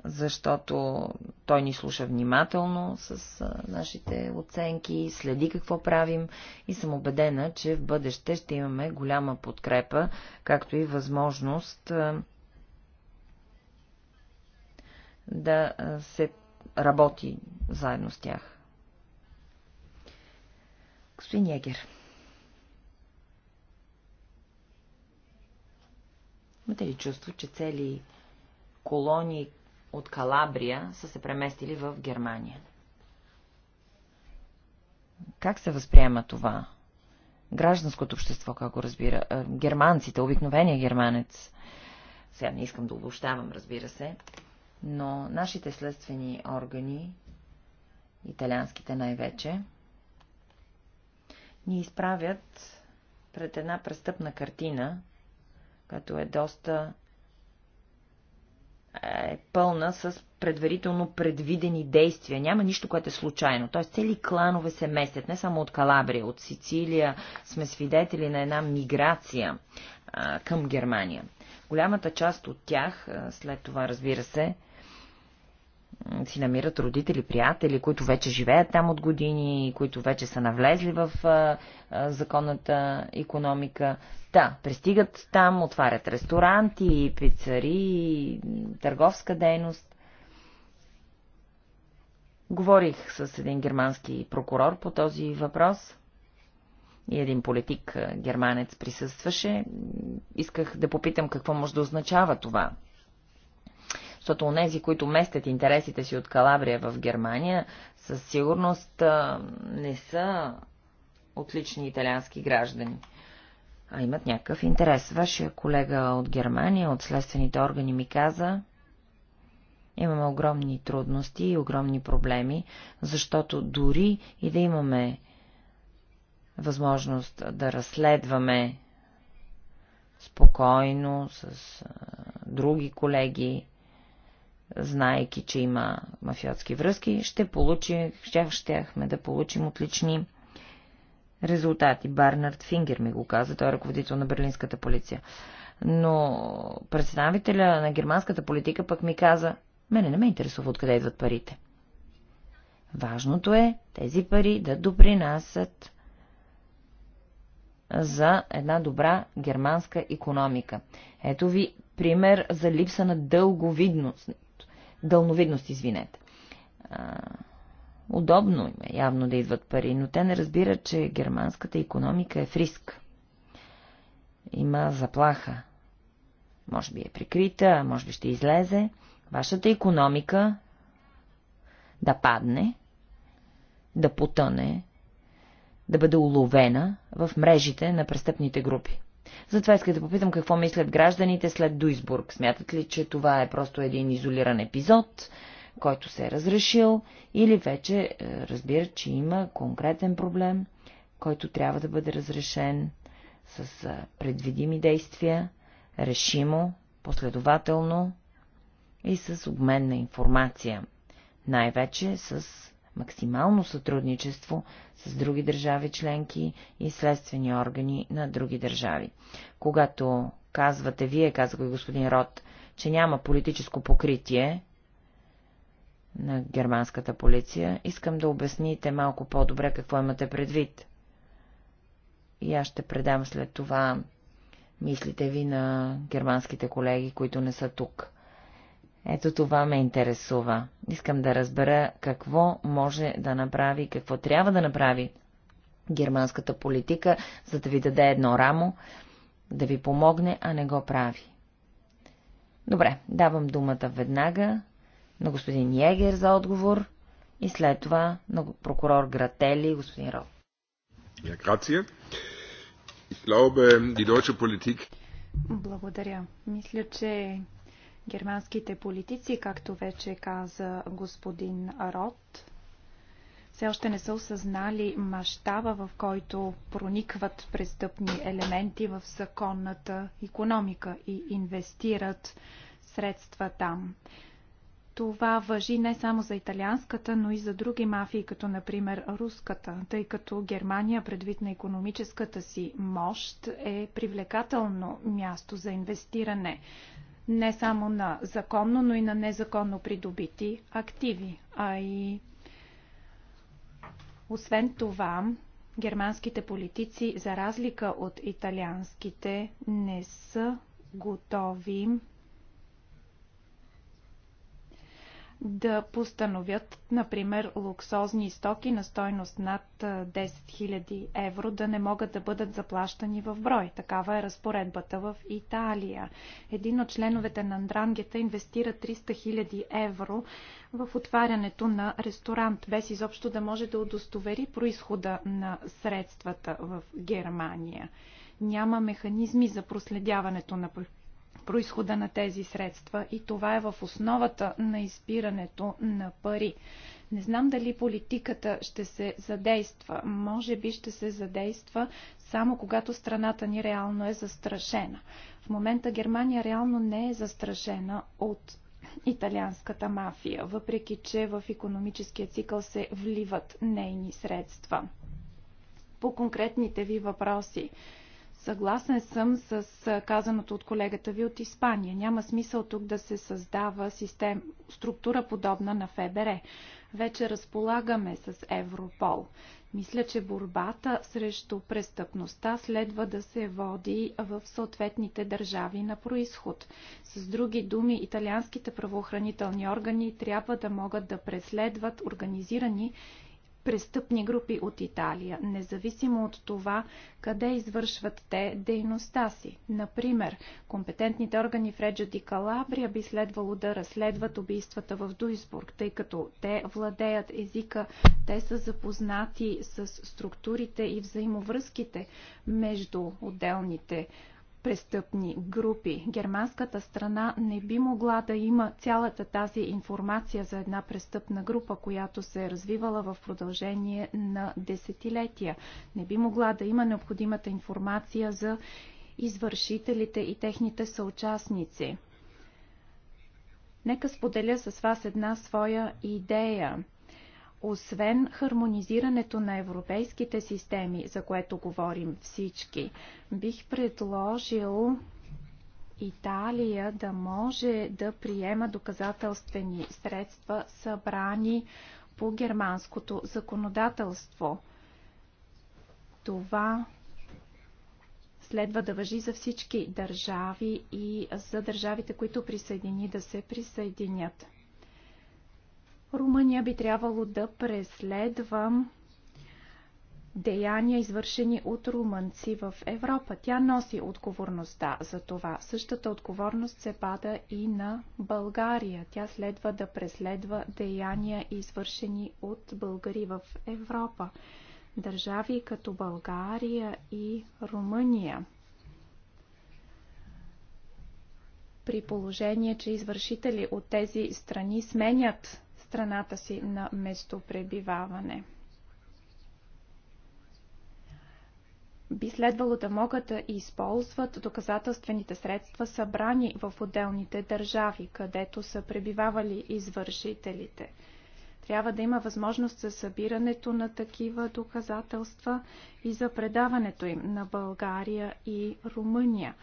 защото той ни слуша внимателно с нашите оценки, следи какво правим и съм убедена, че в бъдеще ще имаме голяма подкрепа, както и възможност да се работи заедно с тях. Господин Егер, Имате ли чувство, че цели колони от Калабрия са се преместили в Германия. Как се възприема това? Гражданското общество, как го разбира? Е, германците, обикновения германец. Сега не искам да обобщавам, разбира се, но нашите следствени органи, италианските най-вече, ни изправят пред една престъпна картина, която е доста е пълна с предварително предвидени действия. Няма нищо, което е случайно. Т.е. цели кланове се местят, не само от Калабрия, от Сицилия сме свидетели на една миграция а, към Германия. Голямата част от тях, след това разбира се, си намират родители, приятели, които вече живеят там от години, които вече са навлезли в а, а, законната економика. Да, пристигат там, отварят ресторанти, пицари, търговска дейност. Говорих с един германски прокурор по този въпрос и един политик германец присъстваше. Исках да попитам какво може да означава това защото онези, които местят интересите си от Калабрия в Германия, със сигурност не са отлични италиански граждани, а имат някакъв интерес. Вашия колега от Германия, от следствените органи ми каза, имаме огромни трудности и огромни проблеми, защото дори и да имаме възможност да разследваме спокойно с други колеги, знаеки, че има мафиотски връзки, ще получи, щяхме да получим отлични резултати. Барнард Фингер ми го каза, той е ръководител на берлинската полиция. Но представителя на германската политика пък ми каза, мене не ме интересува откъде идват парите. Важното е тези пари да допринасят за една добра германска економика. Ето ви пример за липса на дълговидност дълновидност, извинете. А, удобно им е явно да идват пари, но те не разбират, че германската економика е в риск. Има заплаха. Може би е прикрита, може би ще излезе. Вашата економика да падне, да потъне, да бъде уловена в мрежите на престъпните групи. Затова иска да попитам какво мислят гражданите след Дуйсбург. Смятат ли, че това е просто един изолиран епизод, който се е разрешил, или вече е, разбират, че има конкретен проблем, който трябва да бъде разрешен с е, предвидими действия, решимо, последователно и с обмен на информация, най-вече с максимално сътрудничество с други държави членки и следствени органи на други държави. Когато казвате вие, каза го и господин Рот, че няма политическо покритие на германската полиция, искам да обясните малко по-добре какво имате предвид. И аз ще предам след това мислите ви на германските колеги, които не са тук. Ето това ме интересува. Искам да разбера какво може да направи, какво трябва да направи германската политика, за да ви даде едно рамо, да ви помогне, а не го прави. Добре, давам думата веднага на господин Егер за отговор и след това на прокурор Гратели и господин Ров. Благодаря. Мисля, че Германските политици, както вече каза господин Рот, все още не са осъзнали мащаба, в който проникват престъпни елементи в законната економика и инвестират средства там. Това въжи не само за италианската, но и за други мафии, като например руската, тъй като Германия, предвид на економическата си мощ, е привлекателно място за инвестиране не само на законно, но и на незаконно придобити активи, а и освен това, германските политици, за разлика от италианските, не са готови да постановят, например, луксозни стоки на стойност над 10 000 евро да не могат да бъдат заплащани в брой. Такава е разпоредбата в Италия. Един от членовете на Андрангета инвестира 300 000 евро в отварянето на ресторант, без изобщо да може да удостовери происхода на средствата в Германия. Няма механизми за проследяването на происхода на тези средства и това е в основата на избирането на пари. Не знам дали политиката ще се задейства. Може би ще се задейства само когато страната ни реално е застрашена. В момента Германия реално не е застрашена от италианската мафия, въпреки че в економическия цикъл се вливат нейни средства. По конкретните ви въпроси, Съгласен съм с казаното от колегата ви от Испания. Няма смисъл тук да се създава систем, структура подобна на ФБР. Вече разполагаме с Европол. Мисля, че борбата срещу престъпността следва да се води в съответните държави на происход. С други думи, италианските правоохранителни органи трябва да могат да преследват организирани престъпни групи от Италия, независимо от това къде извършват те дейността си. Например, компетентните органи в Реджа и Калабрия би следвало да разследват убийствата в Дуйсбург, тъй като те владеят езика, те са запознати с структурите и взаимовръзките между отделните престъпни групи. Германската страна не би могла да има цялата тази информация за една престъпна група, която се е развивала в продължение на десетилетия. Не би могла да има необходимата информация за извършителите и техните съучастници. Нека споделя с вас една своя идея освен хармонизирането на европейските системи, за което говорим всички, бих предложил Италия да може да приема доказателствени средства, събрани по германското законодателство. Това следва да въжи за всички държави и за държавите, които присъедини да се присъединят. Румъния би трябвало да преследва деяния, извършени от румънци в Европа. Тя носи отговорността за това. Същата отговорност се пада и на България. Тя следва да преследва деяния, извършени от българи в Европа. Държави като България и Румъния. При положение, че извършители от тези страни сменят страната си на местопребиваване. би следвало да могат да използват доказателствените средства, събрани в отделните държави, където са пребивавали извършителите. Трябва да има възможност за събирането на такива доказателства и за предаването им на България и Румъния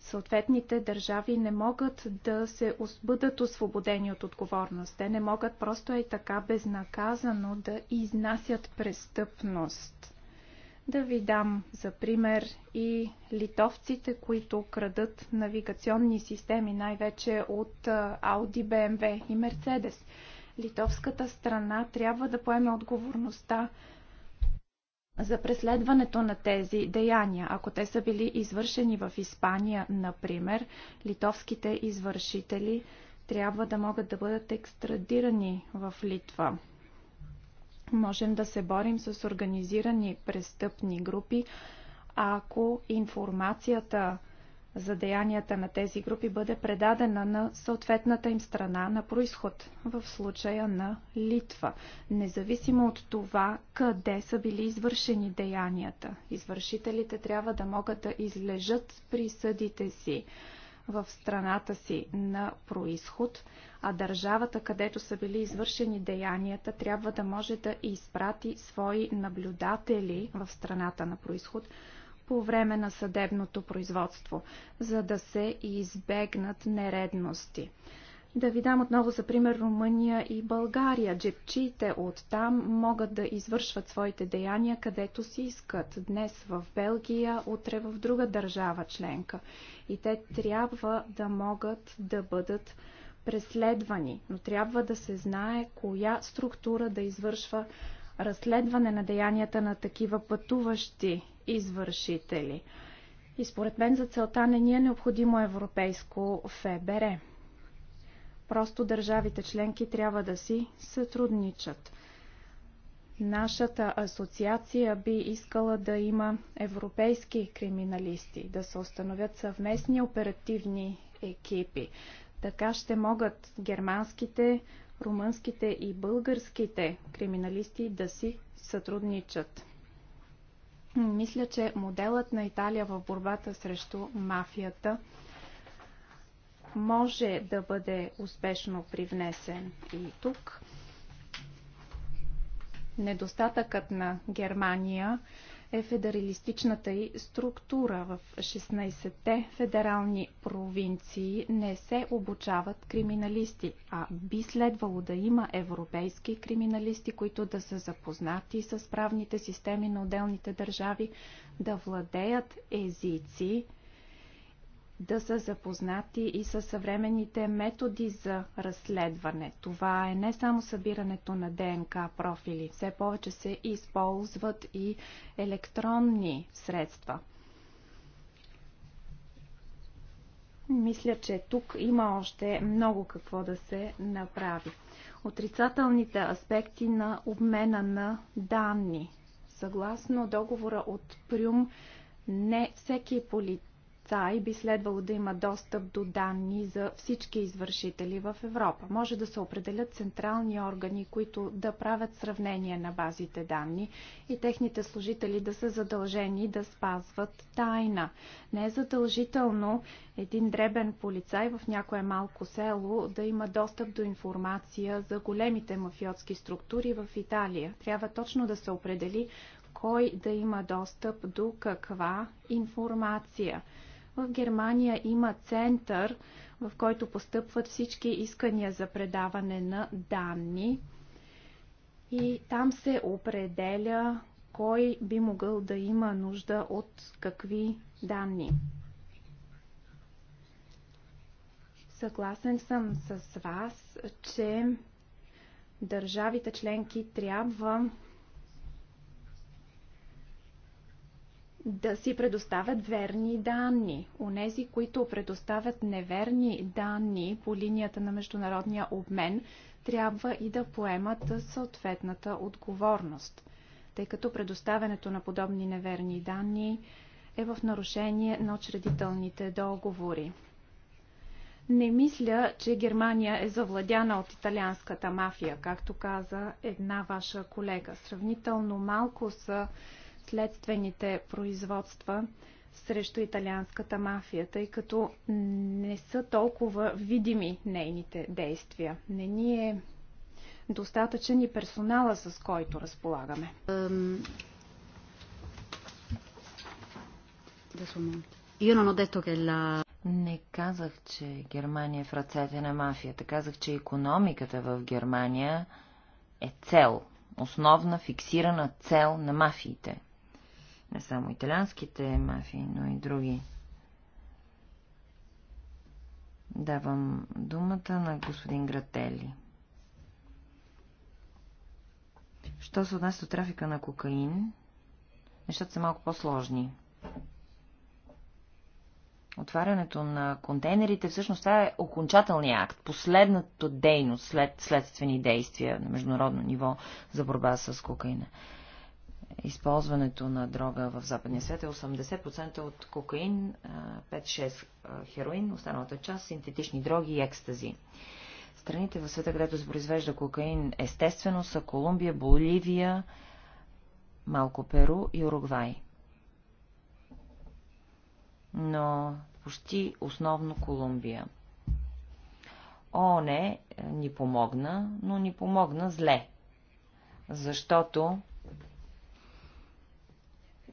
съответните държави не могат да се бъдат освободени от отговорност. Те не могат просто и така безнаказано да изнасят престъпност. Да ви дам за пример и литовците, които крадат навигационни системи, най-вече от Audi, BMW и Mercedes. Литовската страна трябва да поеме отговорността за преследването на тези деяния. Ако те са били извършени в Испания, например, литовските извършители трябва да могат да бъдат екстрадирани в Литва. Можем да се борим с организирани престъпни групи, ако информацията за деянията на тези групи бъде предадена на съответната им страна на происход, в случая на Литва, независимо от това къде са били извършени деянията. Извършителите трябва да могат да излежат присъдите си в страната си на происход, а държавата, където са били извършени деянията, трябва да може да изпрати свои наблюдатели в страната на происход, по време на съдебното производство, за да се избегнат нередности. Да ви дам отново за пример Румъния и България. Джепчиите от там могат да извършват своите деяния където си искат. Днес в Белгия, утре в друга държава членка. И те трябва да могат да бъдат преследвани. Но трябва да се знае коя структура да извършва разследване на деянията на такива пътуващи извършители. И според мен за целта не ни е необходимо европейско ФБР. Просто държавите членки трябва да си сътрудничат. Нашата асоциация би искала да има европейски криминалисти, да се установят съвместни оперативни екипи. Така ще могат германските, румънските и българските криминалисти да си сътрудничат. Мисля, че моделът на Италия в борбата срещу мафията може да бъде успешно привнесен и тук. Недостатъкът на Германия е федералистичната й структура. В 16-те федерални провинции не се обучават криминалисти, а би следвало да има европейски криминалисти, които да са запознати с правните системи на отделните държави, да владеят езици, да са запознати и с съвременните методи за разследване. Това е не само събирането на ДНК профили, все повече се използват и електронни средства. Мисля, че тук има още много какво да се направи. Отрицателните аспекти на обмена на данни. Съгласно договора от Прюм, не всеки полит лица и би следвало да има достъп до данни за всички извършители в Европа. Може да се определят централни органи, които да правят сравнение на базите данни и техните служители да са задължени да спазват тайна. Не е задължително един дребен полицай в някое малко село да има достъп до информация за големите мафиотски структури в Италия. Трябва точно да се определи кой да има достъп до каква информация. В Германия има център, в който постъпват всички искания за предаване на данни. И там се определя кой би могъл да има нужда от какви данни. Съгласен съм с вас, че държавите членки трябва да си предоставят верни данни. Онези, които предоставят неверни данни по линията на международния обмен, трябва и да поемат съответната отговорност, тъй като предоставянето на подобни неверни данни е в нарушение на учредителните договори. Не мисля, че Германия е завладяна от италианската мафия, както каза една ваша колега. Сравнително малко са следствените производства срещу италианската мафия, тъй като не са толкова видими нейните действия. Не ни е достатъчен и персонала, с който разполагаме. Не казах, че Германия е в ръцете на мафията. Казах, че економиката в Германия е цел, основна фиксирана цел на мафиите. Не само италианските мафии, но и други. Давам думата на господин Гратели. Що се отнася до трафика на кокаин, нещата са малко по-сложни. Отварянето на контейнерите, всъщност това е окончателният акт, последната дейност след следствени действия на международно ниво за борба с кокаина използването на дрога в западния свят е 80% от кокаин, 5-6 хероин, останалата част синтетични дроги и екстази. Страните в света, където се произвежда кокаин естествено са Колумбия, Боливия, малко Перу и Уругвай. Но почти основно Колумбия. ООН ни помогна, но ни помогна зле, защото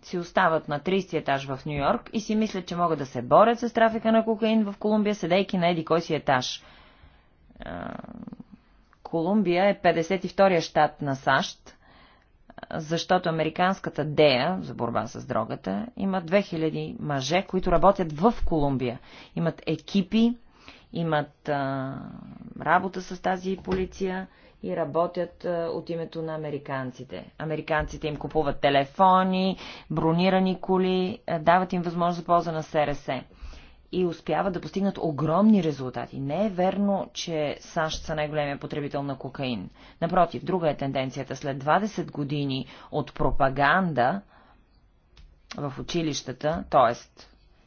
си остават на 30 етаж в Нью Йорк и си мислят, че могат да се борят с трафика на кокаин в Колумбия, седейки на еди кой си етаж. Колумбия е 52-я щат на САЩ, защото американската ДЕА за борба с дрогата има 2000 мъже, които работят в Колумбия. Имат екипи, имат а, работа с тази полиция и работят е, от името на американците. Американците им купуват телефони, бронирани коли, е, дават им възможност за полза на СРС и успяват да постигнат огромни резултати. Не е верно, че САЩ са най-големия потребител на кокаин. Напротив, друга е тенденцията. След 20 години от пропаганда в училищата, т.е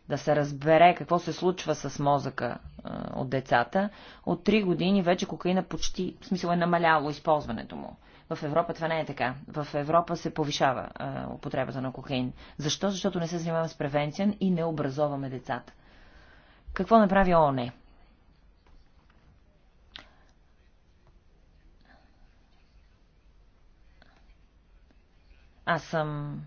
да се разбере какво се случва с мозъка а, от децата, от 3 години вече кокаина почти, в смисъл е намаляло използването му. В Европа това не е така. В Европа се повишава а, употребата на кокаин. Защо? Защото не се занимаваме с превенция и не образоваме децата. Какво направи ООН? Аз съм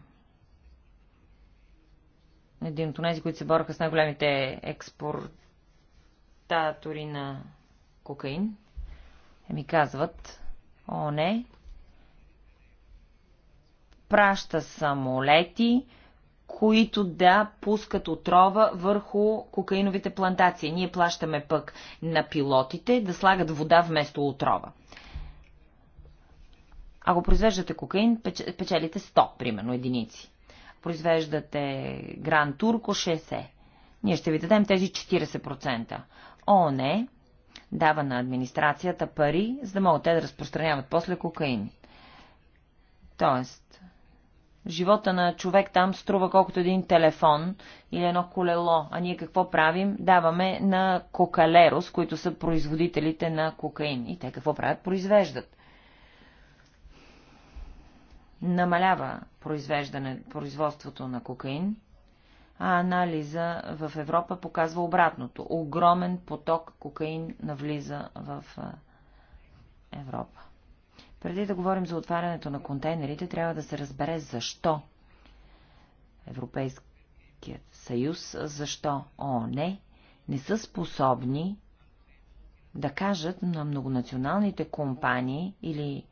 един от тези, които се бореха с най-големите експортатори на кокаин, е, ми казват, о не, праща самолети, които да пускат отрова върху кокаиновите плантации. Ние плащаме пък на пилотите да слагат вода вместо отрова. Ако произвеждате кокаин, печелите 100, примерно, единици произвеждате Гран Турко 60. Е. Ние ще ви дадем тези 40%. ООН дава на администрацията пари, за да могат те да разпространяват после кокаин. Тоест, живота на човек там струва колкото един телефон или едно колело. А ние какво правим? Даваме на кокалерос, които са производителите на кокаин. И те какво правят? Произвеждат намалява производството на кокаин, а анализа в Европа показва обратното. Огромен поток кокаин навлиза в Европа. Преди да говорим за отварянето на контейнерите, трябва да се разбере защо Европейският съюз, защо ООН не са способни да кажат на многонационалните компании или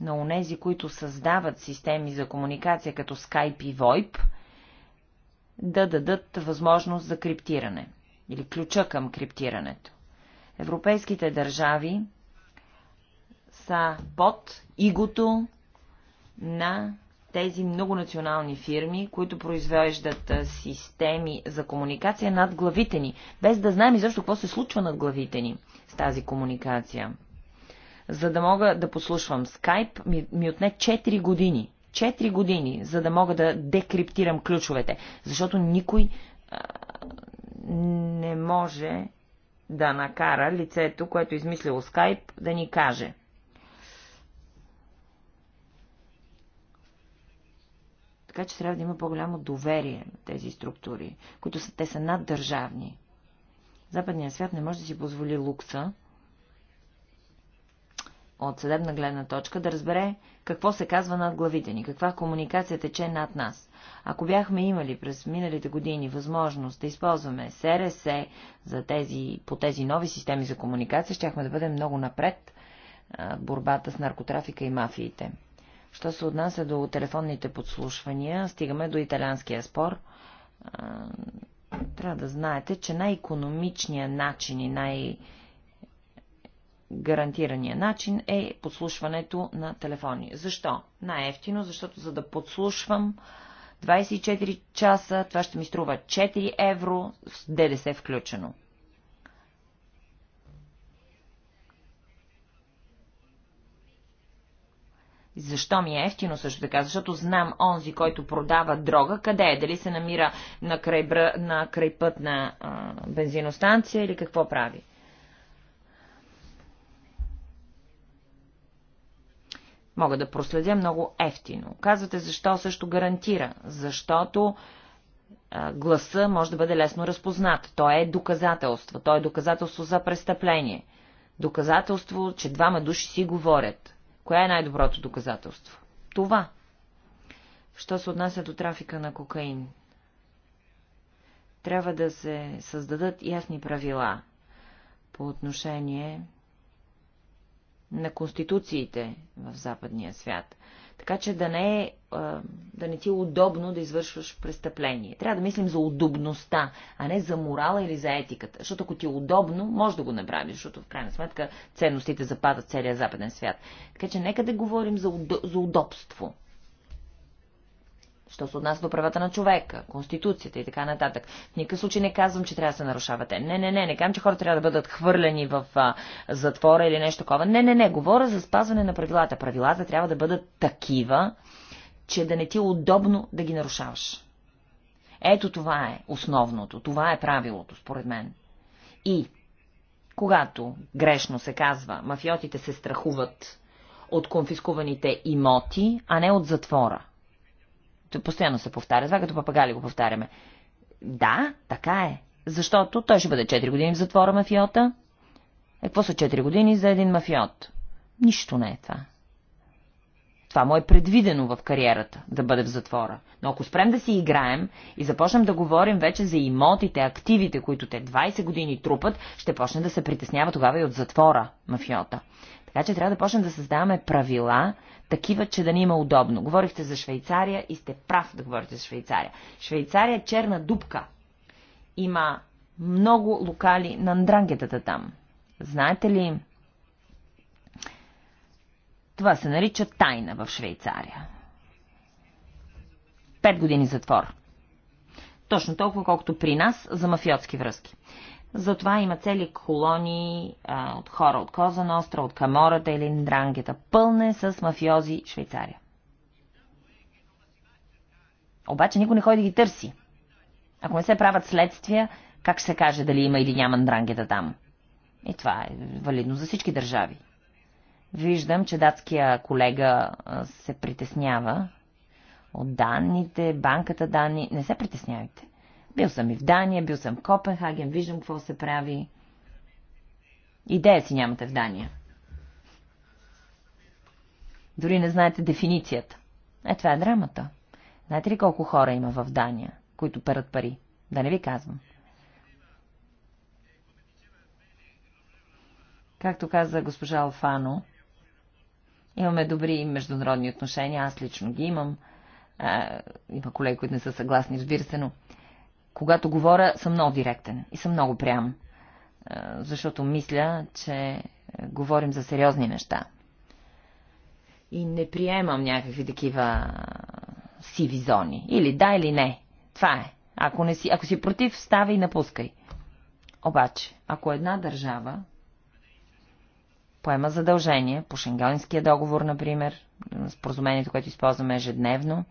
на онези, които създават системи за комуникация като Skype и VoIP, да дадат възможност за криптиране или ключа към криптирането. Европейските държави са под игото на тези многонационални фирми, които произвеждат системи за комуникация над главите ни, без да знаем изобщо какво се случва над главите ни с тази комуникация. За да мога да послушвам скайп, ми, ми отне 4 години. 4 години, за да мога да декриптирам ключовете. Защото никой а, не може да накара лицето, което е измислило скайп, да ни каже. Така че трябва да има по-голямо доверие на тези структури, които са, те са наддържавни. Западният свят не може да си позволи лукса от съдебна гледна точка да разбере какво се казва над главите ни, каква комуникация тече над нас. Ако бяхме имали през миналите години възможност да използваме СРС за тези, по тези нови системи за комуникация, щяхме да бъдем много напред борбата с наркотрафика и мафиите. Що се отнася до телефонните подслушвания, стигаме до италианския спор. А, трябва да знаете, че най-економичният начин и най- гарантирания начин е подслушването на телефони. Защо? Най-ефтино, защото за да подслушвам 24 часа, това ще ми струва 4 евро с ДДС включено. Защо ми е ефтино също така? Защото знам онзи, който продава дрога, къде е? Дали се намира на, край, на на а, бензиностанция или какво прави? Мога да проследя много ефтино. Казвате защо също гарантира. Защото а, гласа може да бъде лесно разпознат. Той е доказателство. Той е доказателство за престъпление. Доказателство, че двама души си говорят. Коя е най-доброто доказателство? Това. Що се отнася до трафика на кокаин? Трябва да се създадат ясни правила по отношение на конституциите в западния свят. Така че да не, е, да не ти е удобно да извършваш престъпление. Трябва да мислим за удобността, а не за морала или за етиката. Защото ако ти е удобно, може да го направиш, защото в крайна сметка ценностите западат целия западен свят. Така че нека да говорим за, удоб... за удобство що се отнася до правата на човека, конституцията и така нататък. В никакъв случай не казвам, че трябва да се нарушавате. Не, не, не, не казвам, че хората трябва да бъдат хвърлени в а, затвора или нещо такова. Не, не, не, говоря за спазване на правилата. Правилата трябва да бъдат такива, че да не ти е удобно да ги нарушаваш. Ето това е основното, това е правилото, според мен. И когато грешно се казва, мафиотите се страхуват от конфискуваните имоти, а не от затвора – постоянно се повтаря. Това като папагали го повтаряме. Да, така е. Защото той ще бъде 4 години в затвора мафиота. Е, какво са 4 години за един мафиот? Нищо не е това. Това му е предвидено в кариерата, да бъде в затвора. Но ако спрем да си играем и започнем да говорим вече за имотите, активите, които те 20 години трупат, ще почне да се притеснява тогава и от затвора мафиота. Така че трябва да почнем да създаваме правила, такива, че да ни има удобно. Говорихте за Швейцария и сте прав да говорите за Швейцария. Швейцария е черна дупка. Има много локали на андрангетата там. Знаете ли? Това се нарича тайна в Швейцария. Пет години затвор. Точно толкова, колкото при нас за мафиотски връзки. Затова има цели колони а, от хора от Коза Ностра, от Камората или Ндрангета, пълне с мафиози Швейцария. Обаче никой не ходи да ги търси. Ако не се правят следствия, как ще се каже дали има или няма Ндрангета там? И това е валидно за всички държави. Виждам, че датския колега се притеснява от данните, банката данни. Не се притеснявайте. Бил съм и в Дания, бил съм в Копенхаген, виждам какво се прави. Идея си нямате в Дания. Дори не знаете дефиницията. Е, това е драмата. Знаете ли колко хора има в Дания, които перат пари? Да не ви казвам. Както каза госпожа Алфано, имаме добри международни отношения, аз лично ги имам. А, има колеги, които не са съгласни, разбира се, но когато говоря, съм много директен и съм много прям, е, защото мисля, че е, говорим за сериозни неща. И не приемам някакви такива е, сиви зони. Или да, или не. Това е. Ако, не си, ако си против, ставай и напускай. Обаче, ако една държава поема задължение по Шенгелинския договор, например, споразумението, което използваме ежедневно,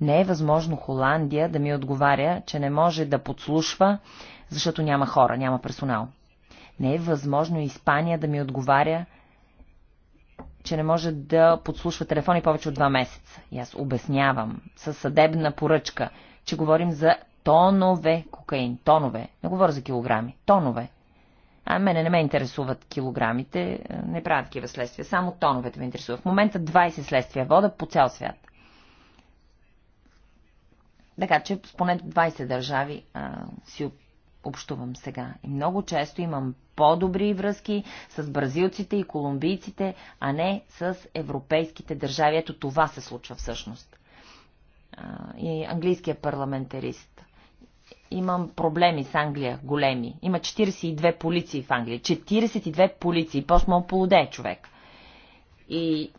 не е възможно Холандия да ми отговаря, че не може да подслушва, защото няма хора, няма персонал. Не е възможно Испания да ми отговаря, че не може да подслушва телефони повече от два месеца. И аз обяснявам със съдебна поръчка, че говорим за тонове кокаин. Тонове. Не говоря за килограми. Тонове. А мене не ме интересуват килограмите, не правят такива следствия, само тоновете ме интересуват. В момента 20 следствия вода по цял свят. Така че поне 20 държави а, си общувам сега. И много често имам по-добри връзки с бразилците и колумбийците, а не с европейските държави. Ето това се случва всъщност. А, и английският парламентарист. Имам проблеми с Англия, големи. Има 42 полиции в Англия. 42 полиции. После полуде е човек. И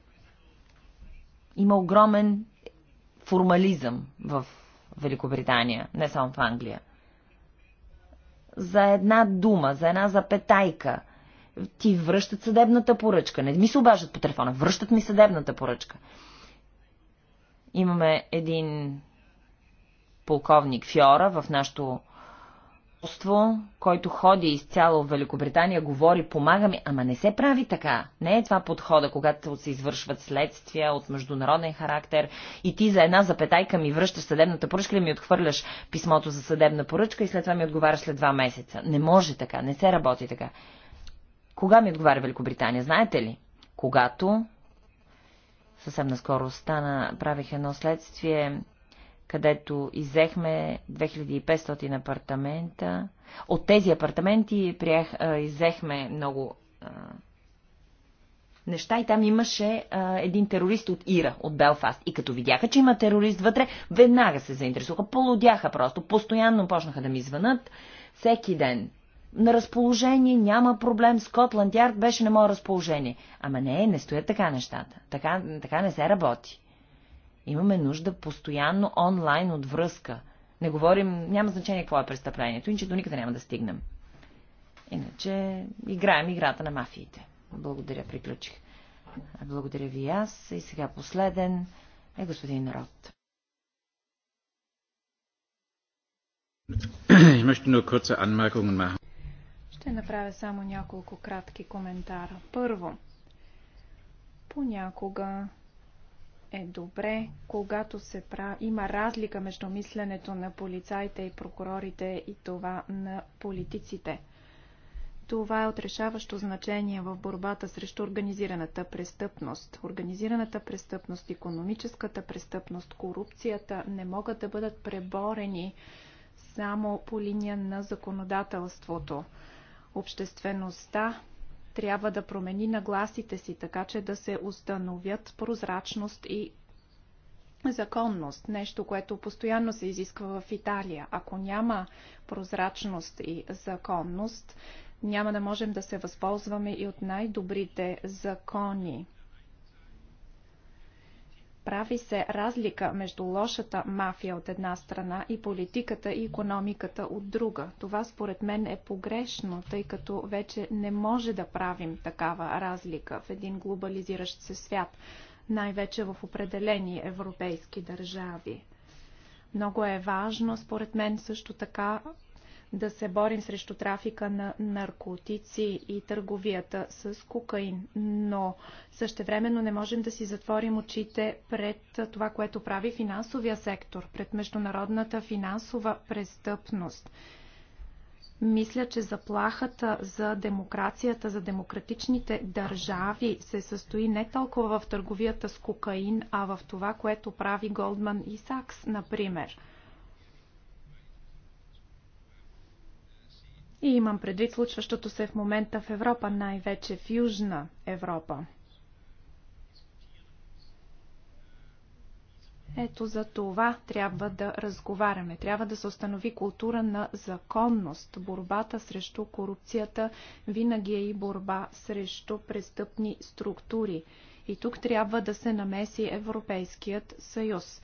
има огромен формализъм в Великобритания, не само в Англия. За една дума, за една запетайка – ти връщат съдебната поръчка. Не ми се обаждат по телефона, връщат ми съдебната поръчка. Имаме един полковник Фьора в нашото посолство, който ходи изцяло в Великобритания, говори, помагаме, ама не се прави така. Не е това подхода, когато се извършват следствия от международен характер и ти за една запетайка ми връщаш съдебната поръчка или ми отхвърляш писмото за съдебна поръчка и след това ми отговаряш след два месеца. Не може така, не се работи така. Кога ми отговаря Великобритания, знаете ли? Когато съвсем наскоро стана, правих едно следствие където иззехме 2500 апартамента. От тези апартаменти приех, а, иззехме много а, неща и там имаше а, един терорист от Ира, от Белфаст. И като видяха, че има терорист вътре, веднага се заинтересуваха, полудяха просто, постоянно почнаха да ми звънат, всеки ден. На разположение няма проблем, Скотланд Ярд беше на мое разположение. Ама не, не стоят така нещата. Така, така не се работи. Имаме нужда постоянно онлайн от връзка. Не говорим, няма значение какво е престъплението, иначе до никъде няма да стигнем. Иначе играем играта на мафиите. Благодаря, приключих. Благодаря ви аз. И сега последен е господин Рот. Ще направя само няколко кратки коментара. Първо, понякога е добре, когато се прави, има разлика между мисленето на полицаите и прокурорите и това на политиците. Това е отрешаващо значение в борбата срещу организираната престъпност. Организираната престъпност, економическата престъпност, корупцията не могат да бъдат преборени само по линия на законодателството. Обществеността трябва да промени нагласите си, така че да се установят прозрачност и законност, нещо, което постоянно се изисква в Италия. Ако няма прозрачност и законност, няма да можем да се възползваме и от най-добрите закони. Прави се разлика между лошата мафия от една страна и политиката и економиката от друга. Това според мен е погрешно, тъй като вече не може да правим такава разлика в един глобализиращ се свят, най-вече в определени европейски държави. Много е важно, според мен, също така да се борим срещу трафика на наркотици и търговията с кокаин, но същевременно не можем да си затворим очите пред това, което прави финансовия сектор, пред международната финансова престъпност. Мисля, че заплахата за демокрацията, за демократичните държави се състои не толкова в търговията с кокаин, а в това, което прави Голдман и Сакс, например – И имам предвид случващото се в момента в Европа, най-вече в Южна Европа. Ето за това трябва да разговаряме. Трябва да се установи култура на законност. Борбата срещу корупцията винаги е и борба срещу престъпни структури. И тук трябва да се намеси Европейският съюз.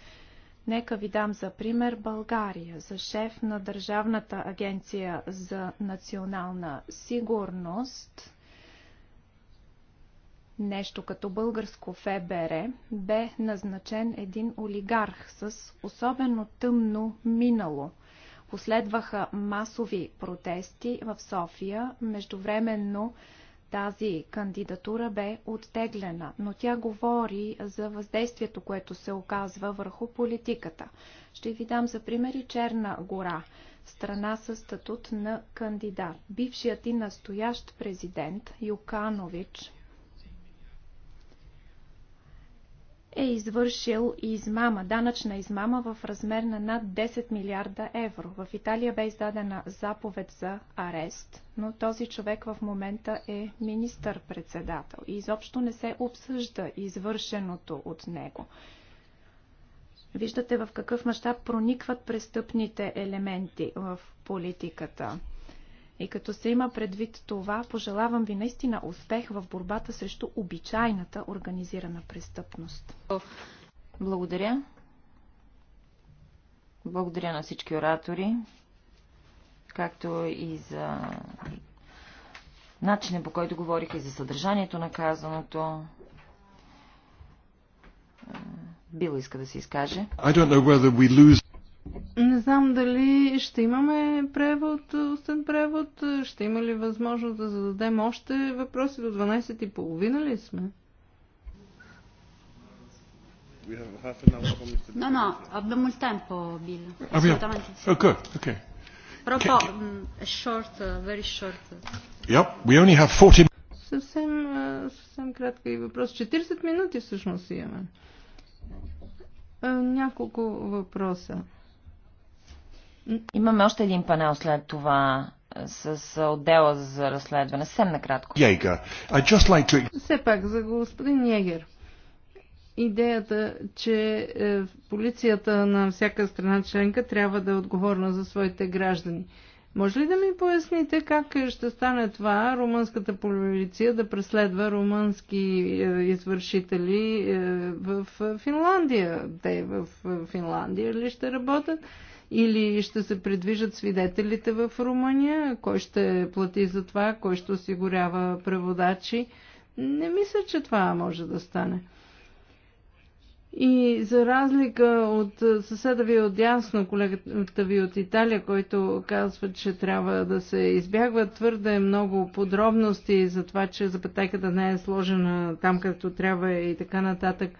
Нека ви дам за пример България. За шеф на Държавната агенция за национална сигурност, нещо като българско ФБР, бе назначен един олигарх с особено тъмно минало. Последваха масови протести в София, междувременно тази кандидатура бе оттеглена, но тя говори за въздействието, което се оказва върху политиката. Ще ви дам за примери Черна гора, страна със статут на кандидат. Бившият и настоящ президент Юканович е извършил измама, данъчна измама в размер на над 10 милиарда евро. В Италия бе издадена заповед за арест, но този човек в момента е министър-председател и изобщо не се обсъжда извършеното от него. Виждате в какъв мащаб проникват престъпните елементи в политиката. И като се има предвид това, пожелавам ви наистина успех в борбата срещу обичайната организирана престъпност. Благодаря. Благодаря на всички оратори, както и за начина по който говорих и за съдържанието на казаното. Бил иска да се изкаже. I don't know whether we lose... Не знам дали ще имаме превод, устен превод, ще има ли възможност да зададем още въпроси до 12.30 ли сме? No, no, abbiamo il tempo, Bill. Ah, Assolutamente sì. Oh, okay, okay. Proprio okay. Mm, short, very short. Yep, we only have 40... Съвсем, съвсем кратка и въпрос. 40 минути всъщност имаме. Няколко въпроса. Имаме още един панел след това е, с отдела за разследване. Съвсем накратко. Like to... Все пак за господин Йегер. Идеята, че е, полицията на всяка страна членка трябва да е отговорна за своите граждани. Може ли да ми поясните как е, ще стане това румънската полиция да преследва румънски извършители в Финландия? Те в Финландия ли ще работят? или ще се предвижат свидетелите в Румъния, кой ще плати за това, кой ще осигурява преводачи. Не мисля, че това може да стане. И за разлика от съседа ви от Ясно, колегата ви от Италия, който казва, че трябва да се избягват твърде много подробности за това, че запетайката не е сложена там, както трябва и така нататък.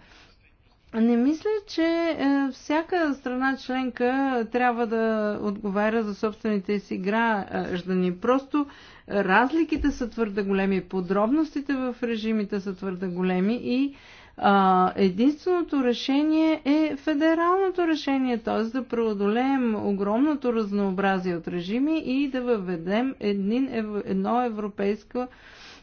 Не мисля, че е, всяка страна членка трябва да отговаря за собствените си граждани. Просто разликите са твърде големи, подробностите в режимите са твърде големи и единственото решение е федералното решение, т.е. да преодолеем огромното разнообразие от режими и да въведем един, едно европейско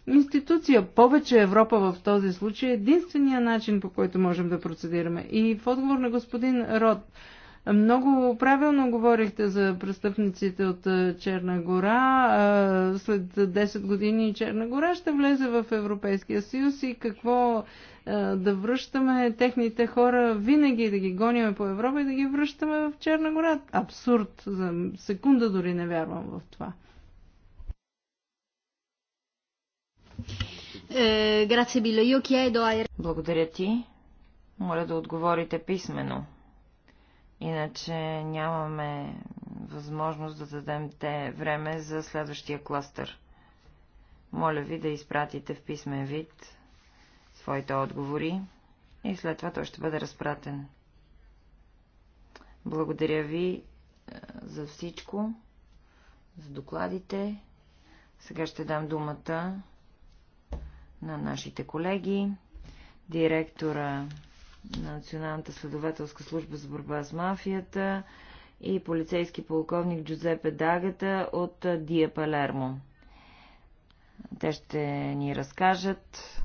институция. Повече Европа в този случай е единствения начин, по който можем да процедираме. И в отговор на господин Род, много правилно говорихте за престъпниците от е, Черна гора. Е, след 10 години Черна гора ще влезе в Европейския съюз и какво е, да връщаме техните хора винаги, да ги гоним по Европа и да ги връщаме в Черна гора. Абсурд. За секунда дори не вярвам в това. Е, е Благодаря ти. Моля да отговорите писменно. Иначе нямаме възможност да дадем те време за следващия кластър. Моля ви да изпратите в писмен вид своите отговори и след това той ще бъде разпратен. Благодаря ви е, за всичко, за докладите. Сега ще дам думата на нашите колеги, директора на Националната следователска служба за борба с мафията и полицейски полковник Джузепе Дагата от Дия Палермо. Те ще ни разкажат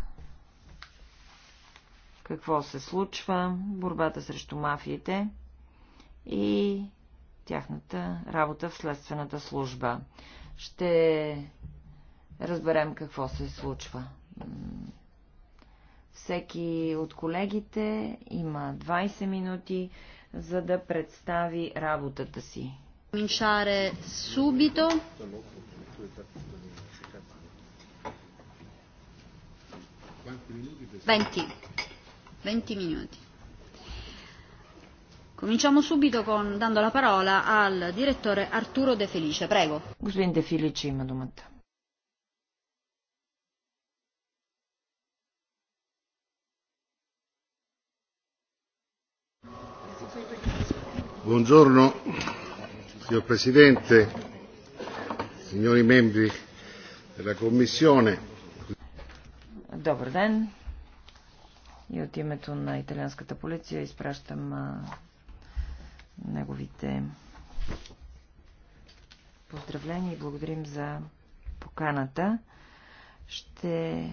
какво се случва, борбата срещу мафиите и тяхната работа в следствената служба. Ще разберем какво се случва всеки от колегите има 20 минути, за да представи работата си. Cominciare subito. Venti. Venti minuti. Cominciamo subito con, dando la parola al direttore Arturo De Felice. Prego. Господин Де Филиче има думата. Buongiorno, signor Presidente, signori membri della Commissione. Добър ден. И от името на италианската полиция изпращам а, неговите поздравления и благодарим за поканата. Ще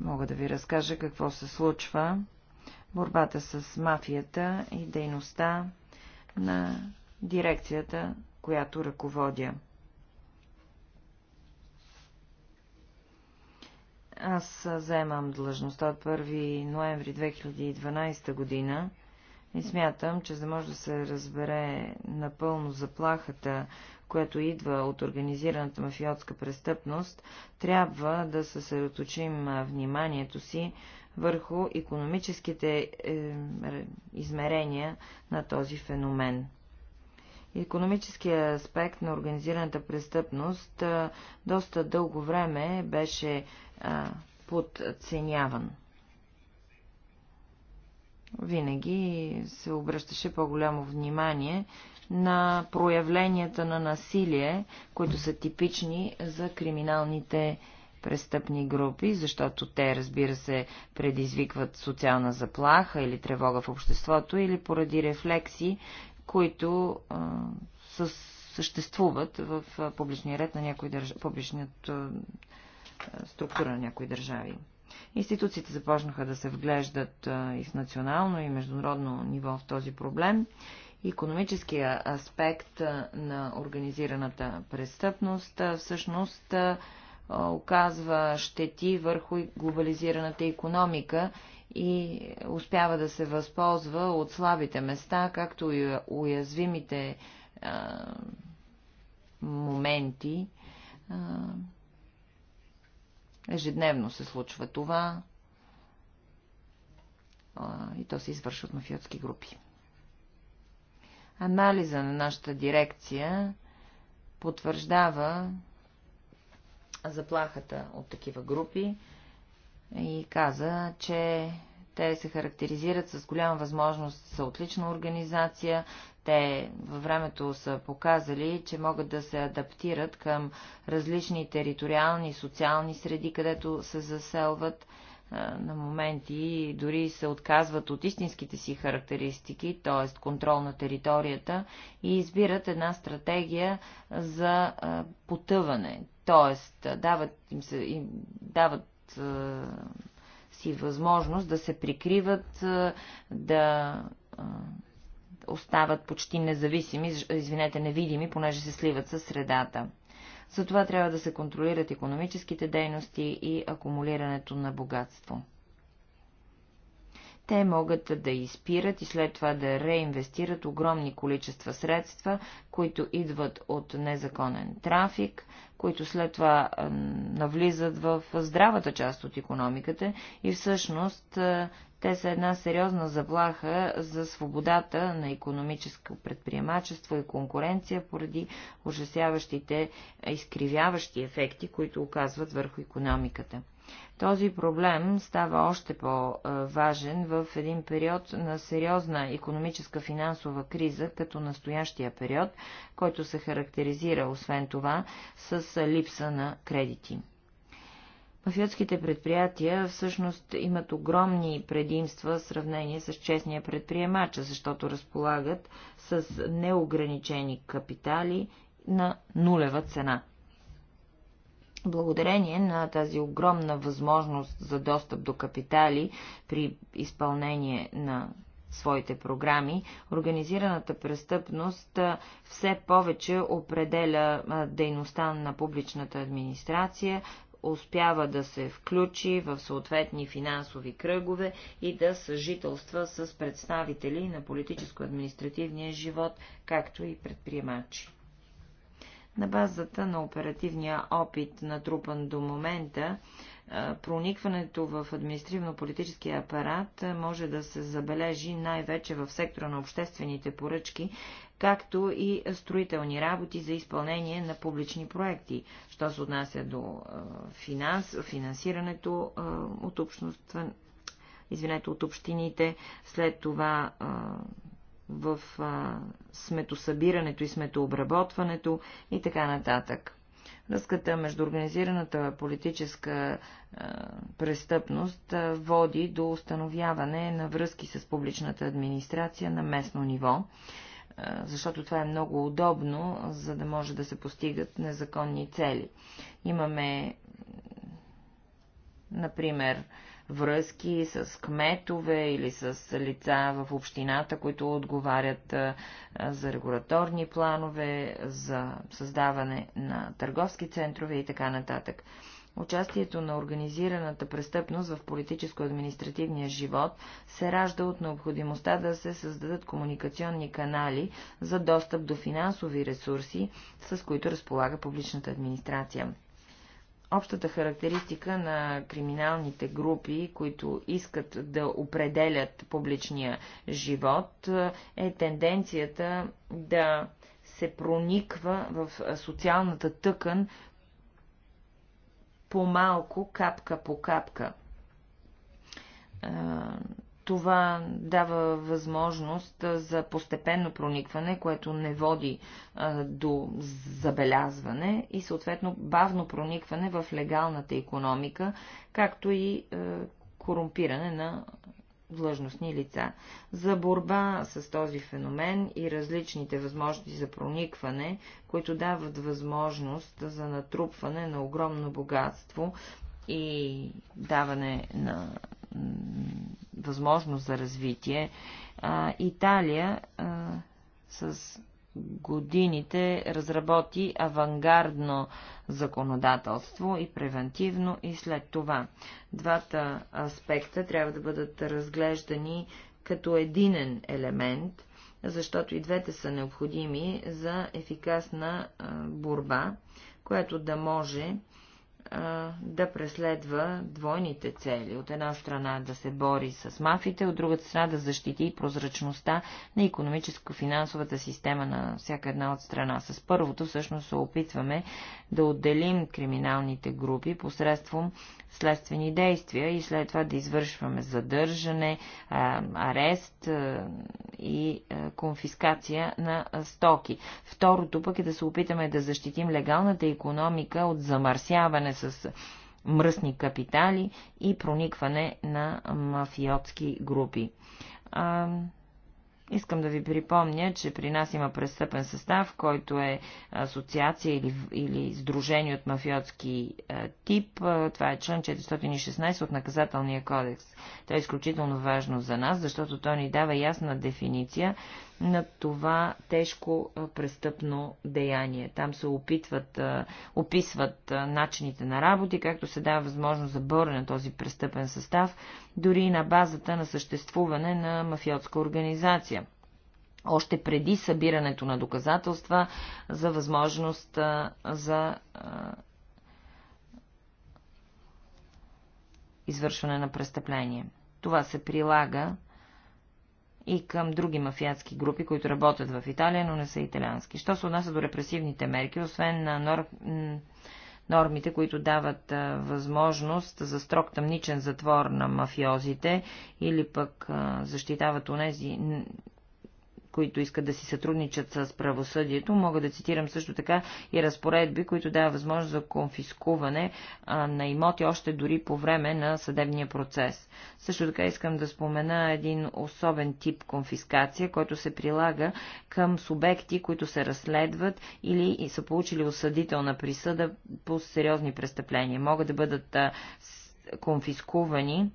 мога да ви разкажа какво се случва борбата с мафията и дейността на дирекцията, която ръководя. Аз заемам длъжността от 1 ноември 2012 година и смятам, че за да може да се разбере напълно заплахата, която идва от организираната мафиотска престъпност, трябва да съсредоточим вниманието си върху економическите е, измерения на този феномен. Економическият аспект на организираната престъпност е, доста дълго време беше е, подценяван. Винаги се обръщаше по-голямо внимание на проявленията на насилие, които са типични за криминалните престъпни групи, защото те, разбира се, предизвикват социална заплаха или тревога в обществото, или поради рефлекси, които а, съществуват в публичния ред на някои държ... публичната структура на някои държави. Институциите започнаха да се вглеждат и в национално, и международно ниво в този проблем. Економическия аспект на организираната престъпност всъщност оказва щети върху глобализираната економика и успява да се възползва от слабите места, както и уязвимите а, моменти. А, ежедневно се случва това а, и то се извършва от мафиотски групи. Анализа на нашата дирекция потвърждава, заплахата от такива групи и каза, че те се характеризират с голяма възможност за отлична организация. Те във времето са показали, че могат да се адаптират към различни териториални и социални среди, където се заселват на моменти дори се отказват от истинските си характеристики, т.е. контрол на територията, и избират една стратегия за потъване. Тоест, дават, им се, им, дават е, си възможност да се прикриват, е, да е, остават почти независими, извинете, невидими, понеже се сливат със средата. Затова трябва да се контролират економическите дейности и акумулирането на богатство. Те могат да изпират и след това да реинвестират огромни количества средства, които идват от незаконен трафик, които след това навлизат в здравата част от економиката и всъщност те са една сериозна заплаха за свободата на економическо предприемачество и конкуренция поради ужасяващите, изкривяващи ефекти, които оказват върху економиката. Този проблем става още по-важен в един период на сериозна економическа финансова криза, като настоящия период, който се характеризира, освен това, с липса на кредити. Мафиотските предприятия всъщност имат огромни предимства в сравнение с честния предприемача, защото разполагат с неограничени капитали на нулева цена. Благодарение на тази огромна възможност за достъп до капитали при изпълнение на своите програми, организираната престъпност все повече определя дейността на публичната администрация, успява да се включи в съответни финансови кръгове и да съжителства с представители на политическо-административния живот, както и предприемачи. На базата на оперативния опит, натрупан до момента, проникването в административно-политическия апарат може да се забележи най-вече в сектора на обществените поръчки както и строителни работи за изпълнение на публични проекти, що се отнася до финанс, финансирането от общността, извинете, от общините, след това в сметосъбирането и сметообработването и така нататък. Връзката между организираната политическа престъпност води до установяване на връзки с публичната администрация на местно ниво защото това е много удобно, за да може да се постигат незаконни цели. Имаме, например, връзки с кметове или с лица в общината, които отговарят за регуляторни планове, за създаване на търговски центрове и така нататък. Участието на организираната престъпност в политическо-административния живот се ражда от необходимостта да се създадат комуникационни канали за достъп до финансови ресурси, с които разполага публичната администрация. Общата характеристика на криминалните групи, които искат да определят публичния живот, е тенденцията да се прониква в социалната тъкан по-малко, капка по капка. Това дава възможност за постепенно проникване, което не води до забелязване и съответно бавно проникване в легалната економика, както и корумпиране на длъжностни лица. За борба с този феномен и различните възможности за проникване, които дават възможност за натрупване на огромно богатство и даване на възможност за развитие, Италия с годините разработи авангардно законодателство и превентивно и след това. Двата аспекта трябва да бъдат разглеждани като единен елемент, защото и двете са необходими за ефикасна борба, която да може а, да преследва двойните цели. От една страна да се бори с мафите, от другата страна да защити прозрачността на економическо-финансовата система на всяка една от страна. С първото всъщност се опитваме да отделим криминалните групи посредством следствени действия и след това да извършваме задържане, арест и конфискация на стоки. Второто пък е да се опитаме да защитим легалната економика от замърсяване с мръсни капитали и проникване на мафиотски групи. А, искам да ви припомня, че при нас има престъпен състав, който е асоциация или, или сдружение от мафиотски а, тип. А, това е член 416 от наказателния кодекс. Той е изключително важно за нас, защото то ни дава ясна дефиниция на това тежко престъпно деяние. Там се опитват, описват начините на работи, както се дава възможност за бърне на този престъпен състав, дори и на базата на съществуване на мафиотска организация още преди събирането на доказателства за възможност за извършване на престъпление. Това се прилага и към други мафиатски групи, които работят в Италия, но не са италиански. Що се отнася до репресивните мерки, освен на нор... нормите, които дават възможност за строг тъмничен затвор на мафиозите или пък защитават унези които искат да си сътрудничат с правосъдието. Мога да цитирам също така и разпоредби, които дава възможност за конфискуване на имоти още дори по време на съдебния процес. Също така искам да спомена един особен тип конфискация, който се прилага към субекти, които се разследват или са получили осъдителна присъда по сериозни престъпления. Могат да бъдат конфискувани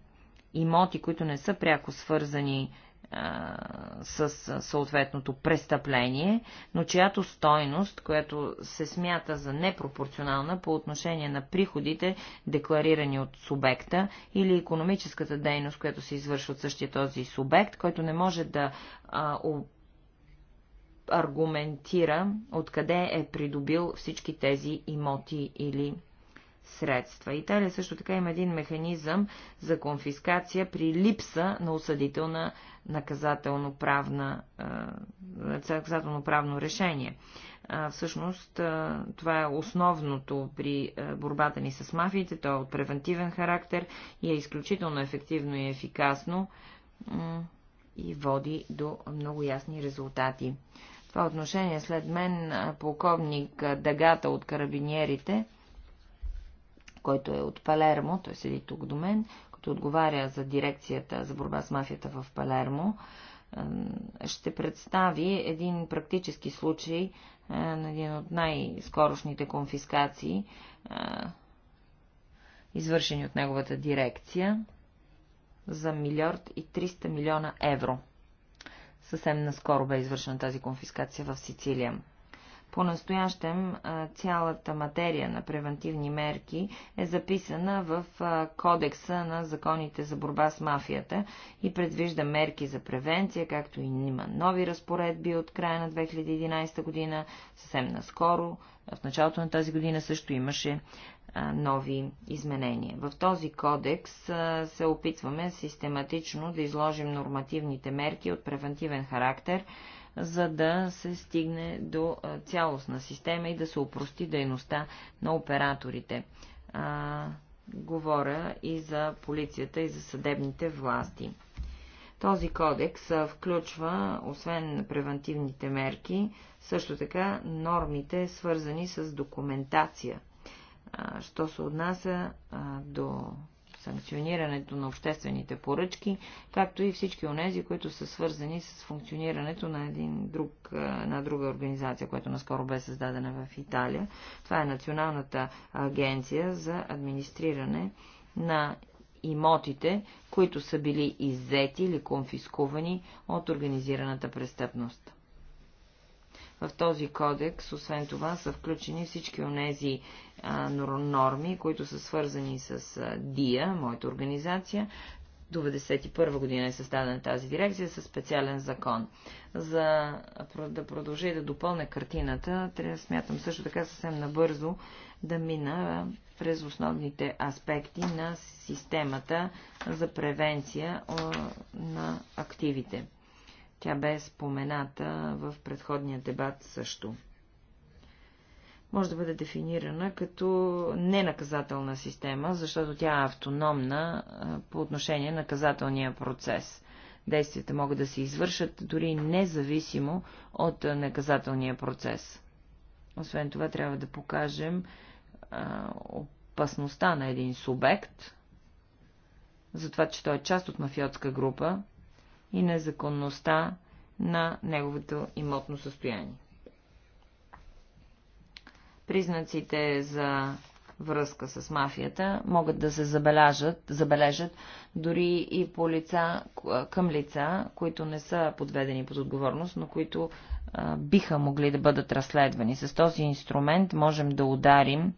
имоти, които не са пряко свързани а, с съответното престъпление, но чиято стойност, която се смята за непропорционална по отношение на приходите, декларирани от субекта, или економическата дейност, която се извършва от същия този субект, който не може да а, аргументира откъде е придобил всички тези имоти или средства. Италия също така има един механизъм за конфискация при липса на осъдителна наказателно правно решение. Всъщност това е основното при борбата ни с мафиите, то е от превентивен характер и е изключително ефективно и ефикасно и води до много ясни резултати. Това отношение след мен полковник Дагата от карабинерите – който е от Палермо, той седи тук до мен, като отговаря за дирекцията за борба с мафията в Палермо, ще представи един практически случай на един от най-скорошните конфискации, извършени от неговата дирекция, за милиард и 300 милиона евро. Съвсем наскоро бе извършена тази конфискация в Сицилия. По-настоящем цялата материя на превентивни мерки е записана в Кодекса на законите за борба с мафията и предвижда мерки за превенция, както и има нови разпоредби от края на 2011 година, съвсем наскоро. В началото на тази година също имаше нови изменения. В този кодекс се опитваме систематично да изложим нормативните мерки от превентивен характер, за да се стигне до цялостна система и да се опрости дейността на операторите. А, говоря и за полицията и за съдебните власти. Този кодекс включва, освен превентивните мерки, също така нормите, свързани с документация. Що се отнася до санкционирането на обществените поръчки, както и всички онези, които са свързани с функционирането на един друг, на друга организация, която наскоро бе създадена в Италия. Това е Националната агенция за администриране на имотите, които са били иззети или конфискувани от организираната престъпност. В този кодекс, освен това, са включени всички онези норми, които са свързани с ДИА, моята организация. До 1991 година е създадена тази дирекция със специален закон. За да продължа и да допълня картината, трябва да смятам също така съвсем набързо да мина през основните аспекти на системата за превенция на активите. Тя бе спомената в предходния дебат също може да бъде дефинирана като ненаказателна система, защото тя е автономна по отношение на наказателния процес. Действията могат да се извършат дори независимо от наказателния процес. Освен това, трябва да покажем опасността на един субект, за това, че той е част от мафиотска група и незаконността на неговото имотно състояние. Признаците за връзка с мафията могат да се забележат, забележат дори и по лица, към лица, които не са подведени под отговорност, но които а, биха могли да бъдат разследвани. С този инструмент можем да ударим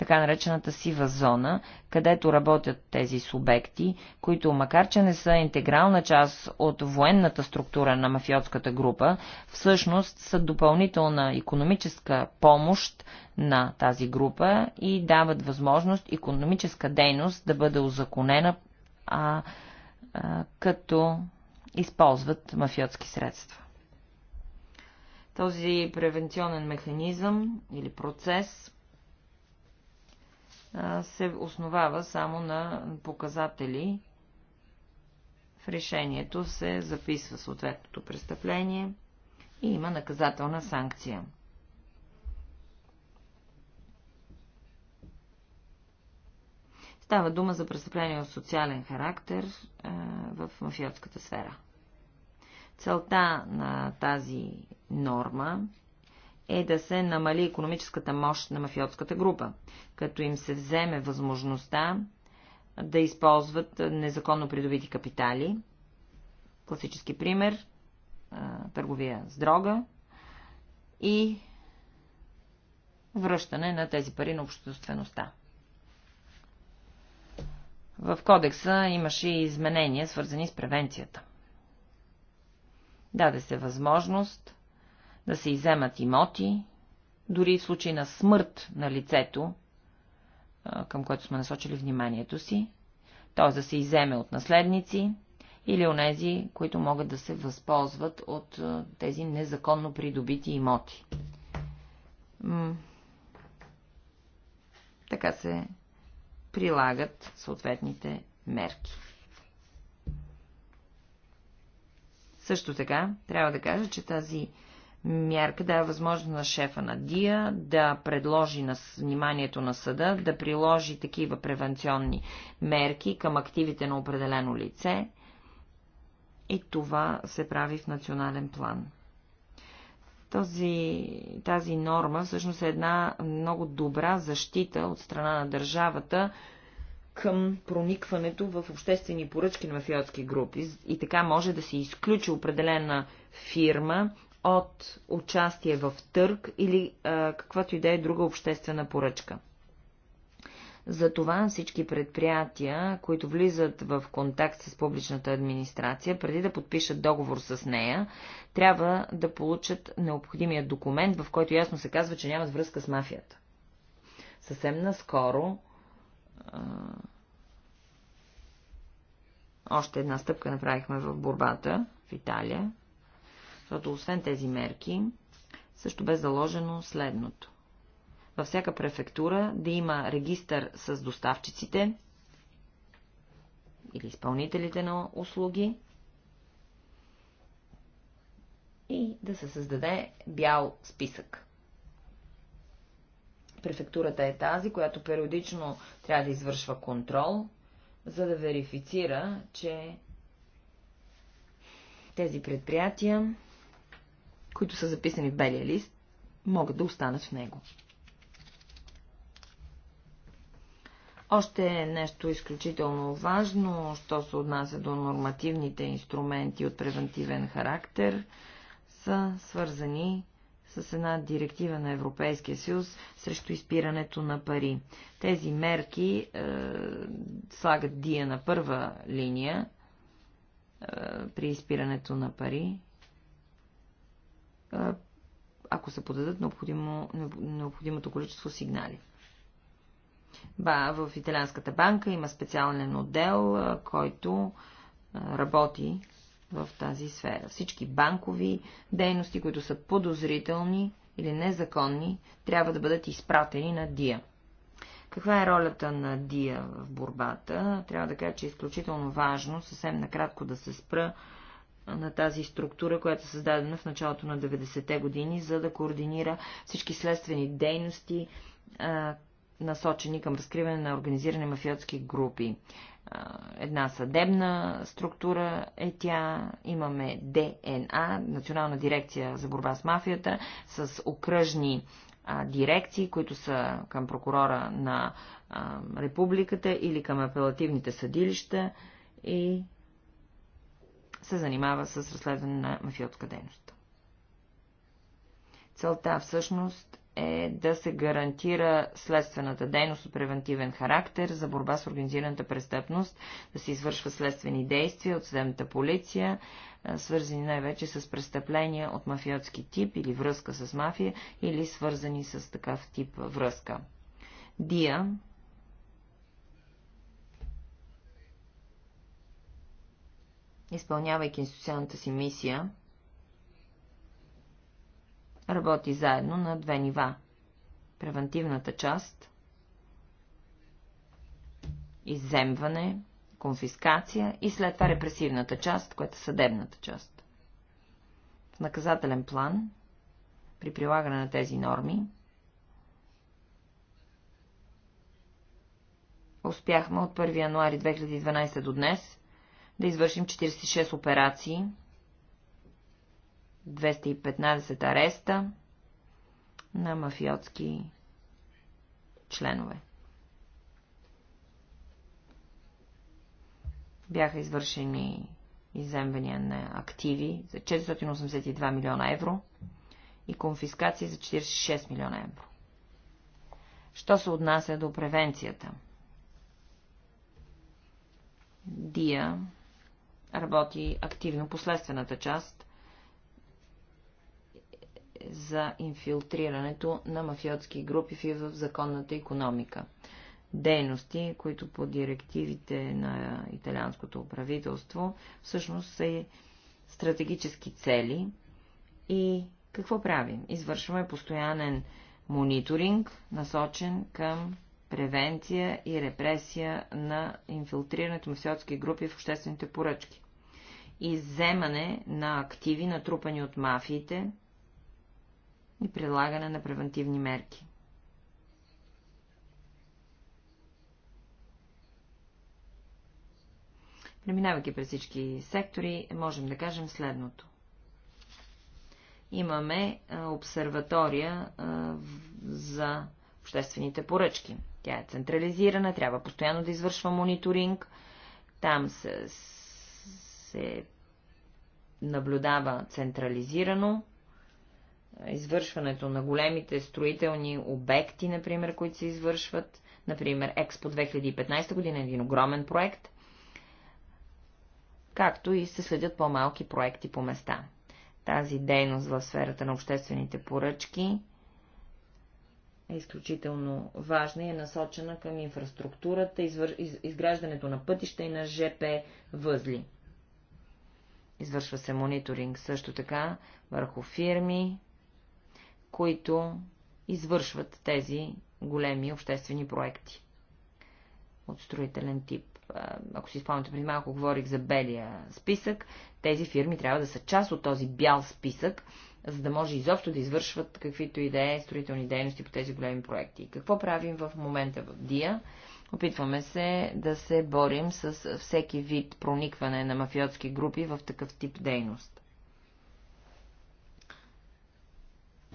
така наречената сива зона, където работят тези субекти, които макар, че не са интегрална част от военната структура на мафиотската група, всъщност са допълнителна економическа помощ на тази група и дават възможност економическа дейност да бъде озаконена, а, а, като използват мафиотски средства. Този превенционен механизъм или процес се основава само на показатели. В решението се записва съответното престъпление и има наказателна санкция. Става дума за престъпление от социален характер а, в мафиотската сфера. Целта на тази норма е да се намали економическата мощ на мафиотската група, като им се вземе възможността да използват незаконно придобити капитали. Класически пример търговия с дрога и връщане на тези пари на обществеността. В кодекса имаше и изменения, свързани с превенцията. Даде се възможност да се иземат имоти, дори в случай на смърт на лицето, към което сме насочили вниманието си, т.е. да се иземе от наследници или онези, които могат да се възползват от тези незаконно придобити имоти. Така се прилагат съответните мерки. Също така, трябва да кажа, че тази мярка да е възможност на шефа на ДИА да предложи на вниманието на съда да приложи такива превенционни мерки към активите на определено лице и това се прави в национален план. Този, тази норма всъщност е една много добра защита от страна на държавата към проникването в обществени поръчки на мафиотски групи и така може да се изключи определена фирма от участие в търг или а, каквато и да е друга обществена поръчка. Затова всички предприятия, които влизат в контакт с публичната администрация, преди да подпишат договор с нея, трябва да получат необходимия документ, в който ясно се казва, че нямат връзка с мафията. Съвсем наскоро а... още една стъпка направихме в борбата в Италия. Защото освен тези мерки, също бе заложено следното. Във всяка префектура да има регистър с доставчиците или изпълнителите на услуги и да се създаде бял списък. Префектурата е тази, която периодично трябва да извършва контрол, за да верифицира, че тези предприятия които са записани в белия лист, могат да останат в него. Още нещо изключително важно, що се отнася до нормативните инструменти от превентивен характер, са свързани с една директива на Европейския съюз срещу изпирането на пари. Тези мерки е, слагат дия на първа линия е, при изпирането на пари ако се подадат необходимо, необходимото количество сигнали. Ба, в Италианската банка има специален отдел, който работи в тази сфера. Всички банкови дейности, които са подозрителни или незаконни, трябва да бъдат изпратени на ДИА. Каква е ролята на ДИА в борбата? Трябва да кажа, че е изключително важно съвсем накратко да се спра на тази структура, която е създадена в началото на 90-те години, за да координира всички следствени дейности, насочени към разкриване на организирани мафиотски групи. Една съдебна структура е тя. Имаме ДНА, Национална дирекция за борба с мафията, с окръжни дирекции, които са към прокурора на републиката или към апелативните съдилища и се занимава с разследване на мафиотска дейност. Целта всъщност е да се гарантира следствената дейност от превентивен характер за борба с организираната престъпност, да се извършва следствени действия от съдебната полиция, свързани най-вече с престъпления от мафиотски тип или връзка с мафия, или свързани с такъв тип връзка. ДИА изпълнявайки институционната си мисия, работи заедно на две нива. Превентивната част, иземване, конфискация и след това репресивната част, която е съдебната част. В наказателен план, при прилагане на тези норми, успяхме от 1 януари 2012 до днес да извършим 46 операции, 215 ареста на мафиотски членове. Бяха извършени иземвания на активи за 482 милиона евро и конфискации за 46 милиона евро. Що се отнася до превенцията? Дия работи активно последствената част за инфилтрирането на мафиотски групи в законната економика. Дейности, които по директивите на италианското правителство всъщност са и стратегически цели и какво правим? Извършваме постоянен мониторинг, насочен към превенция и репресия на инфилтрирането на мафиотски групи в обществените поръчки, изземане на активи, натрупани от мафиите и прилагане на превентивни мерки. Преминавайки през всички сектори, можем да кажем следното. Имаме обсерватория за обществените поръчки – тя е централизирана, трябва постоянно да извършва мониторинг. Там се, се наблюдава централизирано извършването на големите строителни обекти, например, които се извършват. Например, Експо 2015 година е един огромен проект, както и се следят по-малки проекти по места. Тази дейност в сферата на обществените поръчки е изключително важна и е насочена към инфраструктурата, извър... изграждането на пътища и на ЖП възли. Извършва се мониторинг също така върху фирми, които извършват тези големи обществени проекти от строителен тип. Ако си спомняте, преди малко говорих за белия списък, тези фирми трябва да са част от този бял списък, за да може изобщо да извършват каквито идеи, е строителни дейности по тези големи проекти. Какво правим в момента в ДИА? Опитваме се да се борим с всеки вид проникване на мафиотски групи в такъв тип дейност.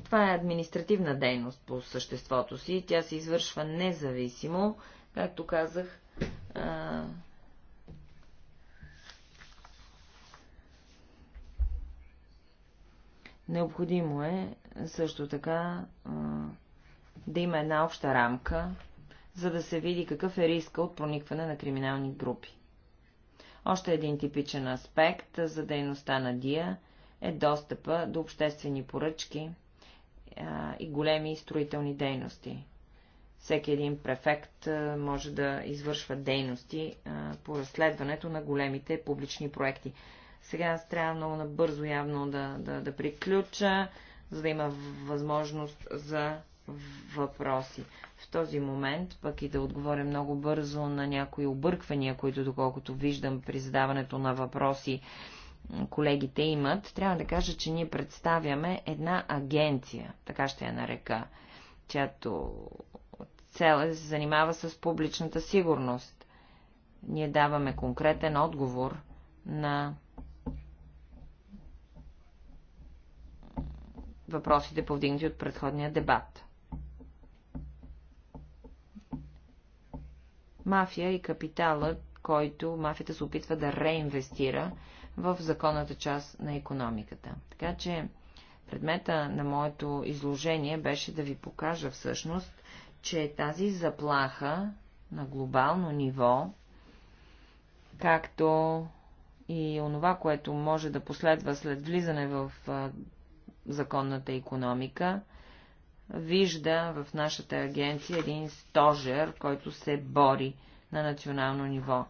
Това е административна дейност по съществото си. Тя се извършва независимо, както казах, Необходимо е също така да има една обща рамка, за да се види какъв е риска от проникване на криминални групи. Още един типичен аспект за дейността на ДИА е достъпа до обществени поръчки и големи строителни дейности. Всеки един префект може да извършва дейности по разследването на големите публични проекти. Сега аз трябва много набързо явно да, да, да приключа, за да има възможност за въпроси. В този момент, пък и да отговоря много бързо на някои обърквания, които доколкото виждам при задаването на въпроси колегите имат, трябва да кажа, че ние представяме една агенция, така ще я нарека, чиято цел е да се занимава с публичната сигурност. Ние даваме конкретен отговор на въпросите повдигнати от предходния дебат. Мафия и капиталът, който мафията се опитва да реинвестира в законната част на економиката. Така че предмета на моето изложение беше да ви покажа всъщност, че тази заплаха на глобално ниво, както и онова, което може да последва след влизане в законната економика, вижда в нашата агенция един стожер, който се бори на национално ниво.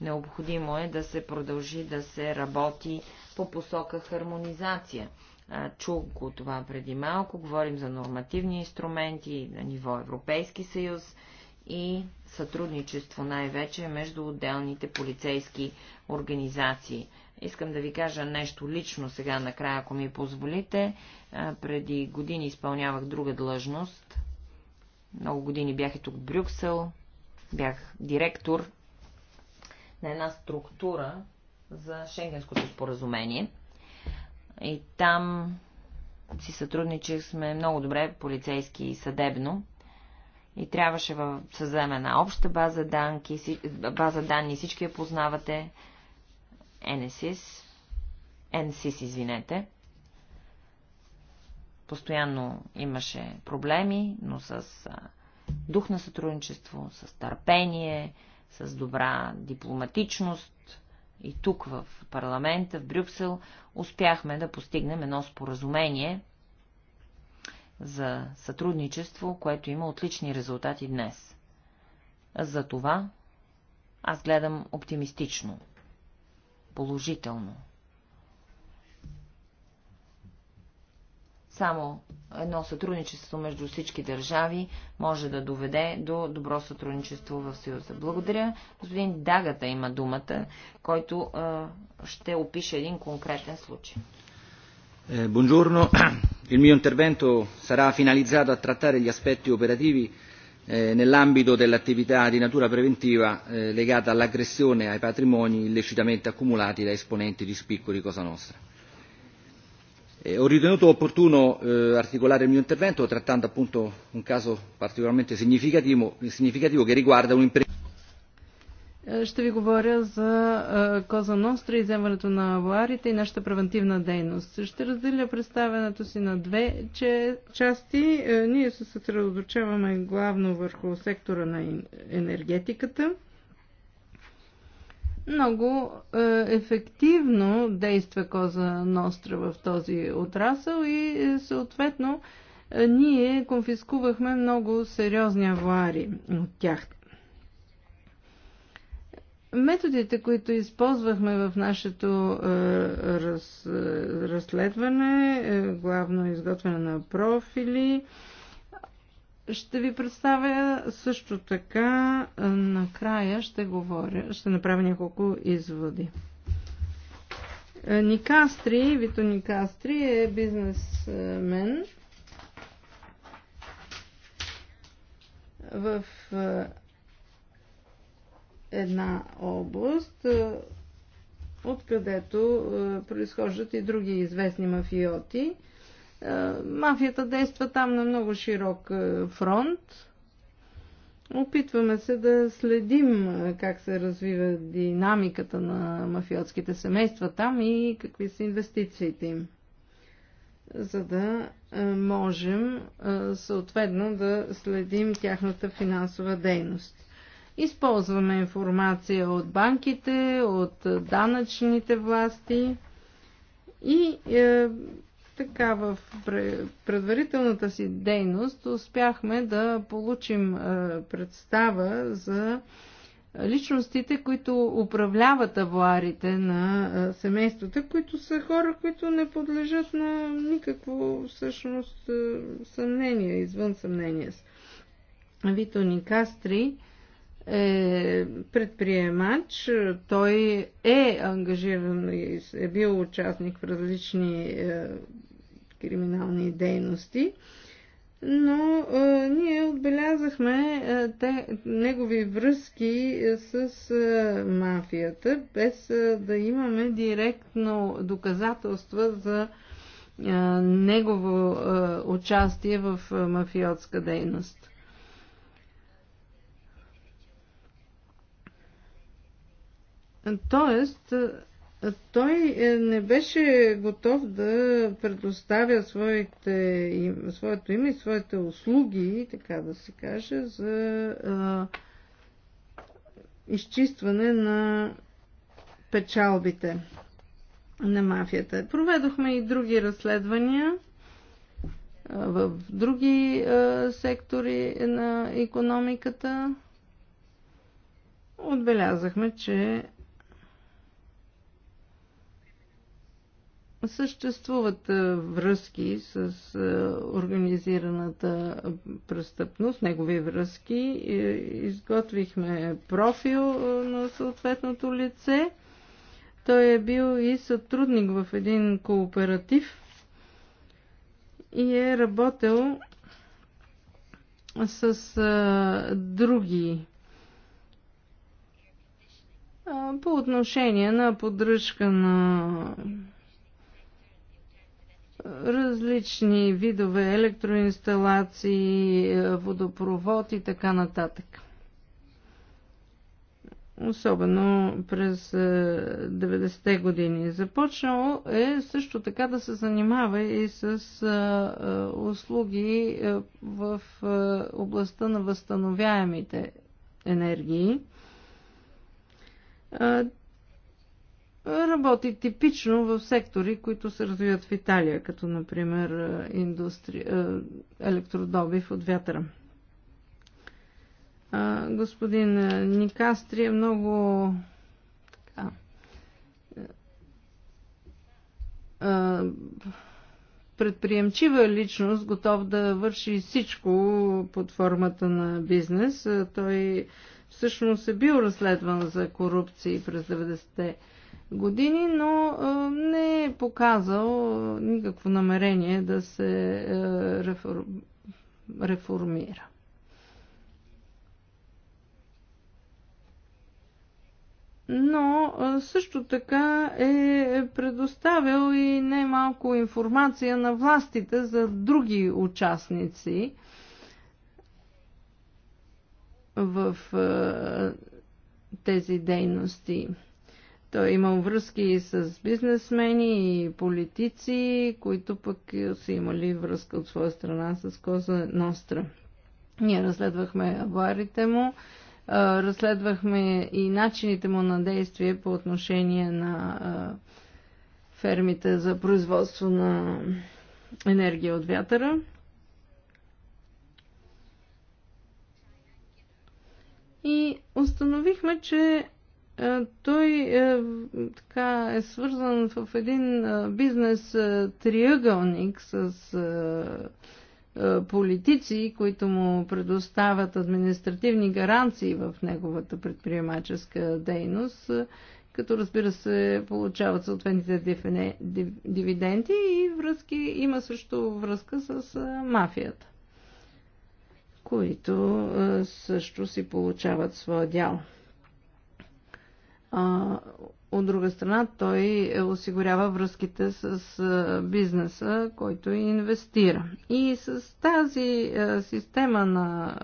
Необходимо е да се продължи да се работи по посока хармонизация. Чух го това преди малко. Говорим за нормативни инструменти на ниво Европейски съюз и сътрудничество най-вече между отделните полицейски организации. Искам да ви кажа нещо лично сега накрая, ако ми позволите. Преди години изпълнявах друга длъжност. Много години бях и тук в Брюксел. Бях директор на една структура за Шенгенското споразумение. И там си сътрудничих сме много добре, полицейски и съдебно. И трябваше да създадем една обща база, данки, база данни, всички я познавате, NSIS, NSIS, извинете. Постоянно имаше проблеми, но с дух на сътрудничество, с търпение, с добра дипломатичност и тук в парламента, в Брюксел, успяхме да постигнем едно споразумение за сътрудничество, което има отлични резултати днес. За това аз гледам оптимистично положително. Само едно сътрудничество между всички държави може да доведе до добро сътрудничество в Съюза. Благодаря. Господин Дагата има думата, който а, ще опише един конкретен случай. Buongiorno, е, il mio intervento sarà finalizzato a trattare gli aspetti operativi nell'ambito dell'attività di natura preventiva legata all'aggressione ai patrimoni illecitamente accumulati da esponenti di spicco di Cosa Nostra. ho ritenuto opportuno articolare il mio intervento trattando appunto un caso particolarmente significativo che riguarda un'impresa е, ще ви говоря за е, Коза Ностра, иземването на аварите и нашата превентивна дейност. Ще разделя представенето си на две части. Е, ние се съсредоточаваме главно върху сектора на енергетиката. Много ефективно действа Коза Ностра в този отрасъл и съответно ние конфискувахме много сериозни аварии от тях. Методите, които използвахме в нашето е, раз, е, разследване, е, главно изготвяне на профили, ще ви представя също така, е, накрая ще говоря, ще направя няколко изводи. Е, Никастри, Вито Никастри е бизнесмен в е, една област, е, откъдето е, произхождат и други известни мафиоти. Е, мафията действа там на много широк фронт. Опитваме се да следим как се развива динамиката на мафиотските семейства там и какви са инвестициите им, за да можем съответно да следим тяхната финансова дейност. Използваме информация от банките, от данъчните власти и е, така в предварителната си дейност успяхме да получим е, представа за личностите, които управляват авуарите на е, семействата, които са хора, които не подлежат на никакво всъщност е, съмнение, извън съмнение. Вито Кастри е предприемач, той е ангажиран и е бил участник в различни е, криминални дейности, но е, ние отбелязахме е, те, негови връзки е, с е, мафията, без е, да имаме директно доказателства за е, негово е, участие в е, мафиотска дейност. Тоест, е, той е, не беше готов да предоставя своите, своето име и своите услуги, така да се каже, за а, е, изчистване на печалбите на мафията. Проведохме и други разследвания в други а, сектори на економиката. Отбелязахме, че съществуват връзки с организираната престъпност, негови връзки. Изготвихме профил на съответното лице. Той е бил и сътрудник в един кооператив и е работил с а, други а, по отношение на поддръжка на различни видове електроинсталации, водопровод и така нататък. Особено през 90-те е, години. Започнало е също така да се занимава и с е, е, услуги в областта на възстановяемите енергии работи типично в сектори, които се развиват в Италия, като например индустри... електродобив от вятъра. Господин Никастри е много така, предприемчива личност, готов да върши всичко под формата на бизнес. Той всъщност е бил разследван за корупции през 90-те години, но не е показал никакво намерение да се реформира. но също така е предоставил и немалко информация на властите за други участници в тези дейности. Той е имал връзки и с бизнесмени, и политици, които пък са имали връзка от своя страна с Коза Ностра. Ние разследвахме аварите му, разследвахме и начините му на действие по отношение на фермите за производство на енергия от вятъра. И установихме, че е, той е, така, е свързан в един е, бизнес е, триъгълник с политици, които му предоставят административни гаранции в неговата предприемаческа дейност, като разбира се получават съответните дивиденти и връзки, има също връзка с мафията, които също си получават своя дял. А, от друга страна, той осигурява връзките с бизнеса, който инвестира. И с тази система на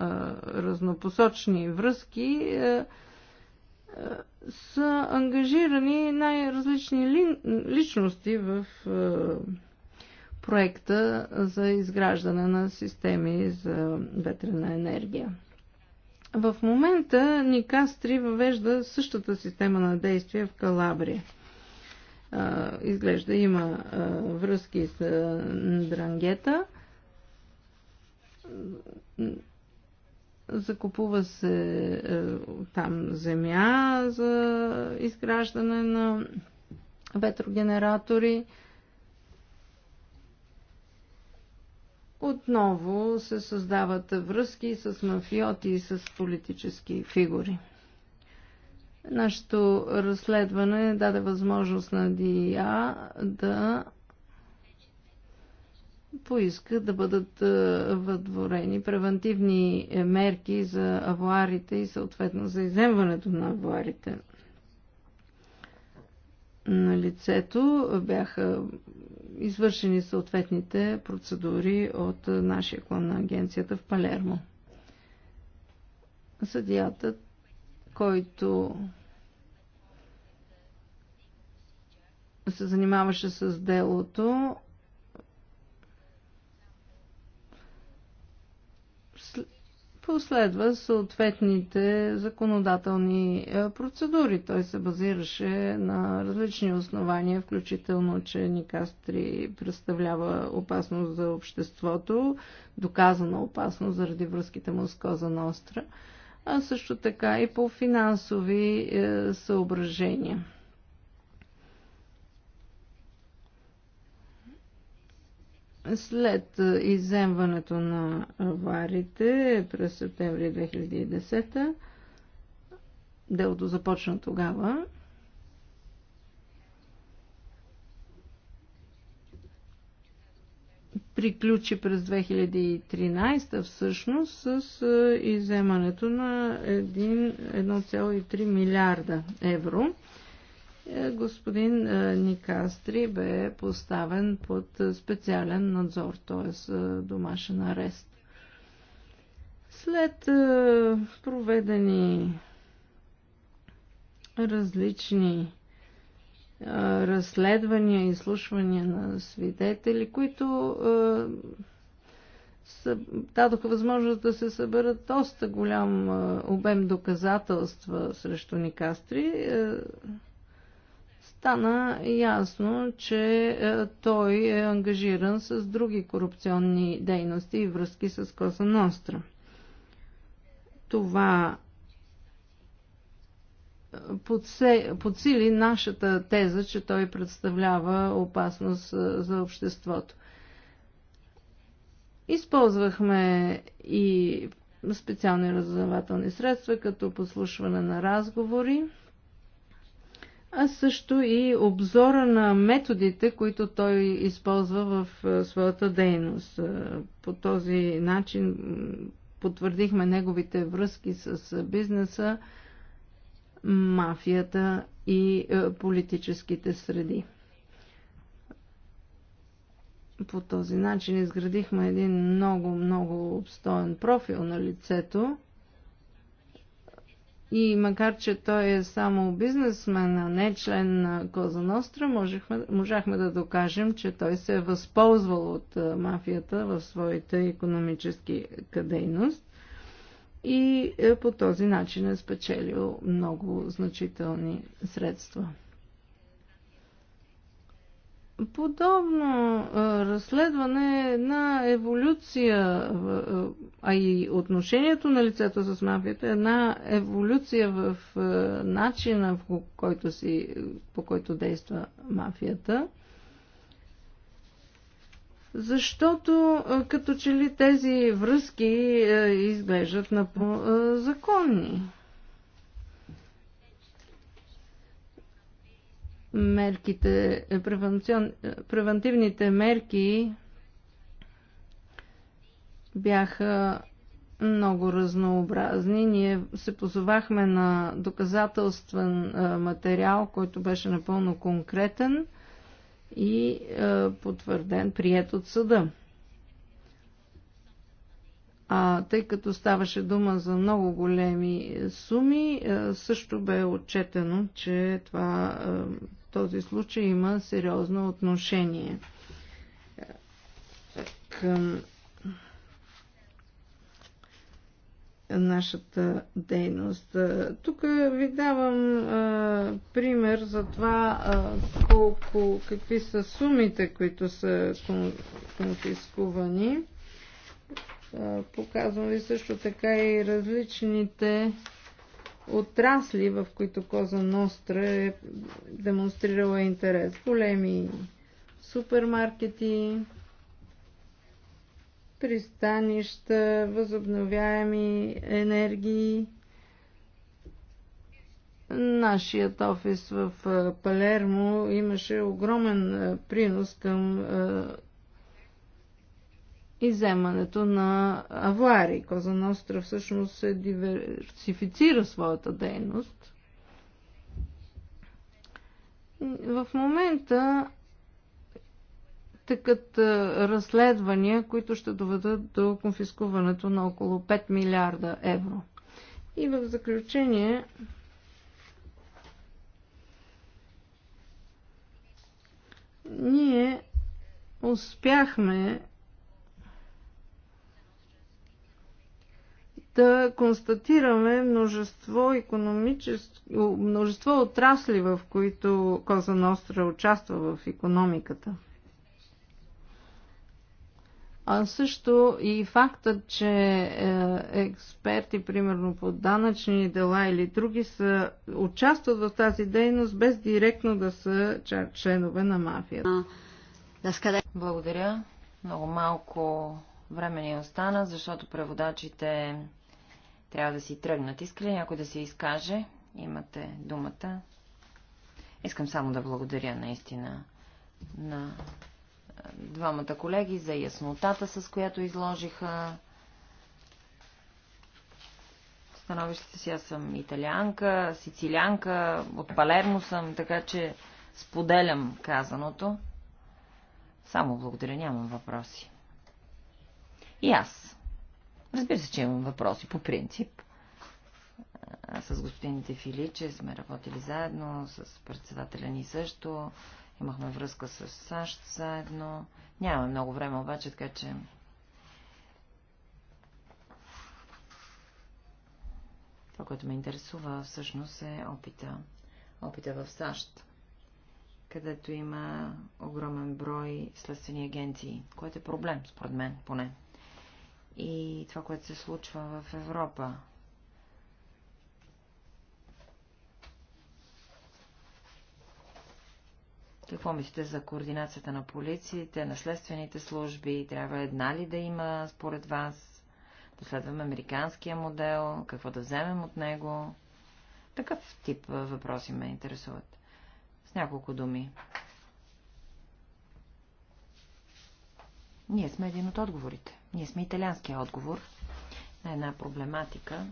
разнопосочни връзки са ангажирани най-различни личности в проекта за изграждане на системи за ветрена енергия. В момента Никастри въвежда същата система на действие в Калабрия. Изглежда има връзки с Дрангета. Закупува се там земя за изграждане на ветрогенератори. отново се създават връзки с мафиоти и с политически фигури. Нашето разследване даде възможност на ДИА да поиска да бъдат е, въдворени превентивни мерки за авуарите и съответно за иземването на авуарите на лицето бяха извършени съответните процедури от нашия клон на агенцията в Палермо. Съдията, който се занимаваше с делото, последва съответните законодателни е, процедури. Той се базираше на различни основания, включително, че Никастри представлява опасност за обществото, доказана опасност заради връзките му с Коза Ностра, а също така и по финансови е, съображения. След иземването на аварите през септември 2010 делото започна тогава. приключи през 2013 всъщност с иземането на 1,3 милиарда евро. Е, господин е, Никастри бе поставен под специален надзор, т.е. Е, домашен арест. След проведени различни разследвания, и изслушвания на свидетели, които дадоха възможност да се съберат доста голям обем доказателства срещу Никастри стана ясно, че е, той е ангажиран с други корупционни дейности и връзки с Коса Ностра. Това е, подсили нашата теза, че той представлява опасност е, за обществото. Използвахме и специални разузнавателни средства, като послушване на разговори а също и обзора на методите, които той използва в е, своята дейност. Е, по този начин потвърдихме неговите връзки с бизнеса, мафията и е, политическите среди. По този начин изградихме един много, много обстоен профил на лицето и макар, че той е само бизнесмен, а не член на Коза Ностра, можехме, можахме да докажем, че той се е възползвал от мафията в своите економически дейност и е, по този начин е спечелил много значителни средства. Подобно разследване е една еволюция, а и отношението на лицето с мафията е една еволюция в начина, по който, си, по който действа мафията. Защото като че ли тези връзки изглеждат напълно законни. мерките, превентивните мерки бяха много разнообразни. Ние се позовахме на доказателствен материал, който беше напълно конкретен и потвърден, прият от съда. А, тъй като ставаше дума за много големи е, суми, е, също бе отчетено, че това, е, този случай има сериозно отношение към нашата дейност. Тук ви давам а, пример за това а, колко, какви са сумите, които са конфискувани. Показвам ви също така и различните отрасли, в които Коза Ностра е демонстрирала интерес. Големи супермаркети, пристанища, възобновяеми енергии. Нашият офис в Палермо имаше огромен принос към и вземането на аварии. Коза Ностра всъщност се диверсифицира своята дейност. В момента тъкат разследвания, които ще доведат до конфискуването на около 5 милиарда евро. И в заключение ние успяхме да констатираме множество економическо, множество отрасли, в които Коза Ностра участва в економиката. А също и фактът, че е, експерти, примерно по данъчни дела или други, са, участват в тази дейност без директно да са членове на мафията. Благодаря. Много малко време ни остана, защото преводачите трябва да си тръгнат. Иска ли някой да се изкаже? Имате думата. Искам само да благодаря наистина на двамата колеги за яснотата, с която изложиха становищата си. Аз съм италианка, сицилианка, от Палермо съм, така че споделям казаното. Само благодаря, нямам въпроси. И аз. Разбира се, че имам въпроси по принцип. С господините Филиче сме работили заедно, с председателя ни също. Имахме връзка с САЩ заедно. Нямаме много време обаче, така че... Това, което ме интересува всъщност е опита. Опита в САЩ, където има огромен брой следствени агенции, което е проблем, според мен, поне и това, което се случва в Европа. Какво мислите за координацията на полициите, на следствените служби? Трябва една ли да има според вас? Последваме американския модел, какво да вземем от него? Такъв тип въпроси ме интересуват. С няколко думи. Ние сме един от отговорите. Ние сме италианския отговор на една проблематика,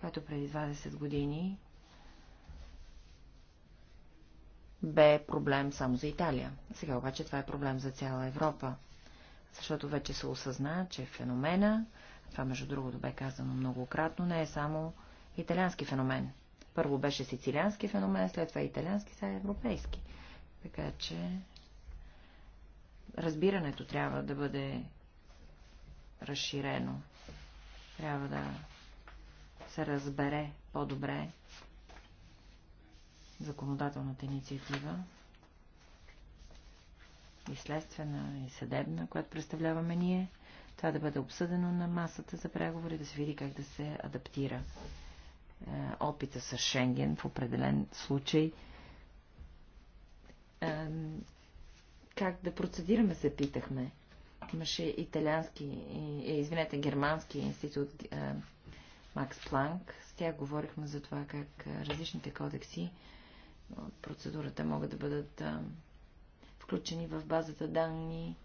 която преди 20 години бе проблем само за Италия. Сега обаче това е проблем за цяла Европа, защото вече се осъзна, че е феномена, това между другото бе казано многократно, не е само италиански феномен. Първо беше сицилиански феномен, след това италиански, сега е европейски. Така че разбирането трябва да бъде разширено. Трябва да се разбере по-добре законодателната инициатива и следствена, и съдебна, която представляваме ние, това да бъде обсъдено на масата за преговори, да се види как да се адаптира е, опита с Шенген в определен случай. Как да процедираме, се питахме. Имаше италиански, е, извинете, германски институт е, Макс Планк. С тях говорихме за това как е, различните кодекси от процедурата могат да бъдат включени в базата данни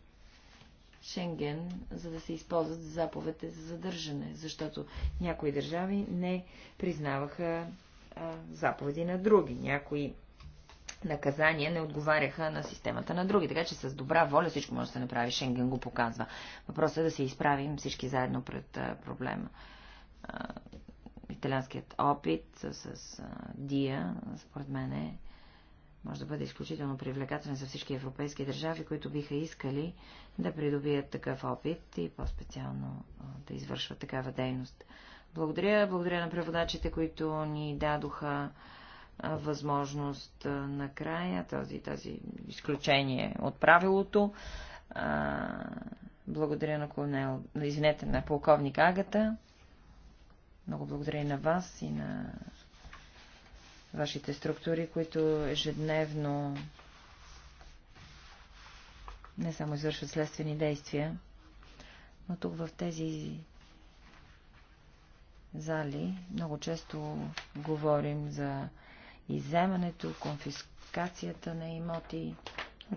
Шенген, за да се използват заповедите за задържане, защото някои държави не признаваха а, заповеди на други. Някои наказания не отговаряха на системата на други. Така че с добра воля всичко може да се направи. Шенген го показва. Въпросът е да се изправим всички заедно пред проблема. Италианският опит с Дия, според мен е може да бъде изключително привлекателен за всички европейски държави, които биха искали да придобият такъв опит и по-специално да извършват такава дейност. Благодаря, благодаря на преводачите, които ни дадоха възможност накрая, този, тази изключение от правилото. Благодаря на колонел, извинете, на полковник Агата. Много благодаря и на вас и на вашите структури, които ежедневно не само извършват следствени действия, но тук в тези зали много често говорим за иземането, конфискацията на имоти.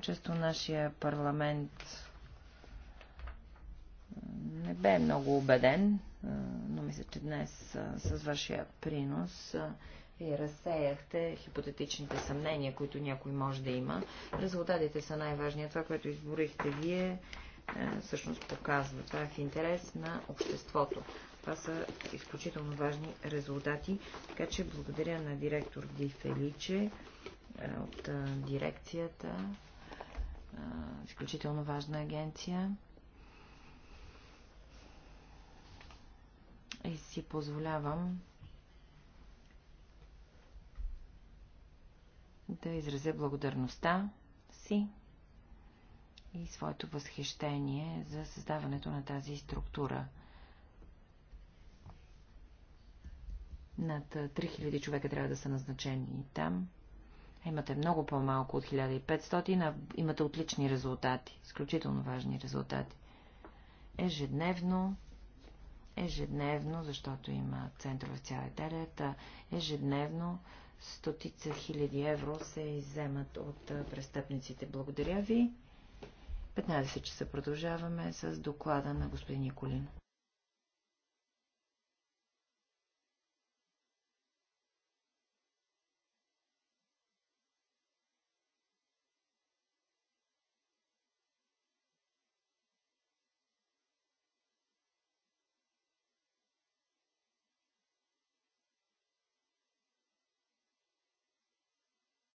Често нашия парламент не бе много убеден, но мисля, че днес с вашия принос и разсеяхте хипотетичните съмнения, които някой може да има. Резултатите са най важният Това, което изборихте вие, е, всъщност показва. Това е в интерес на обществото. Това са изключително важни резултати, така че благодаря на директор Ди Феличе е, от е, дирекцията, е, изключително важна агенция. И си позволявам да изразя благодарността си и своето възхищение за създаването на тази структура – Над 3000 човека трябва да са назначени там. Имате много по-малко от 1500, а имате отлични резултати, изключително важни резултати. Ежедневно, ежедневно, защото има центрове в цяла Италия, ежедневно стотица хиляди евро се изземат от престъпниците. Благодаря ви. 15 часа продължаваме с доклада на господин Николин.